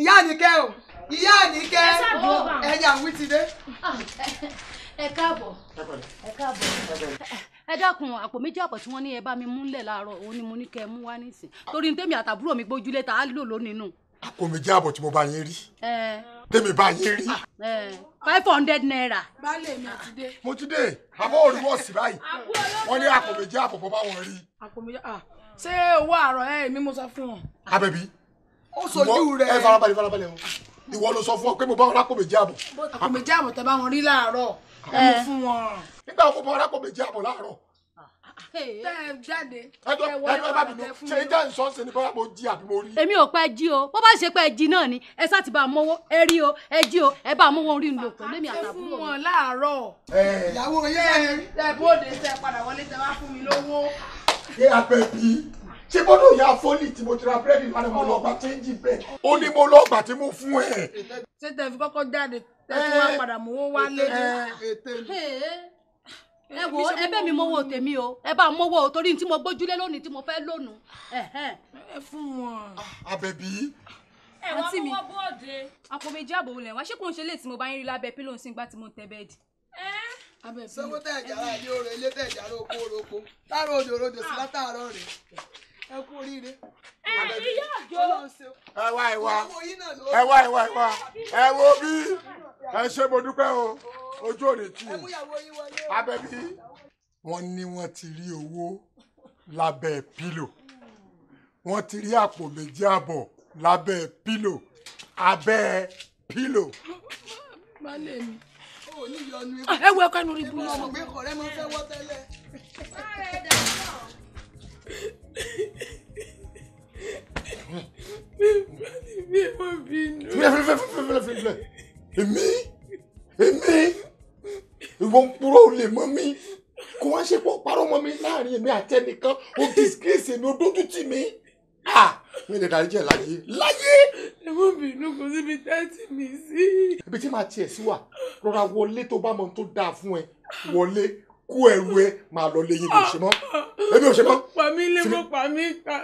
ìyá àníkẹ́ o ìyá àníkẹ́ ẹ̀yà wí ti dé. ẹ káàbọ̀ ẹ káàbọ̀ ẹ dákun àpò méjì àpò tí wọ́n ní ẹ bá mi múlẹ̀ láàárọ̀ òun ni mo ní kẹ́ ẹ mú wá nísìn torí ní tèmi àtàbúrò mi gbójúlé ta á lò lónìí nù. àpò méjì àpò tí mo bá yín rí. tèmi bá yín rí. five hundred naira. baálé mi ti dé. mo ti dé àbọ̀ òrùwọ̀sì báyìí wọ́n ní àpò méjì àpò bọ́ bá wọn rí. àpò méjì ṣé owó àárọ̀ ẹ̀ mi mo sọ fún ọ. abẹ́bí ó sojú rẹ̀ o ìwọ ló sọ fún ọ pé mo bá wọn lápò méjì àbọ̀. àpò méjì àbọ̀ tẹ bá wọn rí láàárọ̀ ẹ fún wọn. nígbà wo bọ́ rákò méjì àbọ̀ láàárọ̀. Ah, ah, tẹ ẹ jáde tẹ wọlé wà lẹ fún mi. ṣe jẹ́ ìsọ́nsìn ni bọ́lá mo jí àbí mo rí. èmi ò pẹ́ jí o bó bá ṣe pé jí náà ni ẹ sá ti bá a mọ́wọ́ ẹ rí o ẹ jí o ẹ bá a mọ́wọ́ orí mi pẹ̀lú èmi àtàbúrò mi. ìyàwó yẹn. tẹ bóde tẹ padà wọlé tẹ wá fún mi lówó. ṣé abẹ́ bíi ṣé bọ́dọ̀ ìyá fọ́nì tí mo ti ra búrẹ́dì máa ní mo lọ gba chẹ́ńjì bẹ́ẹ̀. ó ní mo lọ gbà tí mo fún ẹ. ṣé tẹ̀ fi kọ́kọ́ jáde tẹ̀ tí wọ́n eh, padà mú owó wálé. Eh. ẹ wo ẹ̀bẹ̀ mi mọ́wọ́ tèmi o ẹ bá mọ́wọ́ o torí tí mo gbójúlé lónìí tí mo fẹ́ lónìí. Eh, ẹ fún wọn. Ah, àbẹ̀bí àǹtí mi àpò méjì àbò wulẹ̀ wá ṣé kò ń ṣe léètì mo bá yín rí lábẹ́ pílò sí ìgbà tí mo ń tẹ bẹ́ẹ̀dì. sọ́wọ́ tẹ̀ jàrá ilé oró ilé tẹ̀ jàrá oko oroko láàárọ̀ òdòdó sí látàárọ̀ rẹ̀ ẹ kú oríire. ẹ ìyá àjọ. ẹ wá ẹ wá ẹ wá ẹ wá ẹ wá ẹ wo bí ẹ ṣe mo dúpẹ́ o ojú ò ní tì í abẹ́bí. wọ́n ní wọ́n ti rí owó lábẹ́ pílò wọ́n ti rí àpò méjì àbọ̀ lábẹ́ pílò abẹ́ pílò. baálé mi ah, ẹ wọ ẹkọ ẹnu rí bú lọ́wọ́ mi ò bínú. filẹ filẹ filẹ filẹ filẹ filẹ èmi èmi ìwọ ń purọ́ olè mọ́ mi kò wá ṣe pọ̀ parọ́ mọ́ mi láàrin èmi àti ẹnìkan o disgrace mi o dójú tì mí mi lè darí jẹ láyé láyé. ẹ mọ bínú kò síbi tẹ́tí mi sí. ibi tí màá tiẹ̀ sí wà rọra wọlé tó bá mọ tó dáa fún ẹ wọlé kó ẹrù ẹ máa lọ lẹ́yìn lè ṣe mọ́ ẹbí ò ṣe mọ́. pàmí lé mo pàmí ìta.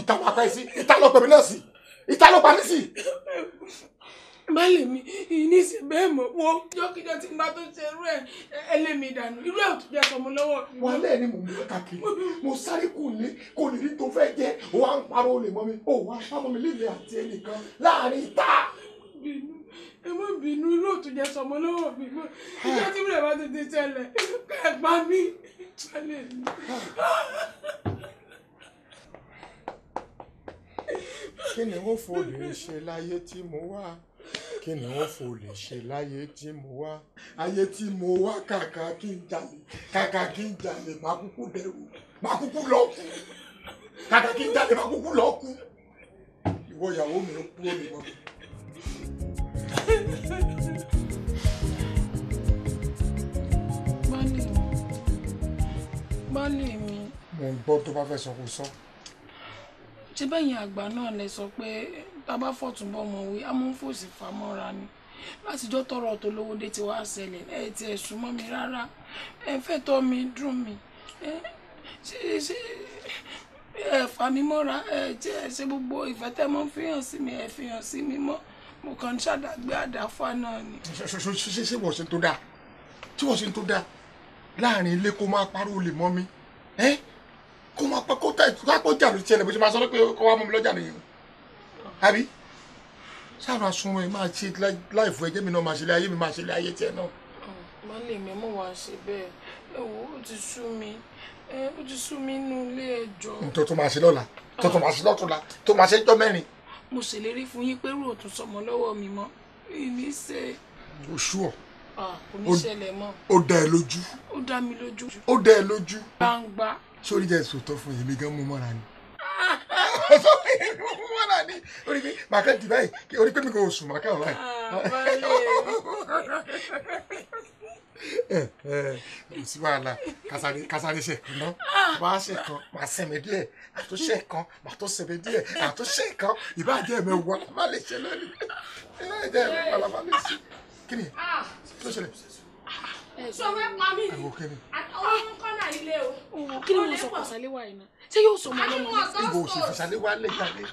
ìta wà pẹ́ sí ìta lọ pẹ̀mí náà sí ìta ló pa mí sí. Báàlì mi, ìní sì bẹ́ẹ̀ mọ̀ wo jọ́kíjọ́ tí n bá tó ṣe irú ẹ̀ ẹlẹ́mi dànù, irú ẹ̀ òtún jẹ́ sọmọ lọ́wọ́. Wà á lẹ́ẹ̀ ni mò ń gbé káàkiri, mo sáré kò ní kò ní rí tó fẹ́ jẹ́, ó wá ń parọ́ olè mọ́ mi, ó wá ń mi líle àti ẹnìkan láàrin ìta. Bínú ẹ má bínú lóòótọ́ jẹ́ sọmọ lọ́wọ́ mi mọ́ ah. ìjọ tí bùrẹ̀ bá tètè ṣẹlẹ̀ ká ẹ pa mí ṣẹlẹ̀ mi. kí ni wọ́n fò lè ṣe láyé tí mo wá kí ni wọ́n fò lè ṣe láyé tí mo wá ayé tí mo wá kàkà kí n jalè kàkà kí n jalè má kúkú dẹrù má kúkú lọ kàkà kí n jalè má kúkú lọ ìwọ ìyàwó mi ó kúrò níwọ̀n mi. Bálé mi. Bálé mi. Mo ń gbọ́ tó bá fẹ́ sọ kó sọ. Ṣé bẹ́yìn àgbà náà lẹ sọ pé tá a bá fọ̀tún bọ́ a mú fòsì fà mọ́ra ni. Látijọ́ tọrọ tó lówó dé ti wá ṣẹlẹ̀, ẹ ti ẹ̀ sùn mọ́ mi rárá. Ẹ fẹ́ tọ́ mi dùn mi. Ṣé ṣé ẹ fà mí mọ́ra ẹ jẹ́ ẹ ṣe gbogbo ìfẹ́ mọ́ fi hàn sí mi ẹ fi hàn sí mi mọ́ mo kàn ń ṣàdàgbé àdáfà náà ni. ṣe ṣe wọ̀ sí tó dáa tí wọ́n ṣe tó dáa láàrin ilé kó máa parọ́ olè mọ́ mi kó máa pa kó kó jà ló tiẹ̀ lè bó ṣe máa sọ pé kó wá mú mi lọ́jà nìyẹn àbí sáàrà sunwọ̀n ẹ̀ máa ṣe láìfọ ẹ̀jẹ̀ mi náà máa ṣe lé ayé mi máa ṣe lé ayé tiẹ̀ náà. má lè mi mọ̀ wá ṣe bẹ́ẹ̀ ẹ wo ó ti sú mi ó ti sú mi nínú ilé ẹjọ́. tó tó máa ṣe lọ́la tó tó máa ṣe lọ́tùnla tó máa ṣe jọ́ mẹ́rin mo ṣèlérí fún yín pé rò tún sọmọ lọ́wọ́ mi mọ́ ìní ṣe. o ṣú ọ. kò ní ṣẹlẹ̀ mọ́. ó dá ẹ lójú. ó dá mi lójú. ó dá ẹ lójú. gbangba. sórí jẹ́ ìsòtọ́ fún yèmí gan mú mọ́ra ni. sórí èmi mú mọ́ra ni orí pé màkà dì báyìí orí pé mi kò sùn màkà ọ̀ báyìí. Ah, kò sí wàhálà kásáré ṣe kan náà wá ṣe kan wà sẹ̀mẹ̀ díẹ̀ àtúnṣe kan wà tó sẹ̀mẹ̀ díẹ̀ àtúnṣe kan ìbàjẹ́ mi wà má lè ṣe lónìí ìbàjẹ́ mi wà má lè ṣe kí ni tó ṣẹlẹ̀ sọfẹ pa mí ni àtàwọn kọ́nà ilé o. kí ni mo sọ kọsálé wa yìí náà ṣé yóò sọ ọmọ ọlọmọ mi. ibo òsì kọsálé wa lè jáde.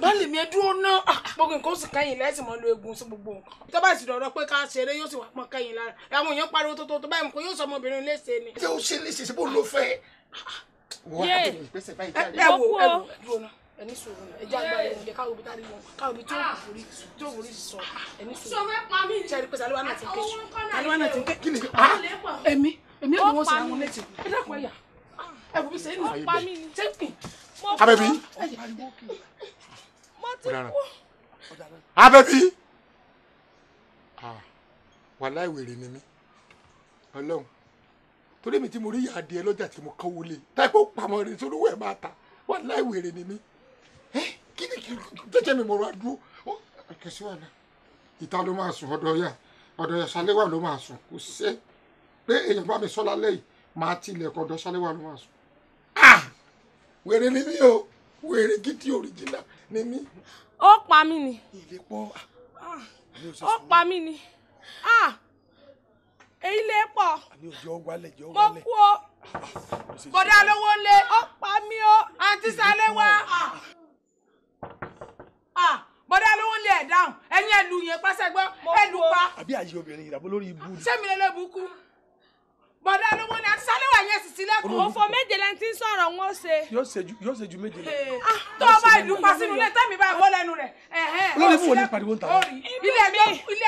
báàlì mi ẹ dúró náà ah, gbogbo nǹkan ó sì kẹ́yìn lẹ́sìn mọ́ ló egun sí gbogbo nǹkan. tó bá sì dọ̀rọ̀ pé ká ṣeré yóò sì wà pọ́n kẹ́yìn lára àwọn èèyàn pariwo tó tó tó báyìí nǹkan yóò sọ ọmọbìnrin léṣe ni. ṣé o ṣe léṣe ṣe bó ló fẹ́. wọ́n á ẹni sọ̀rọ̀ náà ẹjẹ agbára ẹni jẹ káwọn obi tari wọn káwọn obi tí yóò forí tí yóò forí sọ ẹni sọ̀rọ̀ sẹri pé saliwa náà ti ké su saliwa náà ti ké kí ni a ah! èmi èmi èmi wọn sọ àwọn létí ẹ dẹ́kun ẹyà ẹ bùbí sẹ ẹni pa mí ṣé kì. abẹbi abẹbi wàláì wèrè ni mí Ọlọ́run torí mi tí mo rí yàá di ẹ lọ́jà tí mo kọ́wọ́ lé táìpé ó pamọ́ rẹ̀ sórí owó ẹ̀ máa ta wàláì wèrè ni mí kí ni jẹ́jẹ́ mi mo ra dúró kẹsí wàhálà ìta ló máa sùn ọ̀dọ̀ ya ọ̀dọ̀ ya ṣaléwà ló máa sùn kò ṣe pé èèyàn bá mi sọ lálẹ́ yìí máa tilẹ̀kọ̀ ọ̀dọ̀ ṣaléwà ló máa sùn. wèrè ni mí o wèrè gidi òrìjìnà ni mí. ó pa mí ni. ilé pọ. ó pa mí ni. èyí lè pọ̀. mo kú o bọ̀dá ah, lówó lé ó pa mí o àǹtí ṣaléwà. Ah, bọ́dá ló ń lé ẹ̀ dáhùn ẹ̀yin ẹ̀lú yẹn pàṣẹ gbọ́ ẹ̀lú pa. àbí àyè obìnrin ìdàbọ̀ lórí ibú. ṣé mi lè lè bukú bọ̀dá lówó ni àtisálẹ̀wà yẹn sì sílẹ̀ kù. òfò méje lẹ́ni tí ń sọ̀rọ̀ wọn ṣe. yóò ṣe ju méje lọ. Ah, ah, tó o bá ìlú pa sínú ilé tẹ́mi bá bọ́ lẹ́nu rẹ̀. olórí mi ò ní pariwo ntà. ilé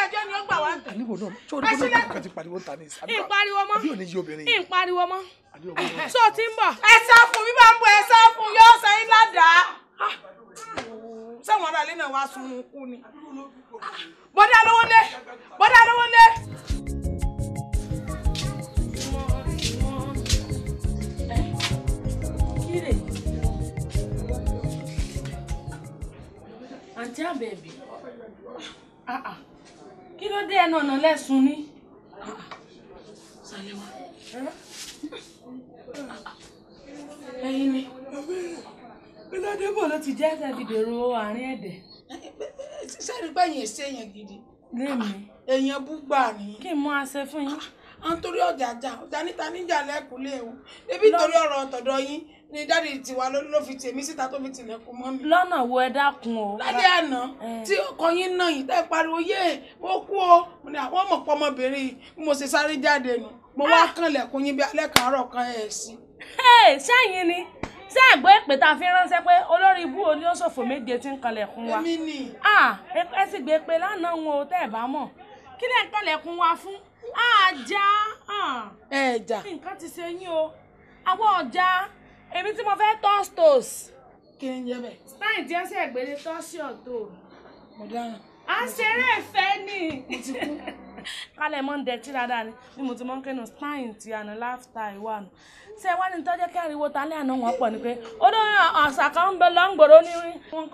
ẹjọ́ ni ó gbà wá. àníwò náà sórí kó lóun kàn ti pariwo ntà ní. ìpariwo mọ́ àbí òní yí obìnrin yìí. ìpariwo mọ́ sọ ti ń bọ̀. ẹ sá fún mi máa ń bọ ẹ sá fún yóò sẹ́yìn ládàá. Ah sáwọn aráalé náà wá sun kú ni bọ́dá lówó lé bọ́dá lówó lé. àǹtí àbẹ̀bí kí ló dé ẹnu ọ̀nà lẹ́sùn ní. sàlẹ̀ ni bílódé bò ló ti jẹ́ ẹsẹ̀ fi dèrò àárín ẹ̀dẹ̀. sẹ́ni báyìí èsì èèyàn gidi. lémi. èèyàn búgbà ni. kí n mú aṣẹ fún yín. à ń torí ọjà jà ọjà níta níjà lẹ́kùnlé o ebi torí ọ̀rọ̀ ọ̀tọ̀dọ̀ yín ni dáàdi tiwa ló fi tèmi síta tó fi tilẹ̀kùn mọ́ mi. lọ́nà wo ẹ dákun o. lálẹ́ àná tí ọkọ yín náà yìí tẹ́ pariwo yé ó kú o mo ní àwọn ọmọ pọmọbìnrin bí mo ṣe sáré jáde nù mo wá ah! kànlẹ̀kùn yín bí alẹ́ kàárọ̀ kan ẹ̀ sí. ṣáàyìn ni ṣé ẹ̀gbọ́n èpè tá a fi ránṣẹ́ pé olórí ibú o ní ó ṣòfò méje tí ń kanlẹ̀kùn wa ẹ sì gbé pé lánàá wọn ò tẹ́ ẹ̀ bá mọ̀ kí lẹ́ ń kanlẹ̀kùn wa fún àjà ẹ̀jà nǹkan ti ṣe yín o àwọn ọjà èmi tí mo fẹ́ toast toast. kí ni jẹ́ bẹ́ẹ̀. stein jẹ́ sẹ́gbẹ́rẹ́ tọ́sí ọ̀tọ̀. mo dáhùn. asere efe ni kálẹ̀ ni bí mo ti stein ti àná láfta ìwà nù ṣé wá ní tọ́jẹ́ kí ariwo ta àná wọn ni pé ó dún kan bẹ wọn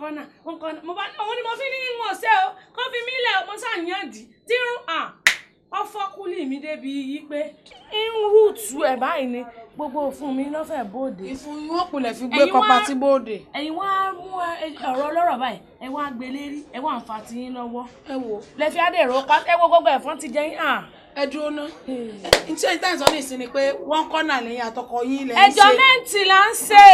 náà wọn náà ni mo fi ní ìwọ̀n o kó fi mí mo mi débi yí pé báyìí ni gbogbo òfun mi ló fẹ́ bóde. ìfun yín wọ́n kulẹ̀ fi gbé kọpa tí bóde. ẹ̀yin wá mú ọ̀rọ̀ ọlọ́rọ̀ báyìí ẹ wá gbé lérí ẹ wá ń fa tiyín lọ́wọ́. ẹ wo lẹ fi adèrò pa ẹ wo gbogbo ẹ̀fọn ti jẹ yín hàn. ẹ dúró ná n tí ìtàn ìsọ nìsín ni pé wọ́n kọ́nà lẹ́yìn àtọkọ yín lẹ́yìn ṣe. ẹjọ́ mẹ́ǹtì là ń ṣe.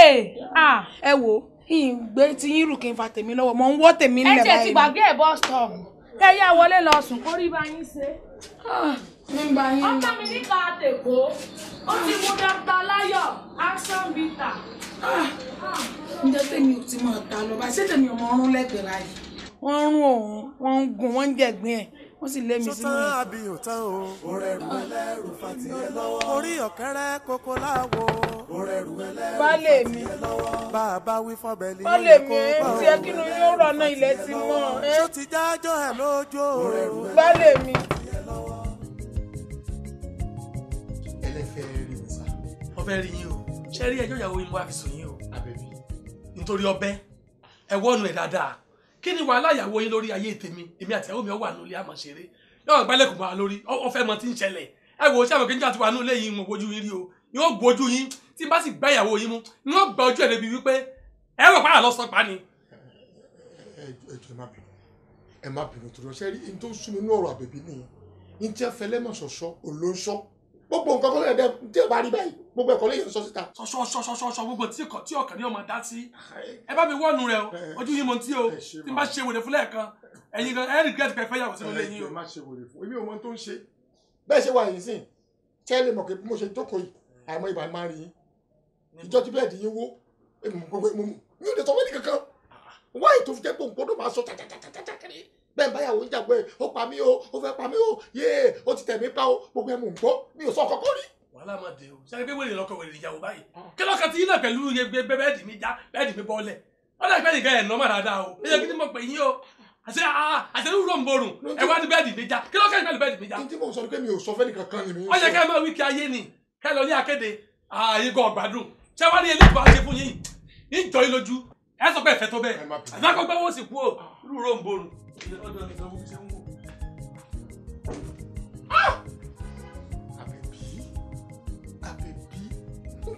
ẹ wo ìgbé tiyín rù kí n fa tèmi lọ́wọ́ mọ̀ ń wọ́ tèmi nílẹ̀ báyìí. ẹ ọkọ mi níta àtẹkọ ó ti mú dr láyọ̀ action bitter. Ah, ǹjẹ́ tèmi ò ti máa ta lọ báyìí ṣé tèmi ò mọ ọrún lẹ́gbẹ̀ẹ́ láyé. wọ́n ń rún òun wọ́n ń gun wọ́n ń jẹ̀gbìn ẹ̀ wọ́n sì lé mi sínú ẹ̀. sọ́tàn àbí òtán o. òrẹ̀rù ẹlẹ́rù fàtí ẹ lọ́wọ́. orí ọ̀kẹ́rẹ́ kókó láwo. òrẹ̀rù ẹlẹ́rù fàtí ẹ lọ́wọ́. bàbá wí fọ́bẹ̀ ni yóò lè kó bá òun. tiẹ̀ kínú yóò rọ̀ náà ilẹ̀ ti mọ́. tó ti jájọ́ ẹ̀ lójó. òrẹ̀rù ẹlẹ́rù fàtí ẹ lọ́wọ́. fẹ́ rí yín o ṣe rí ẹjọ́ ìyàwó yín mo wá fi sùn yín o nítorí ọbẹ̀ ẹ wọ́nu ẹ̀ dáadáa kí ni wàhálà ìyàwó yín lórí ayé tèmi èmi àti ìyàwó mi wà nílé àmọ́ ṣeré yọ̀ọ́ gbálẹ̀kùn máa lórí ọ̀fẹ́ mọ ti ń ṣẹlẹ̀ ẹ wò ó ṣàmì kí n jà ti wà nílé yín mo wojú yín rí o ni ó gbójú yín tí n bá sì gbá ìyàwó yín mú ni ó gba ojú ẹ̀ débi wípé ẹ wọ̀ pààlà lọ́sàn pa ni. ẹ jọ̀ọ́ ẹ má bínú ẹ má bínú torí ọṣẹ rí n tó ń sún mi ní gbogbo nǹkan kọ́lẹ́ ẹ̀dẹ́ tí ẹ bá rí báyìí gbogbo ẹ̀kọ́ lẹ́yìn sọ síta. sọsọsọsọsọ gbogbo tí ọkàn tí ọkàn ní ọmọ dá sí ẹ bá mi wọnú rẹ o ojú yín mo ti o tí n bá ṣe wèrè fún lẹ́ẹ̀kan ẹ̀yin gan ẹ regret pẹ fẹyàwó sínú ilé yín o. èmi ò mọ tó ń ṣe bẹ́ẹ̀ ṣe wà yìí sìn tẹ́lẹ̀ mọ̀ pé bí mo ṣe jókòó yìí àmọ́ ibà máa rí yín ìjọ tí bẹ́ẹ̀ di yín wó mi ò lè sọ wẹ́ẹ̀dì kankan wáyé tó fi jẹ́ pé òun gbọ́dọ̀ máa sọ tàtàtàtàtà kiri bẹ́ẹ̀ báyàwó ń jàgbọ́ ẹ̀ ó pa mí o ó fẹ́ pa mí o yéé ó ti tẹ̀ mí pa o gbogbo ẹ̀ mò ń gbọ́ mi ò sọ kọ́kọ́ rí wàhálà máa dé o sẹ́ni pé wèrè lọ́kọ̀ wèrè ìyàwó báyìí mm. kí lọ́kàn ti yín náà pẹ̀lú bẹ́ẹ̀dì mi já bẹ́ẹ̀dì mi bọ́ọ̀lẹ̀ ọ̀dà ìfẹ́ nìkan ẹ̀ nọ́mà dáadáa o ẹ jẹ́ kí ni mo pè yín o àti àtẹnu wúrọ̀ ń borùn ẹ wá ní bẹ́ẹ̀dì mi já kí lọ́kàn ìfẹ́ bẹ́ẹ̀dì mi já. tí mo sọ pé mi ò sọ fẹ́ nìkan kan ni mi. ọ̀yẹ̀ kẹ́ ẹ máa wí kí ayé ni kẹ́ lọ ní akéde ààyè gan ọ̀gbádùn ṣé wàá ní eléyìí bá ṣe fún yín ìjọ yín lójú ẹ sọ pé ẹ fẹ́ tó o wúrọ̀ ń borùn. ọ̀dọ̀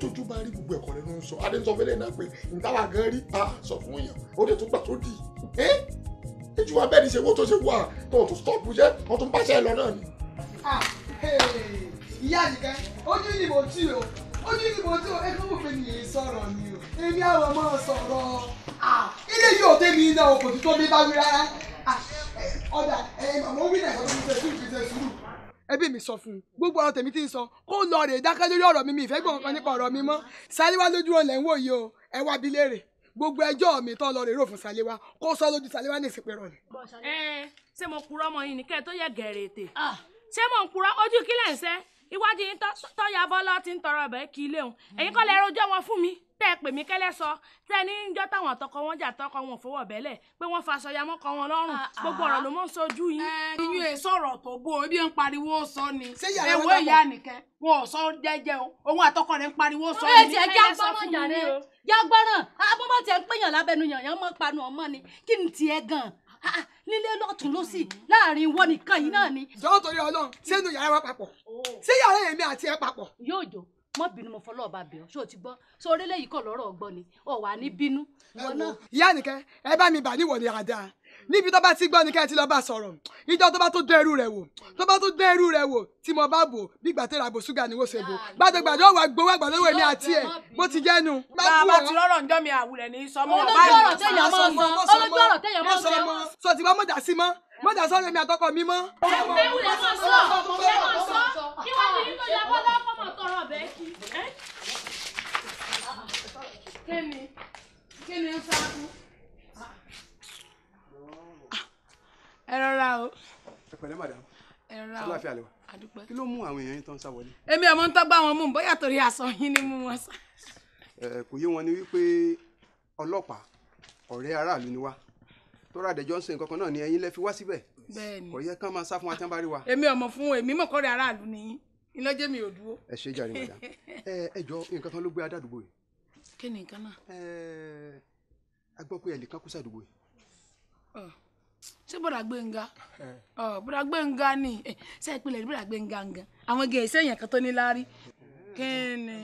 tójú bá rí gbogbo ẹ̀kọ́ nínú sọ adé náà pé ntàwà gan rí a ah, sọ fún yàn ó dé tó gbà tó dì ẹ́ ìjú wa bẹ́ẹ̀ ni ṣe wó tó ṣe wà tó tó stop jẹ́ wọ́n tún bá ṣe lọ náà ni. Ah, ìyá àyíká ojú ìbò tí o ojú ìbò tí o ẹgbẹ́ òfin nìyí sọ̀rọ̀ ni o èmi àwọn ọmọ sọ̀rọ̀ ah, ilé yóò dé mi náà kò tún tó mi bá wí rárá ọ̀dà ẹ̀yin màmá ó wí náà ẹbí mi sọ fún un gbogbo ọ̀rọ̀ tèmi ti ń sọ kó lọ rè dákẹ́ lórí ọ̀rọ̀ mi mi ìfẹ́ gbọ̀n kan nípa ọ̀rọ̀ mi mọ́ Sàléwá lójú ọ̀lẹ̀ ń wò yìí o ẹ wá bi léèrè gbogbo ẹjọ́ mi tán lọ rè rò fún Sàléwá kó sọ lójú Sàléwá ní ìsìnkú rọ ni. ẹ ṣé mo purọ́ mọ́ yín ni kẹ́ tó yẹ gẹ̀rẹ̀ ètè ah. ṣé mo purọ́ ojú kílẹ̀ ń sẹ́ iwájú yìí tọ́yà bọ́lá ti ń tọrọ ọbẹ̀ kí ilé òun ẹ̀yin kọ́ lẹ rojọ́ wọn fún mi tẹ́ ẹ pè mí kẹ́lẹ́ sọ tẹ́ ẹ ní jọ́ táwọn àtọkọ wọn jà tọkọ wọn fọwọ́ bẹ́lẹ̀ pé wọ́n fa aṣọ yamọ́ kọ wọn lọ́rùn ah, ah, gbogbo ọ̀rọ̀ ló mọ̀ ń sojú yín. Eh, iyún ẹ sọ̀rọ̀ tó bó ebi ń pariwo sọ ni ewé ìyá nìkẹ́ wọn ò sọ jẹ́jẹ́ o òun àtọkọ rẹ̀ ń pariwo sọ ni. ẹ jẹ́ jágbọ́ràn jàre jágbọ́ràn abọ́bọ́ tiẹ̀ ń pèèyàn lábẹ́nu yàn yàn mọ́ panu ọmọ ni kí ni tiẹ̀ gan-an nílé ah, ah, lọ́tún ló sì láàrin ìwọ nìkan yìí náà ni. jọ̀wọ́ torí Ọlọ́run sẹ́nu yàrá wa papọ̀ oh. ṣé yàrá èmi àti ẹ papọ̀. yóò jọ mọ bínú mo fọlọ́ ọba bẹ̀ ọ́ ṣé o ti gbọ́ ṣé orílẹ̀ yìí kọ̀ lọ́rọ̀ ni ọ̀ ní bínú. ìyá nìkẹ́ ẹ bá mi bà níwọ̀ ni àdáa níbi tó bá ti gbọ́ ni ká ẹ ti lọ bá sọ̀rọ̀ ìjọ tó bá tó dán irú rẹ̀ wò tó bá tó dán irú rẹ̀ wò tí mo bá bò bí gbàtẹ́ ra bò ṣúgà ni wò ṣe bò gbàdọ̀gbàdọ̀ wà gbowó àgbàlówó èmi àti ẹ̀ bó ti jẹ́ nu. bàbá ti rọrọ̀ ń dán mi àwùrẹ̀ ní sọmọ báyìí olójú ọ̀rọ̀ téèyàn mọ̀ sọmọ sọ ti bá mọ̀jà sí mọ́ mọ̀jà sọ èmi àtọkọ mi mọ́. ẹ ẹ wúlẹ̀ mọ̀ sọ ẹ mọ̀ sọ kí wọ́n ti rí tó yẹ bọ́lá fọmọ tọrọ bẹ́ẹ̀ kí. kémi kémi ń sáfù. ẹ rọra o. ẹ pẹ̀lẹ́ madam ẹ rọra o sọlá fi àlẹ wa àdúpẹ́ kí ló mú àwọn èèyàn yín tó ń sá wọlé. èmi ọmọ ń tọ́gbà wọn mú un bóyá torí aṣọ yín ni mú wọn sá. ẹ kò yé wọn ni wípé ọlọ́pàá ọ̀rẹ́ aráàlú ni wá tó rà dẹjọ́ ń sìn kankan náà ni ẹ̀yin lẹ fi wá síbẹ̀. bẹ́ẹ̀ni kò yẹ kán máa sá fún wa tí wọn bá rí wa. èmi ọmọ fún èmi mọ̀ kọ́rẹ́ aráàlú ni ìlọ́jẹ́ mi ò dúró. ẹ ṣe jàre madam ẹ ẹ jọ nǹkan kan ló gbé adádùgbò yìí. kí ni nǹkan náà. ẹ a gbọ́ pé ẹnìkan ṣé bọ̀dà gbẹ̀ngà bọ̀dà gbẹ̀ngà ni ṣé ìpínlẹ̀ ní bọ̀dà gbẹ̀ngà gan àwọn gẹ̀ ẹ̀ṣẹ́ yẹn kan tó ní láárí kí ni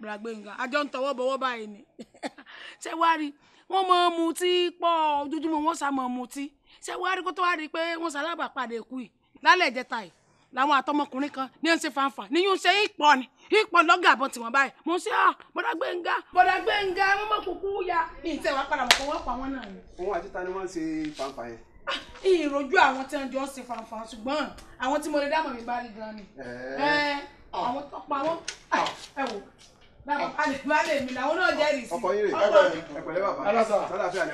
bọ̀dà gbẹ̀ngà àjọ ń tọwọ́ bọ̀wọ́ báyìí ni ṣé wàá rí wọ́n mọ mutí pọ̀ ojoojúmọ́ wọ́n sá mọ mutí ṣé wàá rí kó tó wá rí pé wọ́n sálábà pàdé kú yìí lálẹ́ ìjẹta yìí làwọn àtọmọkùnrin kan ní ń ṣe fanfa ní yóò ṣe ìpọ ni ìpọ lọgà àbọn tiwọn báyìí mo ṣe à ah, bọdà gbẹngà bọdà gbẹngà mọmọ kúkú ya ìtẹ wàá padà mọ wọn pa wọn náà ni. òun àti ta ni wọn ń ṣe fanfa yẹn. Ah, ìrojú àwọn tí wọn jọ ń ṣe fanfa ṣùgbọ́n àwọn tí mo lè dámọ̀ mi bá rí gan ni. àwọn tó pa wọn ah, ẹ wò balẹ̀ mi làwọn náà jẹ́rìí sí. ọkọ yín rè é pẹ̀lẹ́ bàbá sálàfíà ni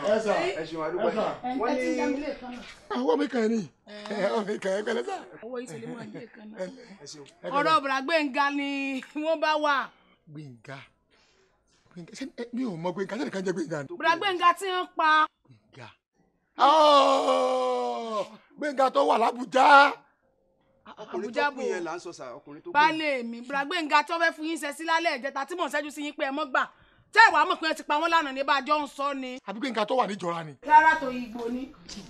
ẹ ṣeun àdúgbò yìí. àwọn mi kàn ní àwọn mi kàn ẹ pẹ̀lẹ́ sáà wọ ìṣẹ̀lẹ̀ máa jẹ́ kan náà ọ̀rọ̀ ọ̀bùrà Gbénga ni wọ́n bá wà. Gbénga Gbénga ṣé mi ò mọ Gbénga ṣé nìkan jẹ́ Gbénga ni. ọ̀bùrà ti ń pa. Gbénga oh! Gbénga tó wà l'Ábùjá. Àbújá bò ó baálé mi ọ̀bùrà Gbénga tó fẹ́ fún yín ṣe sí lálẹ́ ìjẹta tí mò ń ṣẹ́jú sí yín pé ẹ mọ́ gbà tẹ́ ẹ̀ wá mọ̀ pé ẹ ti pa wọ́n lánàá ní bá a jọ ń sọ ni. àbí pé tó wà níjọra ni. rárá tó igbó ni.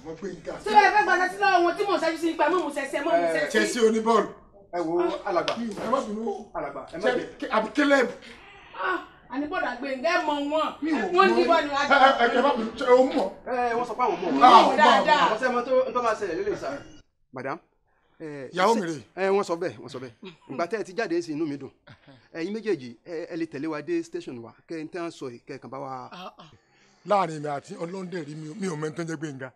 mo pé nǹkan. ṣé ẹ fẹ́ gbàgbé sí lọ́wọ́ wọn tí mò ń ṣẹ́jú sí ipa mọ́ mò ń ṣẹṣẹ mọ́ mò ń ṣẹṣẹ. Chelsea oníbọ́ọ̀lù. ẹ wo alàgbà ẹ má bínú alàgbà ẹ má bẹ àbí Caleb. àníbọ̀dà gbẹ̀ngẹ́ mọ wọn wọn ní bọ́ọ̀lù àjọ. ẹ eh, eh, eh, ẹ má bínú ṣe o mọ̀. ẹ wọ́n sọ Eh, ìyàwó mi rè. ẹ eh, wọn sọ bẹ́ẹ̀ wọn sọ bẹ́ẹ̀ ìgbà tẹ ẹ ti jáde sí inú mi dùn ẹ̀yin méjèèjì ẹ lè tẹ̀lé wa dé station wa kẹ n tẹ à ń sọ kẹkàn bá wa. Ah, ah. láàrin mi àti ọlọ́ndẹ̀ rí mi ò mẹ́tọ́ jẹ́ gbẹ̀ngà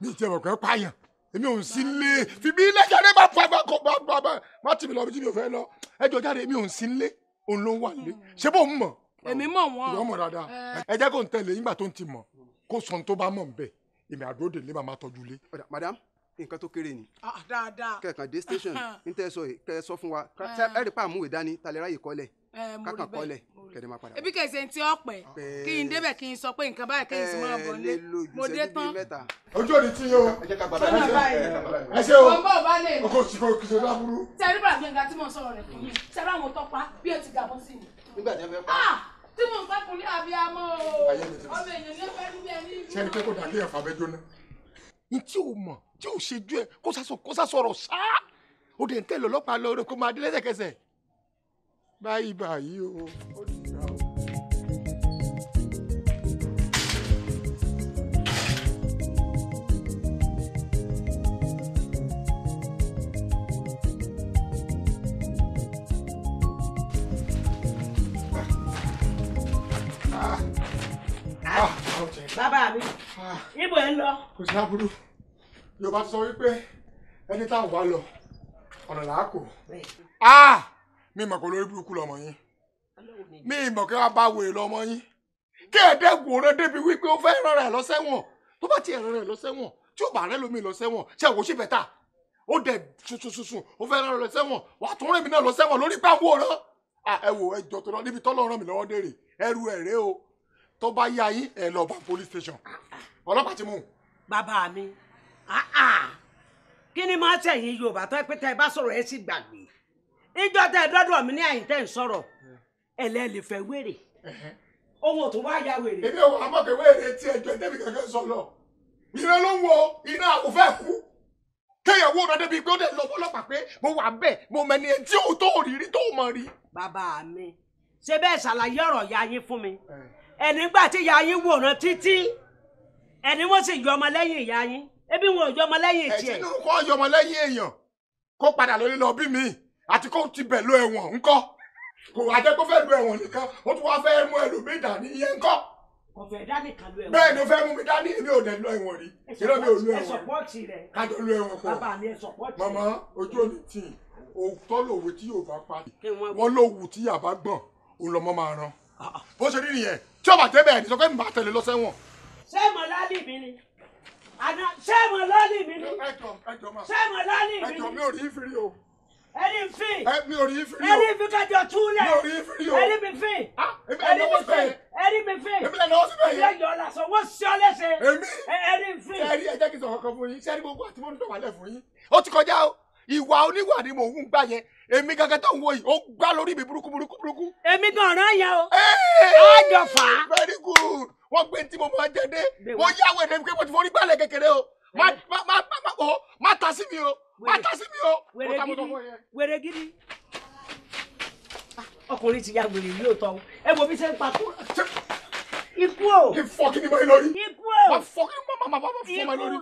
mi ì tiẹ̀ mọ̀ pé pààyàn èmi ò sí lé fìbí lẹ́jà rẹ̀ bá pa ẹ̀fọ́ bá bá bá má tì mí lọ bí tí mi ò fẹ́ lọ ẹjọ́ jáde èmi ò sí lé òun ló ń wà lé hmm. ṣé bó ń mọ̀. èmi mọ̀ wọ́n. ìwọ mọ̀ dáadáa eh. ẹ jẹ́ kó n tẹ̀lé nígbà tó ń ti mọ̀ kó sọ̀n tó bá mọ̀ ń bẹ̀ èmi àdúró dè lé màmá tọ́jú lé. madam nǹkan tó kéré ni. Ah, dáadáa kẹ̀kan dé station n tẹ́ sọ kẹ́ ẹ sọ fún wa ẹ rí pa àmúwé dání talẹ̀ ráyè kọ́lẹ̀ kákan kọ́lẹ̀ kẹ̀dẹ̀ máa padà. ebi kẹsẹ̀ ti ọ̀pẹ̀ kí n débẹ̀ kí n sọ pé nǹkan báyìí kẹ́yìn sí máa bọ̀ lé mo dé tán. ojú òní tí yóò sọ́nà báyìí ẹ ṣe o ọkọ̀ òsìkò kìsọ̀ láburú. sẹ́rí bàbá gbẹ̀ngà tí mò ń sọ̀rọ̀ rẹ̀ fún mi sẹ́rí àwọn tó pa bí o ti gàbọ́ sí mi. nígbà tí wọ́n fẹ́ pa ah! tí mò ń bá kun ní abiyamọ o ọmọ èèyàn ní ẹgbẹ́ níbi ẹni. sẹ́ni pé kò dàgé ẹ̀fà o mọ̀ jẹ́ òṣèjú ẹ kó sá kó sá sọ̀rọ̀ ṣá ó dẹ̀ ń tẹ̀lé ọlọ́pàá lọ rẹ kó máa dé lẹ́sẹ̀kẹsẹ̀ báyìí báyìí o ó ti gbà o. bàbá mi níbo ẹ ń lọ. kò sí aburú yorùbá ti sọ wípé ẹni tá à ń wá lọ ọ̀nà là á kò. Ah! mi mọ̀ kó lórí burúkú lọmọ yín mi mọ̀ kí wọ́n bá wèrè lọmọ yín kí ẹ̀ẹ́dẹ́gùn rẹ débi wípé ó fẹ́ rán rẹ̀ lọ sẹ́wọ̀n tó bá ti rán rẹ̀ lọ sẹ́wọ̀n tí ó bá rẹ́ lómi lọ sẹ́wọ̀n ṣe àwọn òṣìbẹ̀ ta ó dẹ̀ sunsunsun ó fẹ́ rán rẹ̀ lọ sẹ́wọ̀n wàá tún rẹ̀ mí náà lọ sẹ́wọ̀n lórí pàwọ́ rán ah, ẹ wò ẹ jọ tó lọ níbi tọ́lọ́ ràn mí lọ́wọ́ dèrè ẹrù ẹ̀ rẹ́ o tó bá yá yín ẹ lọ bá police station ah, ọlọ́pàá ti mú. bàbá mi Ah, ah. kí ni máa tẹ̀yìn yorùbá tó ẹ pé tẹ ẹ bá sọ̀rọ̀ ẹ sì gbàgbé ìjọ tẹ ẹ dọ́dọ̀ mi ní àyìn tẹ sọ̀rọ̀ ẹ fẹ́ wèrè ohun tó wá ya wèrè. èmi ò amọ̀kẹ́ wèrè tí ẹjọ́ débi kankan sọ lọ iná ló ń wo iná òfẹ́ kú kéèyàn wó ọ̀dọ́ débi pé ó dẹ̀ lọ fọlọ́pàá pé mo wà bẹ́ẹ̀ mo mẹ́ni ẹ̀ tí ò tó rí rí tó mọ̀ rí. bàbá mi ṣe bẹ́ẹ̀ ṣàlàyé ọ̀rọ̀ ya yín fún mi ẹ̀ nígbà tí ya yín wòran títí ẹ̀ ni wọ́n sì yọ ọmọ lẹ́yìn ìyá yín ebi wọn ò yọmọ lẹ́yìn tiẹ̀. ẹ̀sìn kọ́ yọmọ lẹ́yìn èèyàn kó padà lórí lọ bí mi àti kó ti bẹ̀ lo ẹ̀wọ̀n ńkọ́ kò wá jẹ́ kó fẹ́ lo ẹ̀wọ̀n nìkan ó tún wá fẹ́ mú ẹlòmíì dání yẹn ńkọ́. kò fẹ́ dání kan lo ẹ̀wọ̀n. bẹ́ẹ̀ ni ó fẹ́ mú mi dání èmi ò dẹ̀ lo ẹ̀wọ̀n rí ìrọ̀ mi ò lo ẹ̀wọ̀n rí ẹ̀sọ̀pọ̀tì rẹ̀ kájọ lo ẹ̀wọ̀n pọ̀ màmá ojú òní tì òótọ́ lòwe tí yóò bá pa wọ́n lòwù tí yàbá gbọ̀n òun lọ́mọ máa ran ah, ah. bó ṣe rí nìyẹn tí ọ̀bà débẹ̀ ní sọ pé mi bá tẹ̀lé lọ sẹ́wọ̀n. ṣé mọ̀lá àná ṣé mo lọ́ọ̀lì mi ni ṣé mo lọ́ọ̀lì mi ni. ẹjọ mi ò rí ìfiri o. ẹni fi mi ò rí ìfiri o. ẹni fi kẹjọ túlẹ̀ mi ò rí ìfiri o. ẹni mi fi ẹni mi fi ẹni mi fi èmi lẹ́nu ọ̀sùn bẹ́ẹ̀ yẹn. ẹni yọ lásán wọ́n sí ọ lẹ́sẹ̀. èmi ẹni fi. sẹ́ẹ̀rí ẹ̀jẹ̀ kìí sọ̀rọ̀ kan fún yín sẹ́ẹ̀rí gbogbo àti mọ́tò wàlẹ̀ fún yín. ó ti kọjá o ìwà oníwà ni mò ń gbà yẹn èmi gangan tó ń wo yìí ó gbá lórí mi burúkú burúkú burúkú. èmi gan ọ̀ràn yẹn o. ọjọ́ very good wọ́n gbé tí mo máa jẹ dé mo yá pé mo ti forí gbálẹ̀ kékeré o má má má má o má ta sí mi o má ta sí mi o. wèrè gidi wèrè gidi ọkùnrin ti ya wèrè yìí ò tọ́ ẹ wo ń pa kú ikú o. kí fọkí ikú o. wọ́n ikú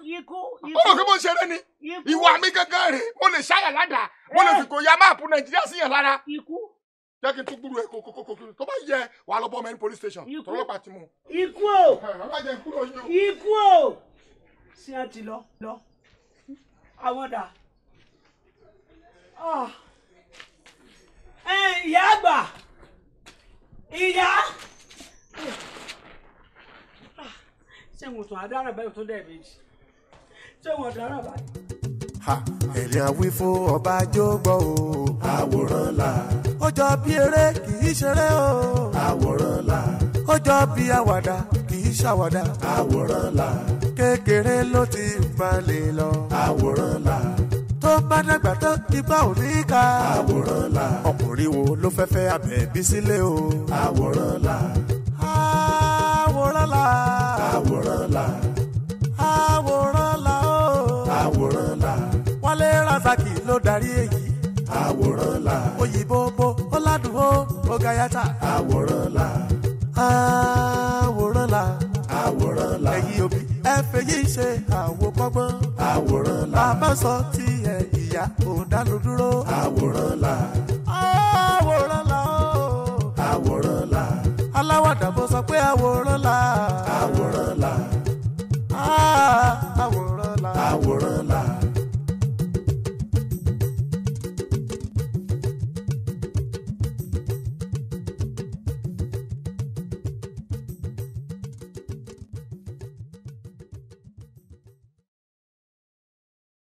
ikú. ó rò mo ń ṣeré ni. ìwà mi gángan rè mo lè ṣáyà ládàá mo lè eh. fi kò ya máàpù nàìjíríà sí yàn lára. ikú jẹ́ kí n tún gbúrú ẹ kókókókó tó bá yẹ wà á lọ bọ́ mẹ́rin police station tọ́lọ́pàá ti mú. ikú o ikú o ṣé ẹ ti lọ lọ àwọn dà ah. ìyá àgbà ìyá ah. ṣé wọn tún adára báyìí tó dẹ̀ méjì ṣé wọn dára báyìí ẹ̀rín àwífò ọba jógbọ́ o. àwòrán la. ó jọ bí eré kì í ṣeré o. àwòrán la. ó jọ bí àwàdà kì í ṣàwàdà. àwòrán la. kékeré ló ti balẹ̀ lọ. àwòrán la tó bá dàgbà tó ipa ò ní ká. àwòrán la. ọkùnrin wo ló fẹ́ fẹ́ Àbẹ̀bí sílé o. àwòrán la. àwòrán la. àwòrán la. ló darí èyí. àwòrán la. òyìnbó bo ọ̀làdúró ọ̀gáyàtà. àwòrán la. àwòrán la. àwòrán la. ẹ̀yin òbí ẹ fèyí ṣe àwòkọ́gbọ́n. àwòrán la. bàbá sọ ti ẹ̀ ìyá òun àwòrán la. àwòrán la o. àwòrán la. aláwàdà mo sọ pé àwòrán la. àwòrán la. àwòrán la. àwòrán la.